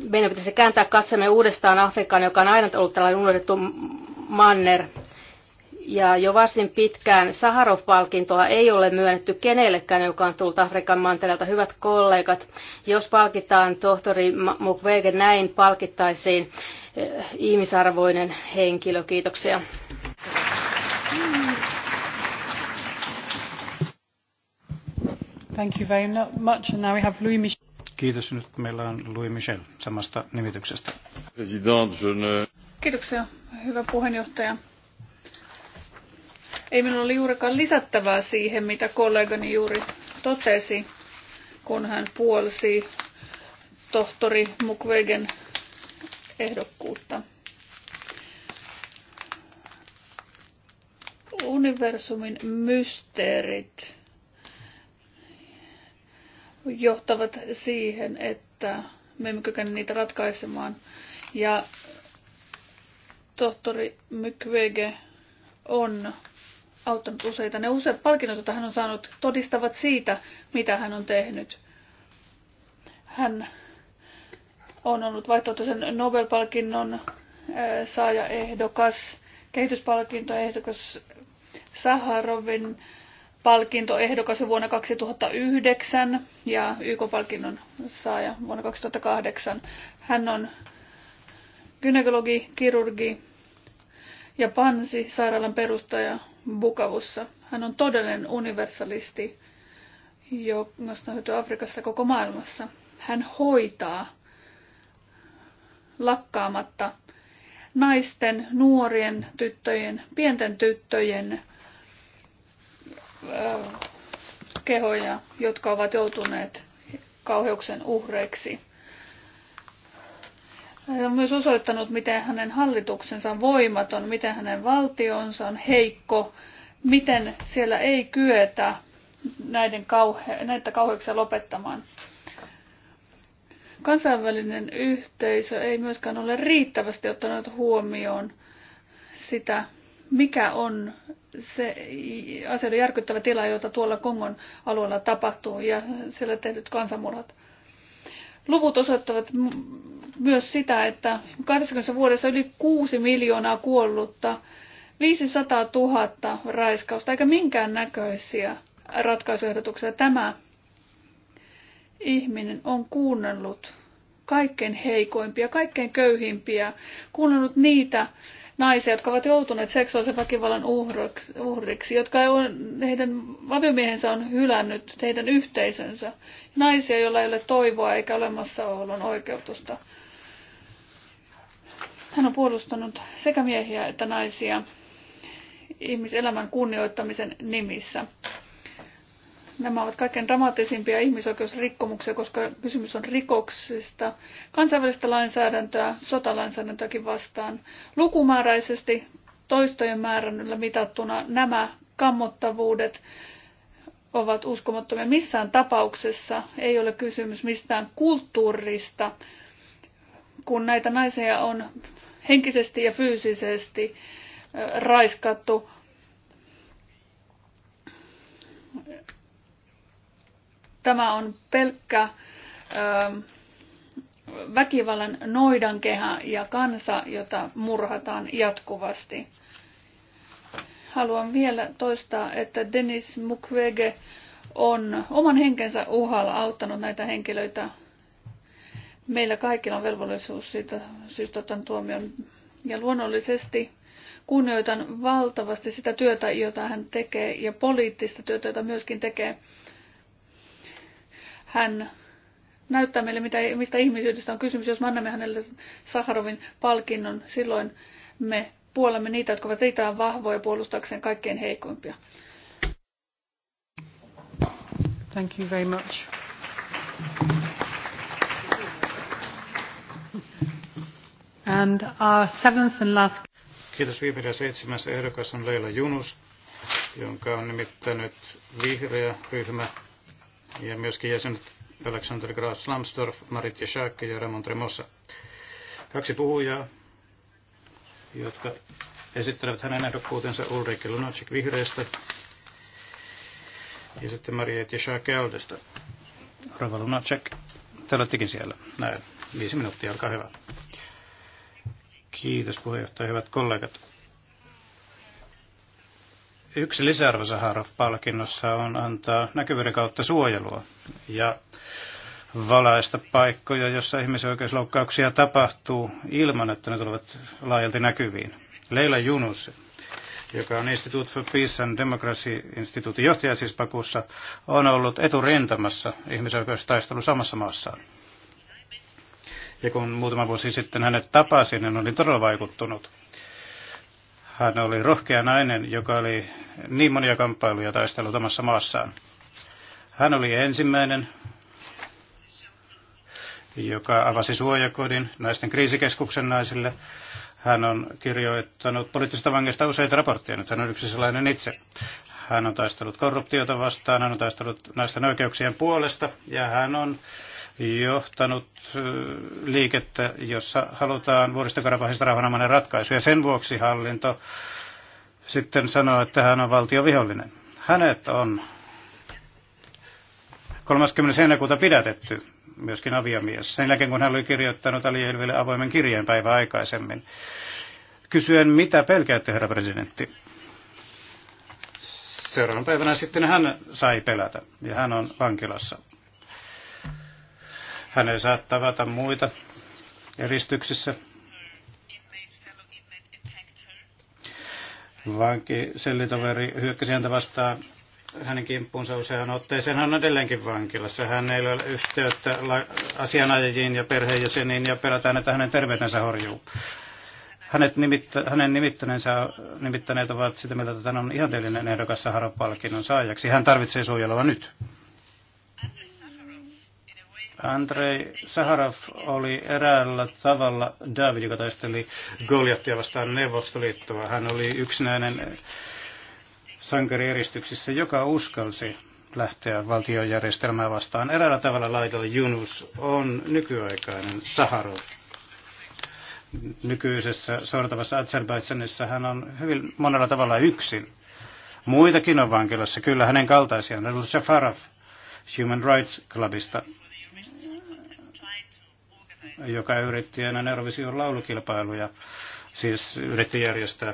S19: Meidän pitäisi kääntää katseemme uudestaan Afrikkaan, joka on aina ollut tällainen unohdettu manner ja jo varsin pitkään Saharov-palkintoa ei ole myönnetty kenellekään, joka on tullut Afrikan mantereelta. Hyvät kollegat, jos palkitaan tohtori Mukwege näin, palkittaisiin eh, ihmisarvoinen henkilö.
S18: Kiitoksia. Thank you very much. And now we have Louis Michel.
S20: Kiitos. Nyt meillä on Louis Michel samasta nimityksestä.
S18: Kiitoksia, hyvä puheenjohtaja. Ei minulla ole juurikaan lisättävää siihen, mitä kollegani juuri totesi, kun hän puolsi tohtori Mukwegen ehdokkuutta. Universumin mysteerit johtavat siihen, että me emme kykene niitä ratkaisemaan. Ja tohtori Mukwege on auttanut useita. Ne useat palkinnot, joita hän on saanut, todistavat siitä, mitä hän on tehnyt. Hän on ollut vaihtoehtoisen Nobel-palkinnon äh, saaja ehdokas, kehityspalkintoehdokas, Saharovin palkintoehdokas vuonna 2009 ja YK-palkinnon saaja vuonna 2008. Hän on gynekologi, kirurgi ja Pansi sairaalan perustaja Bukavussa. Hän on todellinen universalisti, josta hyötyy Afrikassa koko maailmassa. Hän hoitaa lakkaamatta naisten, nuorien tyttöjen, pienten tyttöjen kehoja, jotka ovat joutuneet kauheuksen uhreiksi. Hän on myös osoittanut, miten hänen hallituksensa on voimaton, miten hänen valtionsa on heikko, miten siellä ei kyetä näiden kauhe- näitä kauheuksia lopettamaan. Kansainvälinen yhteisö ei myöskään ole riittävästi ottanut huomioon sitä, mikä on se asioiden järkyttävä tila, jota tuolla Kongon alueella tapahtuu ja siellä tehdyt kansanmurhat. Luvut osoittavat myös sitä, että 20 vuodessa yli 6 miljoonaa kuollutta, 500 000 raiskausta, eikä minkään näköisiä ratkaisuehdotuksia. Tämä ihminen on kuunnellut kaikkein heikoimpia, kaikkein köyhimpiä, kuunnellut niitä naisia, jotka ovat joutuneet seksuaalisen väkivallan uhriksi, jotka on, heidän aviomiehensä on hylännyt heidän yhteisönsä, naisia, joilla ei ole toivoa eikä olemassaolon oikeutusta. Hän on puolustanut sekä miehiä että naisia ihmiselämän kunnioittamisen nimissä. Nämä ovat kaikkein dramaattisimpia ihmisoikeusrikkomuksia, koska kysymys on rikoksista, kansainvälistä lainsäädäntöä, sotalainsäädäntöäkin vastaan. Lukumääräisesti toistojen määrän yllä mitattuna nämä kammottavuudet ovat uskomattomia. Missään tapauksessa ei ole kysymys mistään kulttuurista, kun näitä naisia on henkisesti ja fyysisesti raiskattu. Tämä on pelkkä väkivallan noidankehä ja kansa, jota murhataan jatkuvasti. Haluan vielä toistaa, että Dennis Mukwege on oman henkensä uhalla auttanut näitä henkilöitä Meillä kaikilla on velvollisuus siitä syystä otan tuomion. Ja luonnollisesti kunnioitan valtavasti sitä työtä, jota hän tekee ja poliittista työtä, jota myöskin tekee. Hän näyttää meille, mitä, mistä ihmisyydestä on kysymys. Jos me annamme hänelle Saharovin palkinnon, silloin me puolemme niitä, jotka ovat riittävän vahvoja puolustakseen kaikkein heikoimpia. Thank you very much. And our seventh and last...
S20: Kiitos viimeinen seitsemäs ehdokas on Leila Junus, jonka on nimittänyt vihreä ryhmä ja myöskin jäsenet Alexander Graf Slamsdorf, Marit Jeshak ja Ramon Tremossa. Kaksi puhujaa, jotka esittelevät hänen ehdokkuutensa Ulrike Lunacek vihreästä ja sitten Maria Jeshak Aldesta. Rava Lunacek, te siellä. Näin. Viisi minuuttia, olkaa hyvä. Kiitos puheenjohtaja, hyvät kollegat. Yksi lisäarvo Saharov-palkinnossa on antaa näkyvyyden kautta suojelua ja valaista paikkoja, jossa ihmisoikeusloukkauksia tapahtuu ilman, että ne tulevat laajalti näkyviin. Leila Junus, joka on Institute for Peace and Democracy instituutin johtaja siis Pakussa, on ollut eturintamassa ihmisoikeustaistelu samassa maassaan. Ja kun muutama vuosi sitten hänet tapasin, niin olin todella vaikuttunut. Hän oli rohkea nainen, joka oli niin monia kamppailuja taistellut omassa maassaan. Hän oli ensimmäinen, joka avasi suojakodin naisten kriisikeskuksen naisille. Hän on kirjoittanut poliittisista vangeista useita raportteja, nyt hän on yksi sellainen itse. Hän on taistellut korruptiota vastaan, hän on taistellut naisten oikeuksien puolesta ja hän on johtanut liikettä, jossa halutaan vuoristokarapahista rauhanomainen ratkaisu. Ja sen vuoksi hallinto sitten sanoo, että hän on valtiovihollinen. Hänet on 30. heinäkuuta pidätetty, myöskin aviamies, sen jälkeen kun hän oli kirjoittanut Alijelville avoimen kirjeen päivä aikaisemmin. Kysyen, mitä pelkäätte, herra presidentti? Seuraavana päivänä sitten hän sai pelätä, ja hän on vankilassa. Hän ei saa tavata muita eristyksissä. Vanki sellitoveri hyökkäsi häntä vastaan hänen kimppuunsa useaan otteeseen. Hän on edelleenkin vankilassa. Hän ei ole yhteyttä asianajajiin ja perheenjäseniin ja pelätään, että hänen terveytensä horjuu. Hänet nimittä, hänen nimittäneensä, nimittäneet ovat sitä mieltä, että hän on ihanteellinen ehdokas Saharov-palkinnon saajaksi. Hän tarvitsee suojelua nyt. Andrei Saharov oli eräällä tavalla David, joka taisteli Goliattia vastaan Neuvostoliittoa. Hän oli yksinäinen sankari eristyksissä, joka uskalsi lähteä valtiojärjestelmää vastaan. Eräällä tavalla laitalla Yunus on nykyaikainen Saharov. Nykyisessä sortavassa Azerbaidsanissa hän on hyvin monella tavalla yksin. Muitakin on vankilassa, kyllä hänen kaltaisiaan, Shafarov Human Rights Clubista, joka yritti ennen Eurovision laulukilpailuja, siis yritti järjestää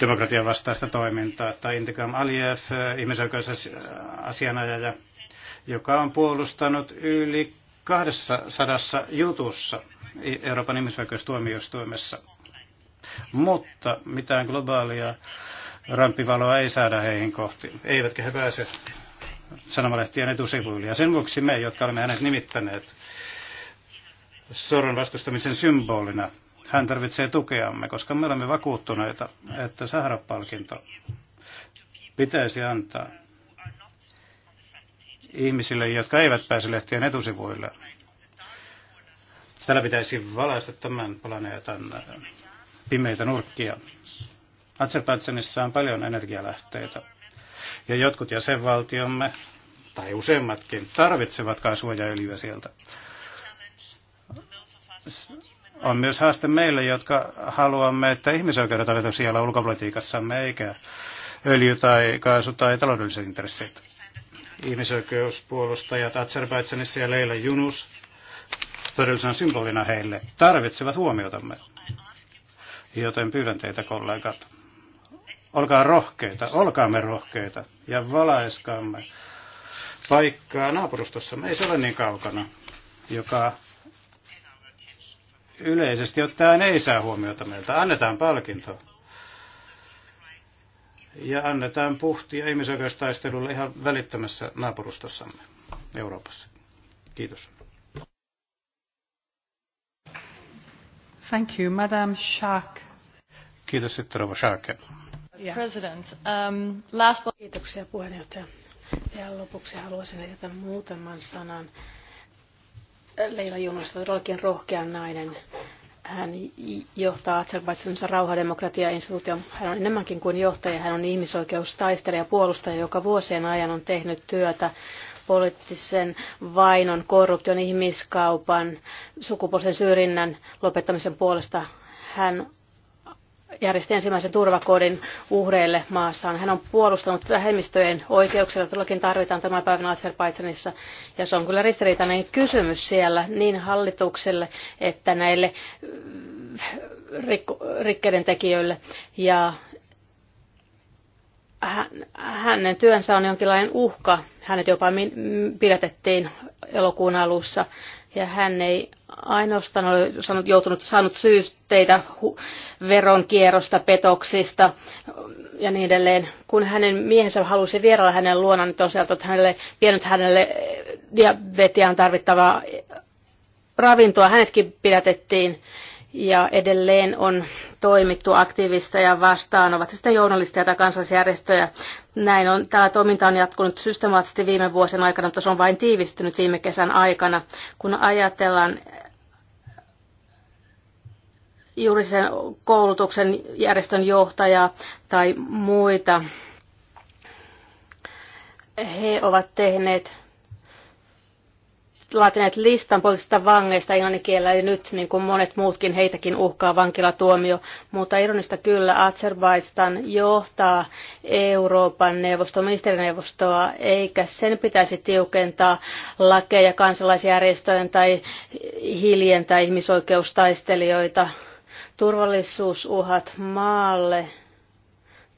S20: demokratian vastaista toimintaa, tai Intikam Aliyev, eh, ihmisoikeusasianajaja, joka on puolustanut yli 200 jutussa Euroopan ihmisoikeustuomioistuimessa. Mutta mitään globaalia rampivaloa ei saada heihin kohti, eivätkä he pääse sanomalehtien etusivuille. Ja sen vuoksi me, jotka olemme hänet nimittäneet sorron vastustamisen symbolina, hän tarvitsee tukeamme, koska me olemme vakuuttuneita, että Sahara-palkinto pitäisi antaa ihmisille, jotka eivät pääse lehtien etusivuille. Tällä pitäisi valaista tämän planeetan pimeitä nurkkia. Azerbaidsanissa on paljon energialähteitä. Ja jotkut jäsenvaltiomme, tai useimmatkin, tarvitsevat kaasua öljyä sieltä. On myös haaste meille, jotka haluamme, että ihmisoikeudet ovat siellä ulkopolitiikassamme, eikä öljy tai kaasu tai taloudelliset intressit. Ihmisoikeuspuolustajat Azerbaidsanissa ja Leila Junus todellisena symbolina heille tarvitsevat huomiotamme. Joten pyydän teitä kollegat Olkaa rohkeita, olkaamme rohkeita ja valaiskaamme paikkaa naapurustossa me Ei se ole niin kaukana, joka yleisesti ottaen ei saa huomiota meiltä. Annetaan palkinto. Ja annetaan puhtia ihmisoikeustaistelulle ihan välittömässä naapurustossamme Euroopassa. Kiitos.
S18: Thank you, Madame Shark.
S20: Kiitos, sitten Rova
S19: President, um, last... Kiitoksia puheenjohtaja. Ja lopuksi haluaisin esittää muutaman sanan Leila Junasta, todellakin rohkea nainen. Hän johtaa Azerbaidsanissa rauhademokratia-instituution. Hän on enemmänkin kuin johtaja, hän on ihmisoikeustaistelija ja puolustaja, joka vuosien ajan on tehnyt työtä poliittisen vainon, korruption, ihmiskaupan, sukupuolisen syrjinnän lopettamisen puolesta. Hän järjesti ensimmäisen turvakodin uhreille maassaan. Hän on puolustanut vähemmistöjen oikeuksia, joita todellakin tarvitaan tämän päivän Azerbaidsanissa. Ja se on kyllä ristiriitainen kysymys siellä niin hallitukselle, että näille äh, rikkeiden tekijöille. Ja hänen työnsä on jonkinlainen uhka. Hänet jopa pidätettiin elokuun alussa ja hän ei ainoastaan olen saanut, joutunut, saanut syysteitä hu- veronkierrosta, petoksista ja niin edelleen. Kun hänen miehensä halusi vierailla hänen luonaan, niin tosiaan että hänelle, pienet hänelle diabetiaan tarvittavaa ravintoa. Hänetkin pidätettiin ja edelleen on toimittu ja vastaan, ovat sitten journalisteja tai kansallisjärjestöjä. Näin on, tämä toiminta on jatkunut systemaattisesti viime vuosien aikana, mutta se on vain tiivistynyt viime kesän aikana. Kun ajatellaan juuri sen koulutuksen järjestön johtajaa tai muita. He ovat tehneet laatineet listan poliittisista vangeista kielellä, eli nyt niin kuin monet muutkin heitäkin uhkaa vankilatuomio, mutta ironista kyllä Azerbaistan johtaa Euroopan neuvoston ministerineuvostoa, eikä sen pitäisi tiukentaa lakeja kansalaisjärjestöjen tai hiljentää ihmisoikeustaistelijoita turvallisuusuhat maalle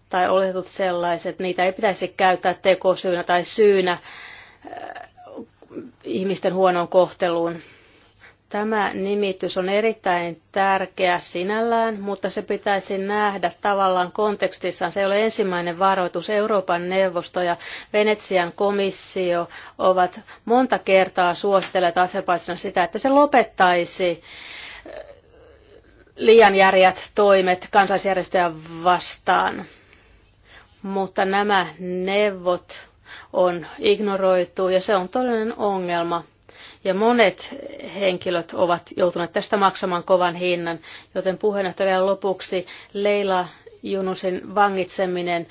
S19: tai oletut sellaiset, niitä ei pitäisi käyttää tekosyynä tai syynä äh, ihmisten huonoon kohteluun. Tämä nimitys on erittäin tärkeä sinällään, mutta se pitäisi nähdä tavallaan kontekstissaan. Se ei ole ensimmäinen varoitus. Euroopan neuvosto ja Venetsian komissio ovat monta kertaa suositelleet Azerbaidsanin sitä, että se lopettaisi liian järjät toimet kansalaisjärjestöjä vastaan. Mutta nämä neuvot on ignoroitu ja se on todellinen ongelma. Ja monet henkilöt ovat joutuneet tästä maksamaan kovan hinnan, joten puheenjohtaja vielä lopuksi Leila Junusin vangitseminen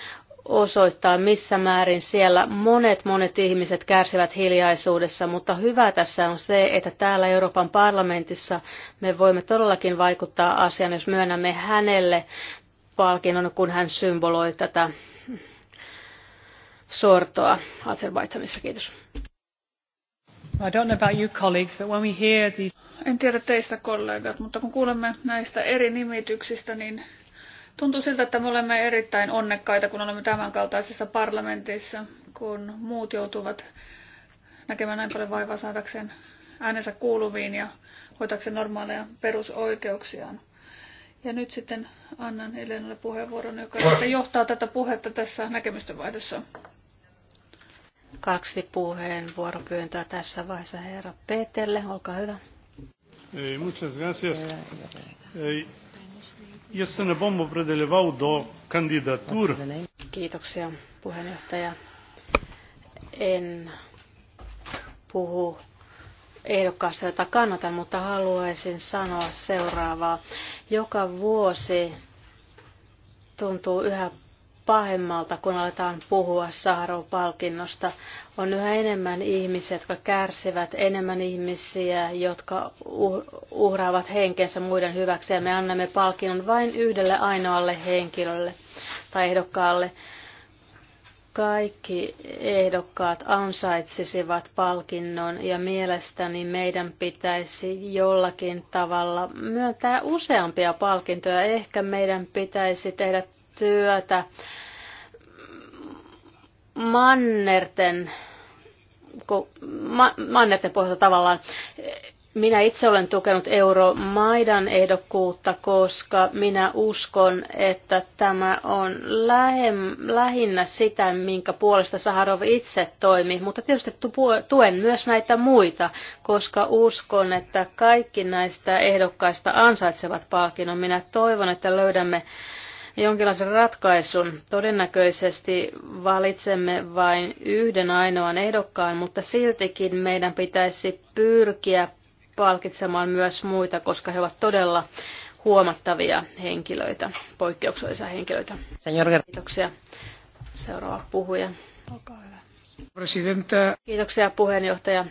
S19: osoittaa, missä määrin siellä monet monet ihmiset kärsivät hiljaisuudessa, mutta hyvä tässä on se, että täällä Euroopan parlamentissa me voimme todellakin vaikuttaa asiaan, jos myönnämme hänelle palkinnon, kun hän symboloi tätä sortoa Azerbaidžanissa.
S18: Kiitos. I don't know about you colleagues, but when we hear these... En tiedä teistä kollegat, mutta kun kuulemme näistä eri nimityksistä, niin Tuntuu siltä, että me olemme erittäin onnekkaita, kun olemme tämänkaltaisessa parlamentissa, kun muut joutuvat näkemään näin paljon vaivaa saadakseen äänensä kuuluviin ja hoitakseen normaaleja perusoikeuksiaan. Ja nyt sitten annan Elenalle puheenvuoron, joka johtaa tätä puhetta tässä näkemysten vaihdossa.
S19: Kaksi puheenvuoropyyntöä tässä vaiheessa herra Peterle, olkaa hyvä.
S2: Muchas gracias.
S19: Kiitoksia puheenjohtaja. En puhu ehdokkaasta, jota kannatan, mutta haluaisin sanoa seuraavaa. Joka vuosi tuntuu yhä pahemmalta, kun aletaan puhua Saharov-palkinnosta. On yhä enemmän ihmisiä, jotka kärsivät, enemmän ihmisiä, jotka uh-, uhraavat henkensä muiden hyväksi, ja me annamme palkinnon vain yhdelle ainoalle henkilölle tai ehdokkaalle. Kaikki ehdokkaat ansaitsisivat palkinnon ja mielestäni meidän pitäisi jollakin tavalla myöntää useampia palkintoja. Ehkä meidän pitäisi tehdä työtä mannerten, ma, mannerten pohjalta tavallaan. Minä itse olen tukenut Euromaidan ehdokkuutta, koska minä uskon, että tämä on lähem, lähinnä sitä, minkä puolesta Saharov itse toimi, mutta tietysti tuen myös näitä muita, koska uskon, että kaikki näistä ehdokkaista ansaitsevat palkinnon. Minä toivon, että löydämme jonkinlaisen ratkaisun. Todennäköisesti valitsemme vain yhden ainoan ehdokkaan, mutta siltikin meidän pitäisi pyrkiä palkitsemaan myös muita, koska he ovat todella huomattavia henkilöitä, poikkeuksellisia henkilöitä. Kiitoksia. Seuraava puhuja. Olkaa
S18: hyvä. Presidenta.
S19: Kiitoksia puheenjohtaja.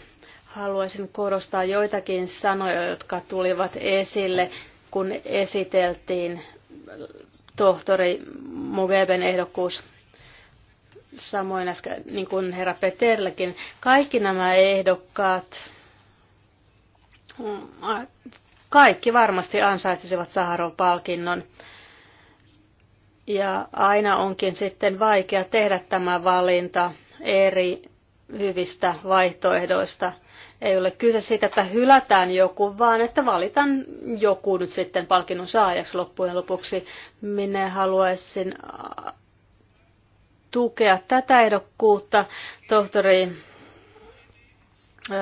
S19: Haluaisin korostaa joitakin sanoja, jotka tulivat esille, kun esiteltiin tohtori Mugeben ehdokkuus, samoin äsken, niin kuin herra Peterlekin, kaikki nämä ehdokkaat, kaikki varmasti ansaitsisivat Saharov-palkinnon. Ja aina onkin sitten vaikea tehdä tämä valinta eri hyvistä vaihtoehdoista – ei ole kyse siitä, että hylätään joku, vaan että valitaan joku nyt sitten palkinnon saajaksi loppujen lopuksi. Minä haluaisin äh, tukea tätä ehdokkuutta, tohtori äh,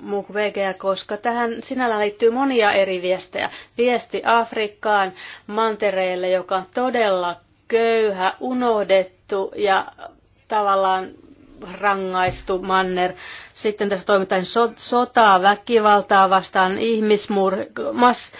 S19: Mukwegeä, koska tähän sinällään liittyy monia eri viestejä. Viesti Afrikkaan, mantereelle, joka on todella köyhä, unohdettu ja tavallaan rangaistu manner. Sitten tässä toimitaan sotaa, väkivaltaa vastaan, ihmismurhi, mas,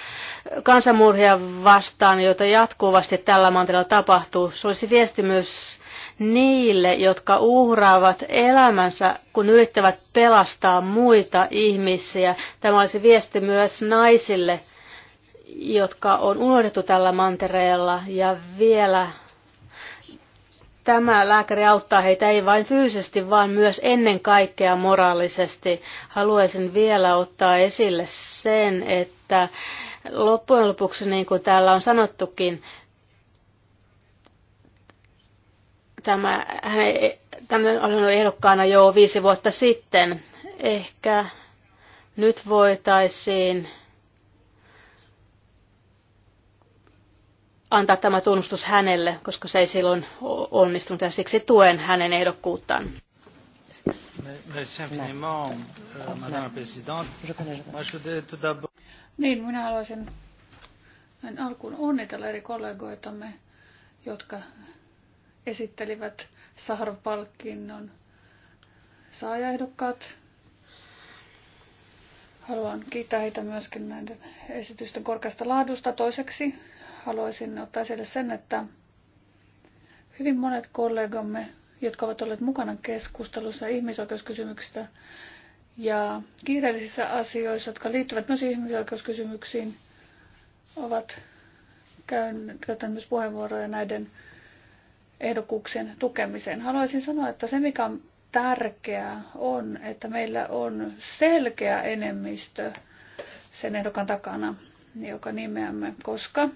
S19: kansanmurhia vastaan, joita jatkuvasti tällä mantereella tapahtuu. Se olisi viesti myös niille, jotka uhraavat elämänsä, kun yrittävät pelastaa muita ihmisiä. Tämä olisi viesti myös naisille, jotka on unohdettu tällä mantereella ja vielä Tämä lääkäri auttaa heitä ei vain fyysisesti, vaan myös ennen kaikkea moraalisesti. Haluaisin vielä ottaa esille sen, että loppujen lopuksi, niin kuin täällä on sanottukin, tämä, hän, on ollut ehdokkaana jo viisi vuotta sitten. Ehkä nyt voitaisiin antaa tämä tunnustus hänelle, koska se ei silloin onnistunut ja siksi tuen hänen ehdokkuuttaan.
S15: Euh,
S18: niin, minä haluaisin näin alkuun onnitella eri kollegoitamme, jotka esittelivät Saharov-palkinnon saajaehdokkaat. Haluan kiittää heitä myöskin näiden esitysten korkeasta laadusta. Toiseksi haluaisin ottaa esille sen, että hyvin monet kollegamme, jotka ovat olleet mukana keskustelussa ihmisoikeuskysymyksistä ja kiireellisissä asioissa, jotka liittyvät myös ihmisoikeuskysymyksiin, ovat käyttäneet myös puheenvuoroja näiden ehdokkuuksien tukemiseen. Haluaisin sanoa, että se mikä on tärkeää on, että meillä on selkeä enemmistö sen ehdokan takana, joka nimeämme, koska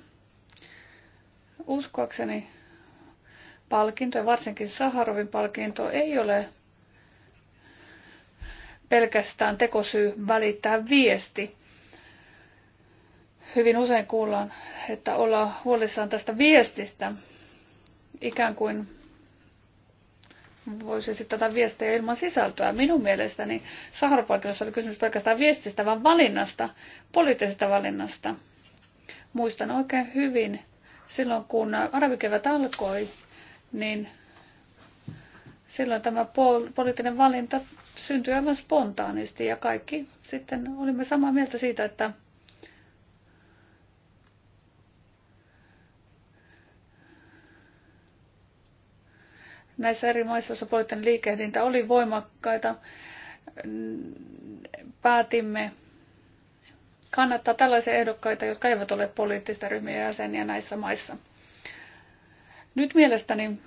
S18: Uskoakseni palkinto, ja varsinkin Saharovin palkinto, ei ole pelkästään tekosyy välittää viesti. Hyvin usein kuullaan, että ollaan huolissaan tästä viestistä, ikään kuin voisi esittää tätä viestiä ilman sisältöä. Minun mielestäni Saharopalkinnossa oli kysymys pelkästään viestistä, vaan valinnasta, poliittisesta valinnasta. Muistan oikein hyvin silloin kun arabikevät alkoi, niin silloin tämä poliittinen valinta syntyi aivan spontaanisti ja kaikki sitten olimme samaa mieltä siitä, että näissä eri maissa, joissa poliittinen liikehdintä oli voimakkaita, päätimme kannattaa tällaisia ehdokkaita, jotka eivät ole poliittisten ryhmien jäseniä näissä maissa. Nyt mielestäni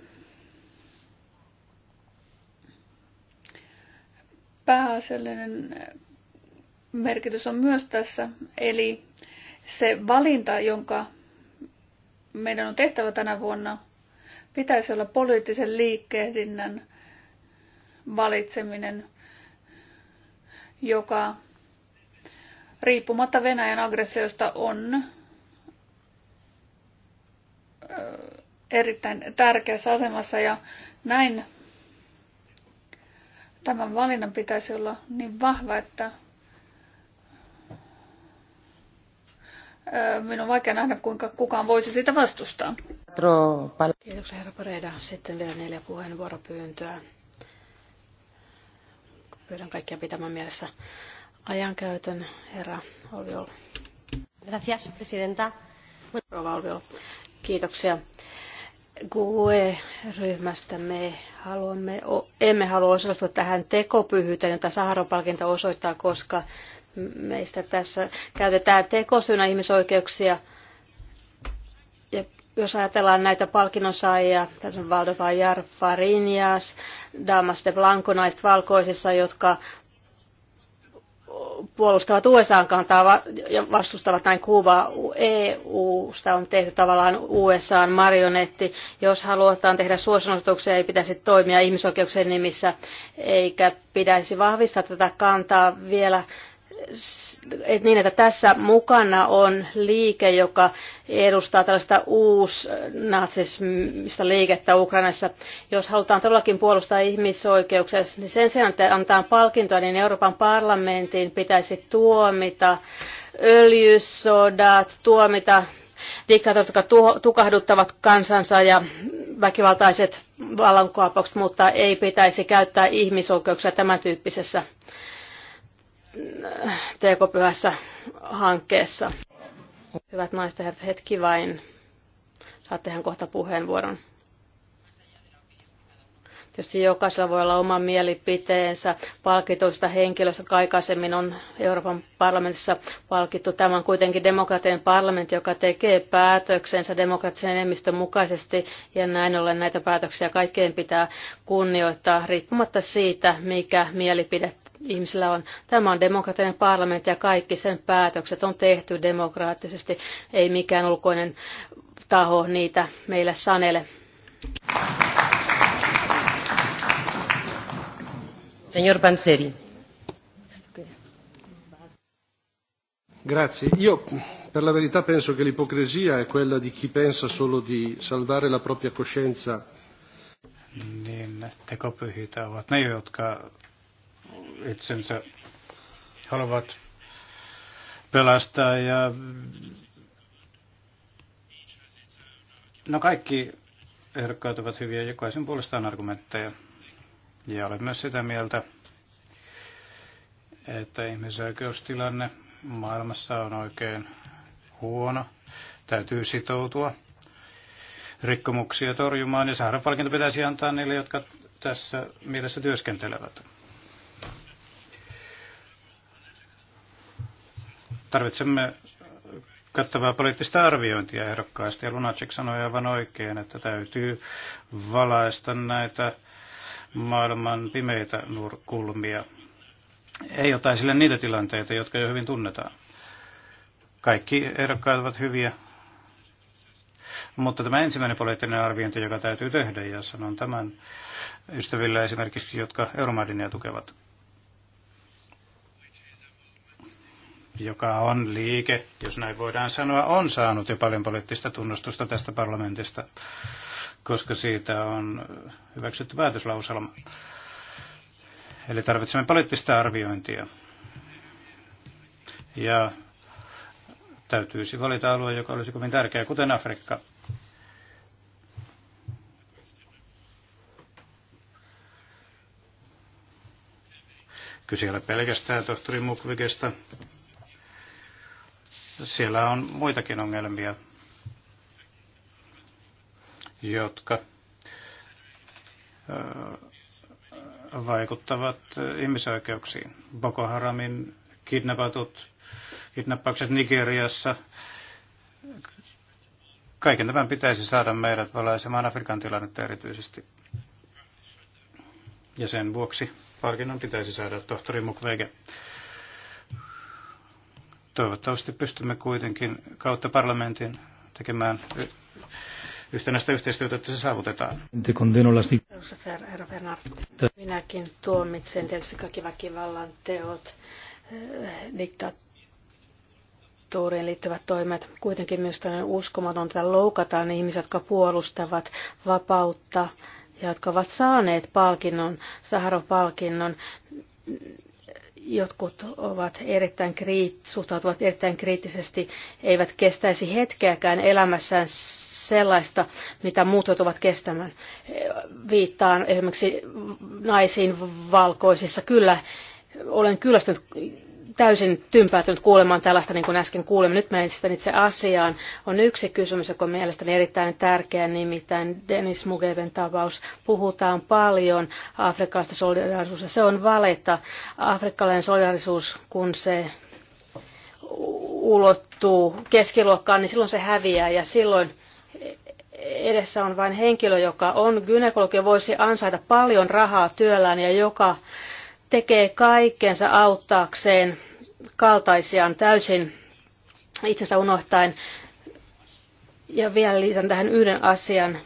S18: pääasiallinen merkitys on myös tässä, eli se valinta, jonka meidän on tehtävä tänä vuonna, pitäisi olla poliittisen liikkehdinnän valitseminen, joka riippumatta Venäjän aggressiosta on erittäin tärkeässä asemassa ja näin tämän valinnan pitäisi olla niin vahva, että minun on vaikea nähdä, kuinka kukaan voisi sitä vastustaa. Kiitoksia herra Pareda. Sitten vielä neljä puheenvuoropyyntöä.
S19: Pyydän kaikkia pitämään mielessä ajankäytön herra Olviolla. Gracias, presidenta. Olviolla. Kiitoksia. GUE-ryhmästä me haluamme, emme halua osallistua tähän tekopyhyyteen, jota Saharon palkinto osoittaa, koska meistä tässä käytetään tekosyynä ihmisoikeuksia. Ja jos ajatellaan näitä palkinnonsaajia, tässä on Valdo Fajar, Farinjas, Damas de Blanco, naiset valkoisissa, jotka puolustavat USAn kantaa ja vastustavat näin Kuubaa. EU-sta on tehty tavallaan USAn marionetti. Jos halutaan tehdä suosionostuksia, ei pitäisi toimia ihmisoikeuksien nimissä, eikä pitäisi vahvistaa tätä kantaa vielä et niin, että tässä mukana on liike, joka edustaa tällaista uusnatsismista liikettä Ukrainassa. Jos halutaan todellakin puolustaa ihmisoikeuksia, niin sen sijaan, että antaa palkintoa, niin Euroopan parlamentin pitäisi tuomita öljysodat, tuomita diktaattorit, jotka tukahduttavat kansansa ja väkivaltaiset vallankaappaukset, mutta ei pitäisi käyttää ihmisoikeuksia tämän tyyppisessä teekopyhässä hankkeessa. Hyvät naiset ja herrat, hetki vain. ihan kohta puheenvuoron. Tietysti jokaisella voi olla oma mielipiteensä palkituista henkilöistä, jotka aikaisemmin on Euroopan parlamentissa palkittu. Tämä on kuitenkin demokraattinen parlamentti, joka tekee päätöksensä demokraattisen enemmistön mukaisesti, ja näin ollen näitä päätöksiä kaikkeen pitää kunnioittaa riippumatta siitä, mikä mielipide ihmisillä on. Tämä on demokraattinen parlamentti ja kaikki sen päätökset on tehty demokraattisesti. Ei mikään ulkoinen taho niitä meille sanele.
S9: Signor Panseri.
S2: Grazie. Io per la verità penso che l'ipocrisia è quella di chi pensa solo di salvare la propria coscienza.
S20: Niin, tekopyhitä ovat ne, jotka itsensä haluavat
S2: pelastaa
S20: ja no kaikki ehdokkaat ovat hyviä, jokaisen puolestaan argumentteja. Ja olen myös sitä mieltä, että ihmisoikeustilanne maailmassa on oikein huono. Täytyy sitoutua rikkomuksia torjumaan ja saada palkinto pitäisi antaa niille, jotka tässä mielessä työskentelevät. Tarvitsemme kattavaa poliittista arviointia ehdokkaasti. Ja Lunacek sanoi aivan oikein, että täytyy valaista näitä maailman pimeitä kulmia. Ei jotain sille niitä tilanteita, jotka jo hyvin tunnetaan. Kaikki ehdokkaat ovat hyviä, mutta tämä ensimmäinen poliittinen arviointi, joka täytyy tehdä, ja sanon tämän ystäville esimerkiksi, jotka Euromaidinia tukevat, joka on liike, jos näin voidaan sanoa, on saanut jo paljon poliittista tunnustusta tästä parlamentista, koska siitä on hyväksytty päätöslauselma. Eli tarvitsemme poliittista arviointia. Ja täytyisi valita alue, joka olisi kovin tärkeä, kuten Afrikka. Kyse ei ole pelkästään tohtori Mukvikesta. Siellä on muitakin ongelmia, jotka vaikuttavat ihmisoikeuksiin. Boko Haramin kidnappatut, kidnappaukset Nigeriassa, kaiken tämän pitäisi saada meidät valaisemaan Afrikan tilannetta erityisesti. Ja sen vuoksi palkinnon pitäisi saada tohtori Mukwege. Toivottavasti pystymme kuitenkin kautta parlamentin tekemään yhtenäistä yhteistyötä, että se saavutetaan.
S19: Minäkin tuomitsen tietysti kaikki väkivallan teot, eh, diktatuuriin liittyvät toimet. Kuitenkin myös uskomaton että loukataan ihmiset, jotka puolustavat vapautta ja jotka ovat saaneet palkinnon, saharo palkinnon jotkut ovat erittäin kriit, suhtautuvat erittäin kriittisesti, eivät kestäisi hetkeäkään elämässään sellaista, mitä muut ovat kestämään. Viittaan esimerkiksi naisiin valkoisissa. Kyllä, olen kyllästynyt täysin tympäätynyt kuulemaan tällaista, niin kuin äsken kuulimme. Nyt menen sitten itse asiaan. On yksi kysymys, joka on mielestäni erittäin tärkeä, nimittäin Dennis Mugeven tapaus. Puhutaan paljon Afrikasta solidaarisuus, se on valetta. Afrikkalainen solidaarisuus, kun se ulottuu keskiluokkaan, niin silloin se häviää ja silloin edessä on vain henkilö, joka on gynekologi ja voisi ansaita paljon rahaa työllään ja joka tekee kaikkensa auttaakseen kaltaisiaan täysin itsensä unohtaen. Ja vielä lisän tähän yhden asian.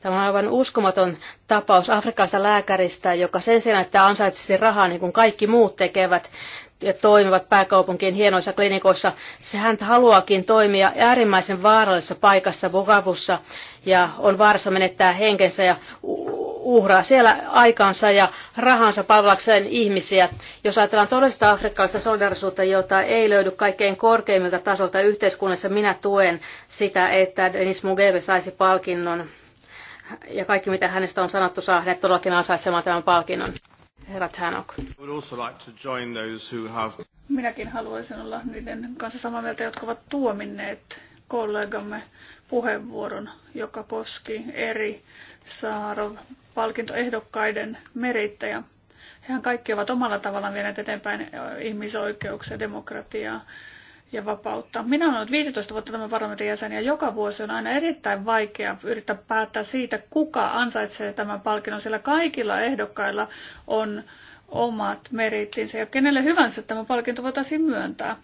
S19: Tämä on aivan uskomaton tapaus afrikkalaisesta lääkäristä, joka sen sijaan, että ansaitsisi rahaa niin kuin kaikki muut tekevät, ja toimivat pääkaupunkien hienoissa klinikoissa. Se hän haluaakin toimia äärimmäisen vaarallisessa paikassa Bogavussa ja on vaarassa menettää henkensä ja uhraa siellä aikansa ja rahansa palvelakseen ihmisiä. Jos ajatellaan todellista afrikkalaista solidarisuutta, jota ei löydy kaikkein korkeimmilta tasolta yhteiskunnassa, minä tuen sitä, että Denis Mugabe saisi palkinnon ja kaikki mitä hänestä on sanottu saa hänet todellakin ansaitsemaan tämän palkinnon. Herra
S20: Tanok.
S18: Minäkin haluaisin olla niiden kanssa samaa mieltä, jotka ovat tuominneet kollegamme puheenvuoron, joka koski eri Saarov palkintoehdokkaiden merittäjä. Hehän kaikki ovat omalla tavallaan vieneet eteenpäin ihmisoikeuksia, demokratiaa, ja vapautta. Minä olen ollut 15 vuotta tämän parlamentin jäsen ja joka vuosi on aina erittäin vaikea yrittää päättää siitä, kuka ansaitsee tämän palkinnon, sillä kaikilla ehdokkailla on omat merittinsä ja kenelle hyvänsä tämä palkinto voitaisiin myöntää.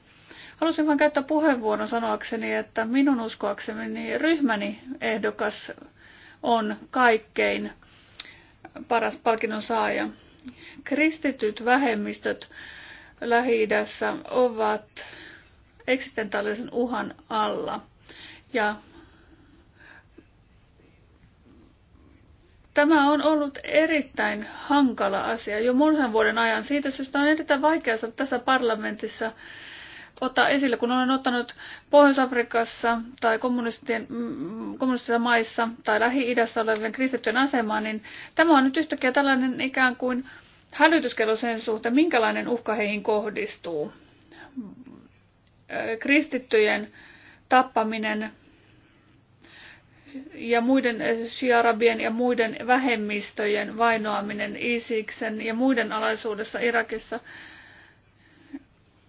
S18: Halusin vain käyttää puheenvuoron sanoakseni, että minun uskoakseni niin ryhmäni ehdokas on kaikkein paras palkinnon saaja. Kristityt vähemmistöt lähi ovat eksistentaalisen uhan alla. Ja Tämä on ollut erittäin hankala asia jo monen vuoden ajan. Siitä syystä on erittäin vaikea saada tässä parlamentissa ottaa esille, kun olen ottanut Pohjois-Afrikassa tai mm, kommunistisissa maissa tai Lähi-idässä olevien kristittyjen asemaa, niin tämä on nyt yhtäkkiä tällainen ikään kuin hälytyskello sen suhteen, minkälainen uhka heihin kohdistuu kristittyjen tappaminen ja muiden shiarabien ja muiden vähemmistöjen vainoaminen Isiksen ja muiden alaisuudessa Irakissa.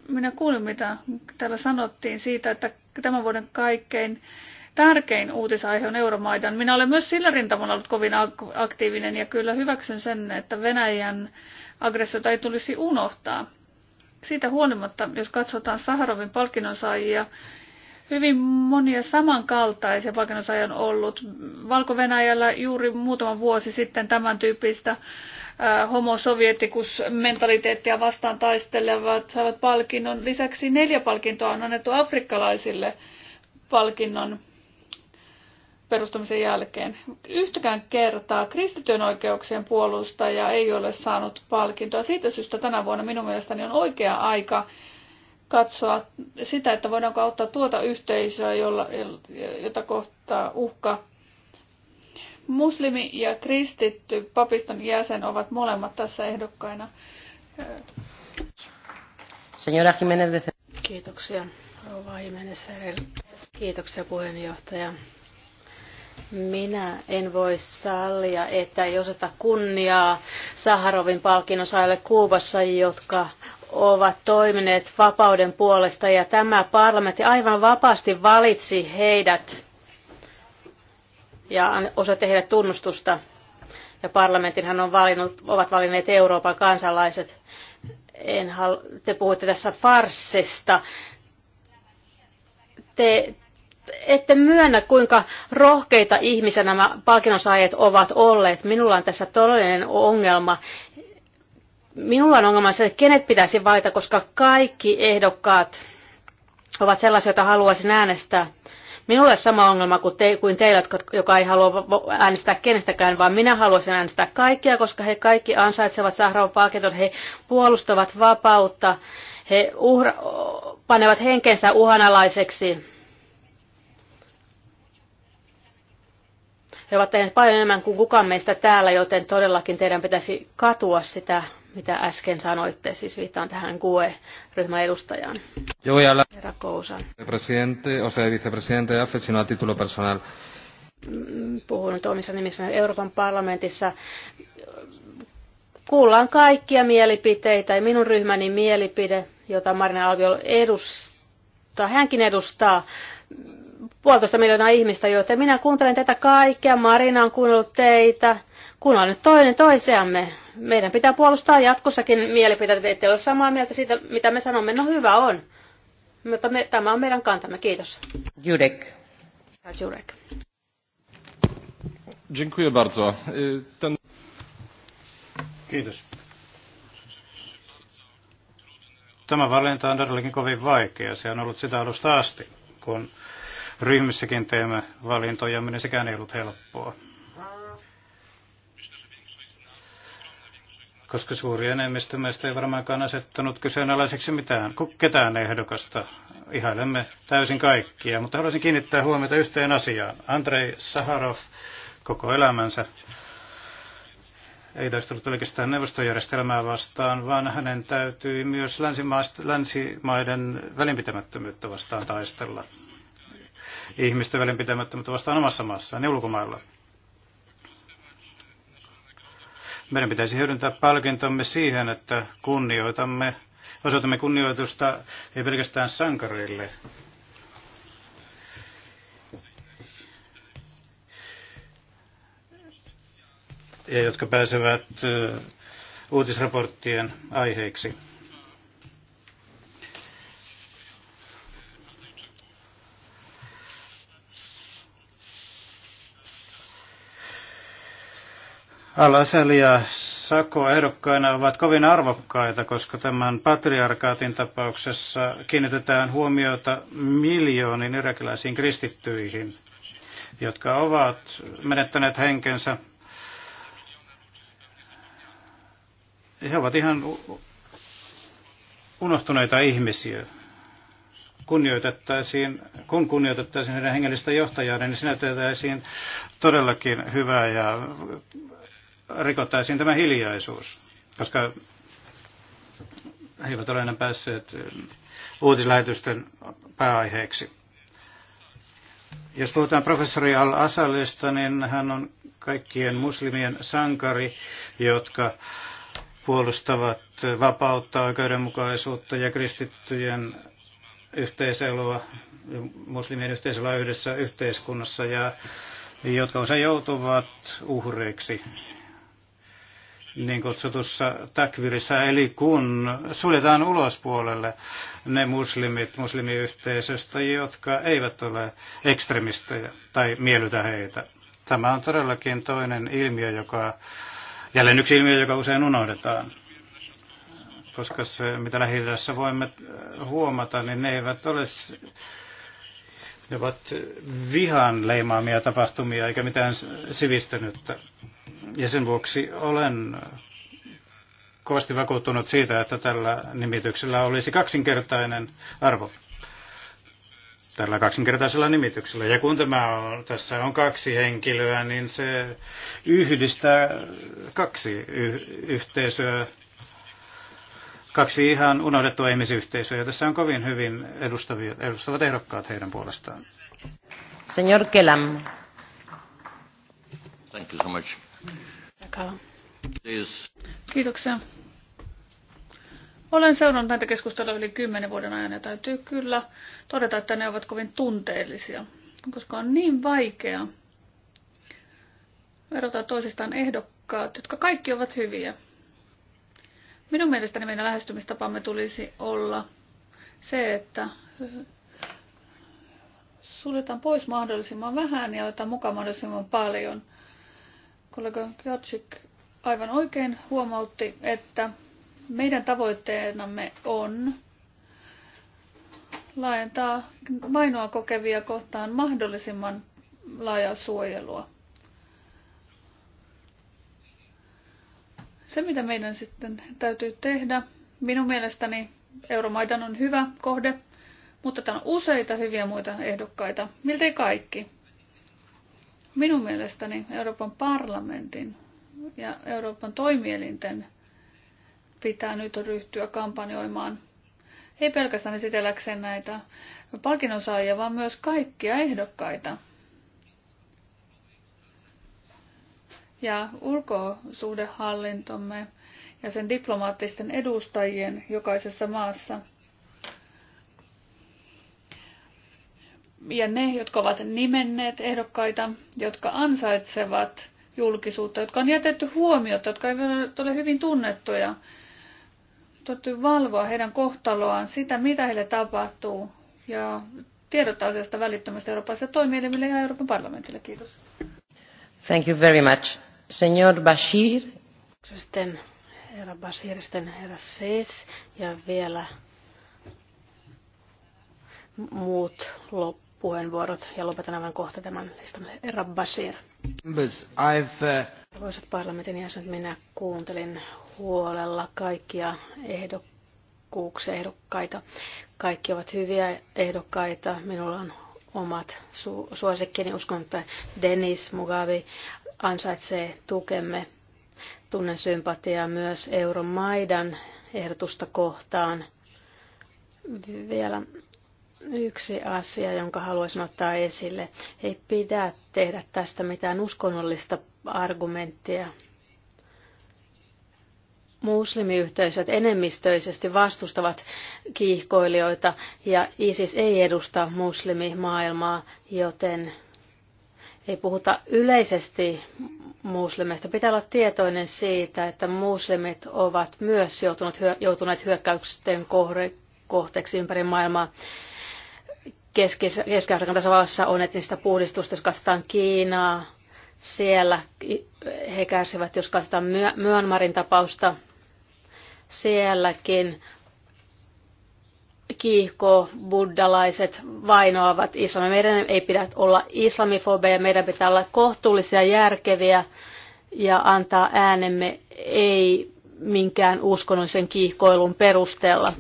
S18: Minä kuulin, mitä täällä sanottiin siitä, että tämän vuoden kaikkein tärkein uutisaihe on Euromaidan. Minä olen myös sillä rintamalla ollut kovin aktiivinen ja kyllä hyväksyn sen, että Venäjän aggressiota ei tulisi unohtaa. Siitä huolimatta, jos katsotaan Saharovin palkinnon saajia, hyvin monia samankaltaisia palkinnonsaajia on ollut. valko juuri muutama vuosi sitten tämän tyyppistä mentaliteettia vastaan taistelevat saavat palkinnon. Lisäksi neljä palkintoa on annettu afrikkalaisille palkinnon perustamisen jälkeen. Yhtäkään kertaa kristityön oikeuksien puolustaja ei ole saanut palkintoa. Siitä syystä tänä vuonna minun mielestäni on oikea aika katsoa sitä, että voidaanko auttaa tuota yhteisöä, jolla, jota kohtaa uhka. Muslimi ja kristitty papiston jäsen ovat molemmat tässä ehdokkaina.
S9: Señora Jiménez
S18: Kiitoksia,
S19: rouva Jiménez Kiitoksia puheenjohtaja. Minä en voi sallia, että ei oseta kunniaa Saharovin palkinnon saajalle Kuubassa, jotka ovat toimineet vapauden puolesta ja tämä parlamentti aivan vapaasti valitsi heidät ja osa heille tunnustusta. Ja parlamentinhan on valinnut, ovat valinneet Euroopan kansalaiset. En halu, te puhutte tässä farssista. Te ette myönnä, kuinka rohkeita ihmisiä nämä palkinnonsaajat ovat olleet. Minulla on tässä todellinen ongelma. Minulla on ongelma se, että kenet pitäisi valita, koska kaikki ehdokkaat ovat sellaisia, joita haluaisin äänestää. Minulla on sama ongelma kuin, te, kuin teillä, jotka, joka ei halua äänestää kenestäkään, vaan minä haluaisin äänestää kaikkia, koska he kaikki ansaitsevat Sahravan palkinnon. He puolustavat vapautta. He uhra, panevat henkensä uhanalaiseksi He ovat tehneet paljon enemmän kuin kukaan meistä täällä, joten todellakin teidän pitäisi katua sitä, mitä äsken sanoitte. Siis viittaan tähän GUE-ryhmän edustajaan. Joo, ja la... Herra Kousa.
S6: Presidente, o sea, vicepresidente, a título personal.
S19: Mm, puhun nyt omissa nimissä Euroopan parlamentissa kuullaan kaikkia mielipiteitä ja minun ryhmäni mielipide, jota Marina Alvio edustaa, hänkin edustaa puolitoista miljoonaa ihmistä, joten minä kuuntelen tätä kaikkea. Marina on kuunnellut teitä. Kuunnellaan nyt toinen toisiamme. Meidän pitää puolustaa jatkossakin mielipiteitä. Te ette ole samaa mieltä siitä, mitä me sanomme. No hyvä on. Mutta me, tämä on meidän kantamme. Kiitos. Jurek. Jurek.
S5: Dziękuję bardzo. Ten... Kiitos.
S20: Tämä valinta on todellakin kovin vaikea. Se on ollut sitä alusta asti, kun ryhmissäkin teemme valintoja, minne sekään ei ollut helppoa. Koska suuri enemmistö meistä ei varmaankaan asettanut kyseenalaiseksi mitään, ketään ehdokasta. Ihailemme täysin kaikkia, mutta haluaisin kiinnittää huomiota yhteen asiaan. Andrei Saharov koko elämänsä ei taistellut pelkästään neuvostojärjestelmää vastaan, vaan hänen täytyi myös länsimaiden välinpitämättömyyttä vastaan taistella ihmisten välinpitämättömyyttä vastaan omassa maassa ja ulkomailla. Meidän pitäisi hyödyntää palkintomme siihen, että kunnioitamme, osoitamme kunnioitusta ei pelkästään sankareille, ja jotka pääsevät uutisraporttien aiheiksi. Al-Asali ja Sako ehdokkaina ovat kovin arvokkaita, koska tämän patriarkaatin tapauksessa kiinnitetään huomiota miljoonin irakilaisiin kristittyihin, jotka ovat menettäneet henkensä. He ovat ihan unohtuneita ihmisiä. Kunnioitettaisiin, kun kunnioitettaisiin heidän hengellistä johtajaa, niin sinä todellakin hyvää ja rikottaisiin tämä hiljaisuus, koska he eivät ole enää päässeet eh, uutislähetysten pääaiheeksi. Jos puhutaan professori Al-Asalista, niin hän on kaikkien muslimien sankari, jotka puolustavat vapautta, oikeudenmukaisuutta ja kristittyjen yhteiseloa, muslimien yhteiseloa yhdessä yhteiskunnassa, ja jotka usein joutuvat uhreiksi niin kutsutussa takvirissa eli kun suljetaan ulospuolelle ne muslimit muslimiyhteisöstä, jotka eivät ole ekstremistejä tai miellytä heitä. Tämä on todellakin toinen ilmiö, joka, jälleen yksi ilmiö, joka usein unohdetaan. Koska se, mitä lähi voimme huomata, niin ne eivät ole ne ovat vihan leimaamia tapahtumia eikä mitään sivistynyttä. Ja sen vuoksi olen kovasti vakuuttunut siitä, että tällä nimityksellä olisi kaksinkertainen arvo. Tällä kaksinkertaisella nimityksellä. Ja kun tämä on, tässä on kaksi henkilöä, niin se yhdistää kaksi yh- yhteisöä, kaksi ihan unohdettua ihmisyhteisöä. Ja tässä on kovin hyvin edustavia, edustavat ehdokkaat heidän puolestaan.
S9: Señor Kelam.
S5: Thank you so much.
S18: Kiitoksia. Olen seurannut näitä keskusteluja yli kymmenen vuoden ajan ja täytyy kyllä todeta, että ne ovat kovin tunteellisia, koska on niin vaikea verrata toisistaan ehdokkaat, jotka kaikki ovat hyviä. Minun mielestäni meidän lähestymistapamme tulisi olla se, että suljetaan pois mahdollisimman vähän ja otetaan mukaan mahdollisimman paljon – Kollega Kjotsik aivan oikein huomautti, että meidän tavoitteenamme on laajentaa mainoa kokevia kohtaan mahdollisimman laajaa suojelua. Se, mitä meidän sitten täytyy tehdä, minun mielestäni Euromaidan on hyvä kohde, mutta täällä on useita hyviä muita ehdokkaita, miltei kaikki. Minun mielestäni Euroopan parlamentin ja Euroopan toimielinten pitää nyt ryhtyä kampanjoimaan ei pelkästään esitelläkseen näitä palkinnonsaajia, vaan myös kaikkia ehdokkaita. Ja ulkosuhdehallintomme ja sen diplomaattisten edustajien jokaisessa maassa – ja ne, jotka ovat nimenneet ehdokkaita, jotka ansaitsevat julkisuutta, jotka on jätetty huomiota, jotka eivät ole hyvin tunnettuja, täytyy valvoa heidän kohtaloaan, sitä mitä heille tapahtuu ja tiedottaa asiasta välittömästi Euroopassa toimielimille ja Euroopan parlamentille. Kiitos.
S9: Thank you very much. Senor Bashir.
S18: Sitten herra Bashir, sitten
S19: herra Sees ja vielä muut loppuun puheenvuorot ja lopetan aivan kohta tämän listan. Herra Bashir.
S15: Uh,
S19: Arvoisat parlamentin jäsenet, minä kuuntelin huolella kaikkia ehdokkuuksia, ehdokkaita. Kaikki ovat hyviä ehdokkaita. Minulla on omat su- suosikkini. Uskon, että Denis Mugavi ansaitsee tukemme. Tunnen sympatiaa myös Euromaidan ehdotusta kohtaan. Vielä Yksi asia, jonka haluaisin ottaa esille. Ei pidä tehdä tästä mitään uskonnollista argumenttia. Muslimiyhteisöt enemmistöisesti vastustavat kiihkoilijoita ja ISIS ei edusta muslimimaailmaa, joten ei puhuta yleisesti muslimeista. Pitää olla tietoinen siitä, että muslimit ovat myös joutuneet, hyö, kohteeksi ympäri maailmaa. Keski-Afrikan tasavallassa on etnistä puhdistusta, jos katsotaan Kiinaa, siellä he kärsivät, jos katsotaan Myönmarin tapausta, sielläkin kiihko buddalaiset vainoavat islamia. Meidän ei pidä olla islamifobeja, meidän pitää olla kohtuullisia, järkeviä ja antaa äänemme ei minkään uskonnollisen kiihkoilun perusteella.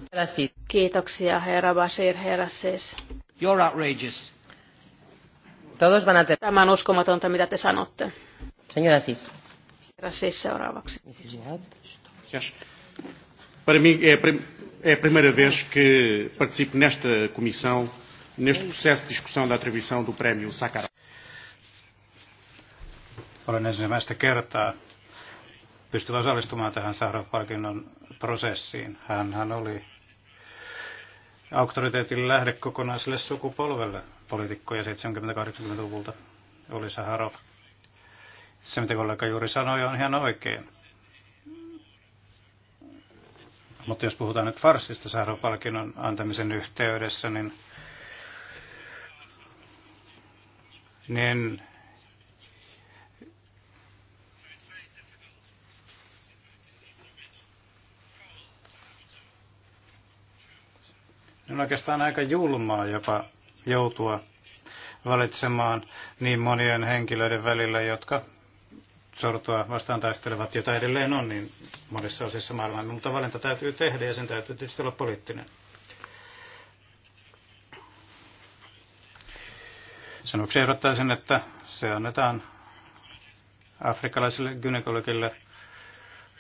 S19: Kiitoksia herra Basir, herra siis.
S15: You're outrageous.
S19: Todos van a tener... Tämä on uskomatonta, mitä te sanotte. Señora Sis. Señora Sis seuraavaksi.
S1: Para mim é, é a primeira vez que participo nesta comissão, neste processo de discussão da atribuição do prémio Sakharov.
S20: Olen ensimmäistä kertaa pystynyt osallistumaan tähän Saharov-palkinnon prosessiin. Hän, hän oli auktoriteetin lähde kokonaiselle sukupolvelle poliitikkoja 70-80-luvulta oli Saharov. Se, mitä kollega juuri sanoi, on ihan oikein. Mutta jos puhutaan nyt farsista Saharov-palkinnon antamisen yhteydessä, niin, niin on oikeastaan aika julmaa jopa joutua valitsemaan niin monien henkilöiden välillä, jotka sortoa vastaan taistelevat, jota edelleen on niin monissa osissa maailmaa. Mutta valinta täytyy tehdä ja sen täytyy tietysti olla poliittinen. Sen vuoksi ehdottaisin, että se annetaan afrikkalaiselle gynekologille,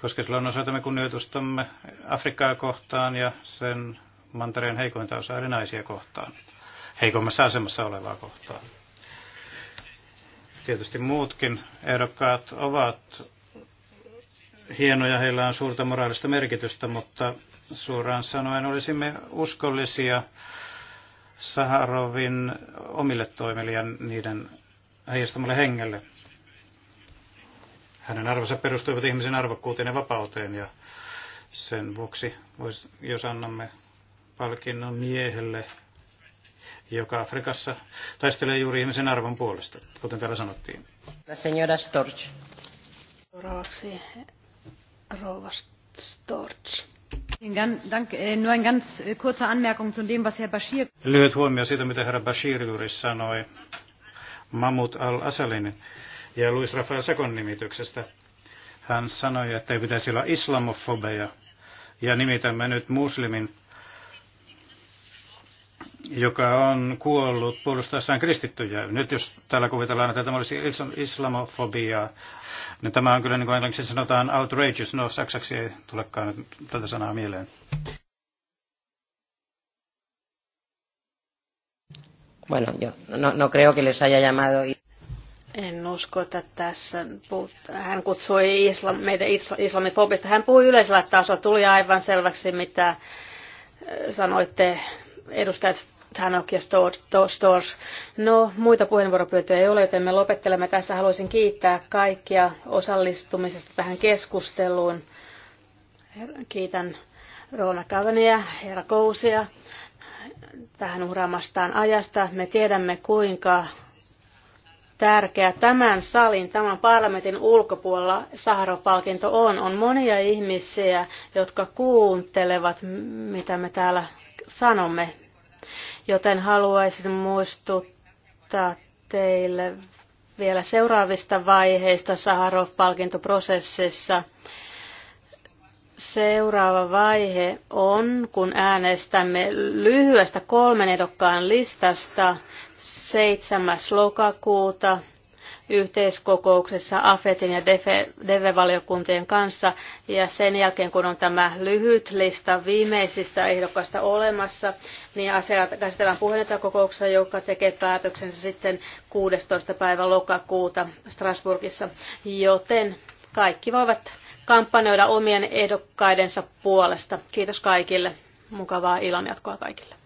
S20: koska silloin osoitamme kunnioitustamme Afrikkaa kohtaan ja sen mantereen heikointa osaa eli naisia kohtaan, heikommassa asemassa olevaa kohtaan. Tietysti muutkin ehdokkaat ovat hienoja, heillä on suurta moraalista merkitystä, mutta suoraan sanoen olisimme uskollisia Saharovin omille toimille ja niiden heijastamalle hengelle. Hänen arvonsa perustuivat ihmisen arvokkuuteen ja vapauteen ja sen vuoksi, jos annamme palkinnon miehelle, joka Afrikassa taistelee juuri ihmisen arvon puolesta, kuten täällä sanottiin. La señora Storch.
S13: Seuraavaksi rouva Storch.
S20: Lyhyt huomio siitä, mitä herra Bashir juuri sanoi Mahmoud al-Asalin ja Luis Rafael Sekon nimityksestä. Hän sanoi, että ei pitäisi olla islamofobeja ja nimitämme nyt muslimin joka on kuollut puolustaessaan kristittyjä. Nyt jos täällä kuvitellaan, että tämä olisi islamofobiaa, niin tämä on kyllä niin kuin englanniksi sanotaan outrageous. No saksaksi ei tulekaan tätä sanaa mieleen.
S10: Bueno, yo
S16: no, no creo que les haya llamado...
S19: En usko, että tässä hän kutsui islam, meitä islamifobista. Hän puhui yleisellä tasolla. Tuli aivan selväksi, mitä eh, sanoitte edustajat Tanok ja Stors. No, muita puheenvuoropyyntöjä ei ole, joten me lopettelemme tässä. Haluaisin kiittää kaikkia osallistumisesta tähän keskusteluun. Kiitän Roona Kavania, herra Kousia tähän uhraamastaan ajasta. Me tiedämme, kuinka tärkeä tämän salin, tämän parlamentin ulkopuolella Saharo-palkinto on. On monia ihmisiä, jotka kuuntelevat, mitä me täällä sanomme. Joten haluaisin muistuttaa teille vielä seuraavista vaiheista Saharov-palkintoprosessissa. Seuraava vaihe on, kun äänestämme lyhyestä kolmen edokkaan listasta 7. lokakuuta yhteiskokouksessa AFETin ja DEVE-valiokuntien kanssa. Ja sen jälkeen, kun on tämä lyhyt lista viimeisistä ehdokkaista olemassa, niin asia käsitellään puheenjohtajakokouksessa, joka tekee päätöksensä sitten 16. päivä lokakuuta Strasbourgissa. Joten kaikki voivat kampanjoida omien ehdokkaidensa puolesta. Kiitos kaikille. Mukavaa illanjatkoa kaikille.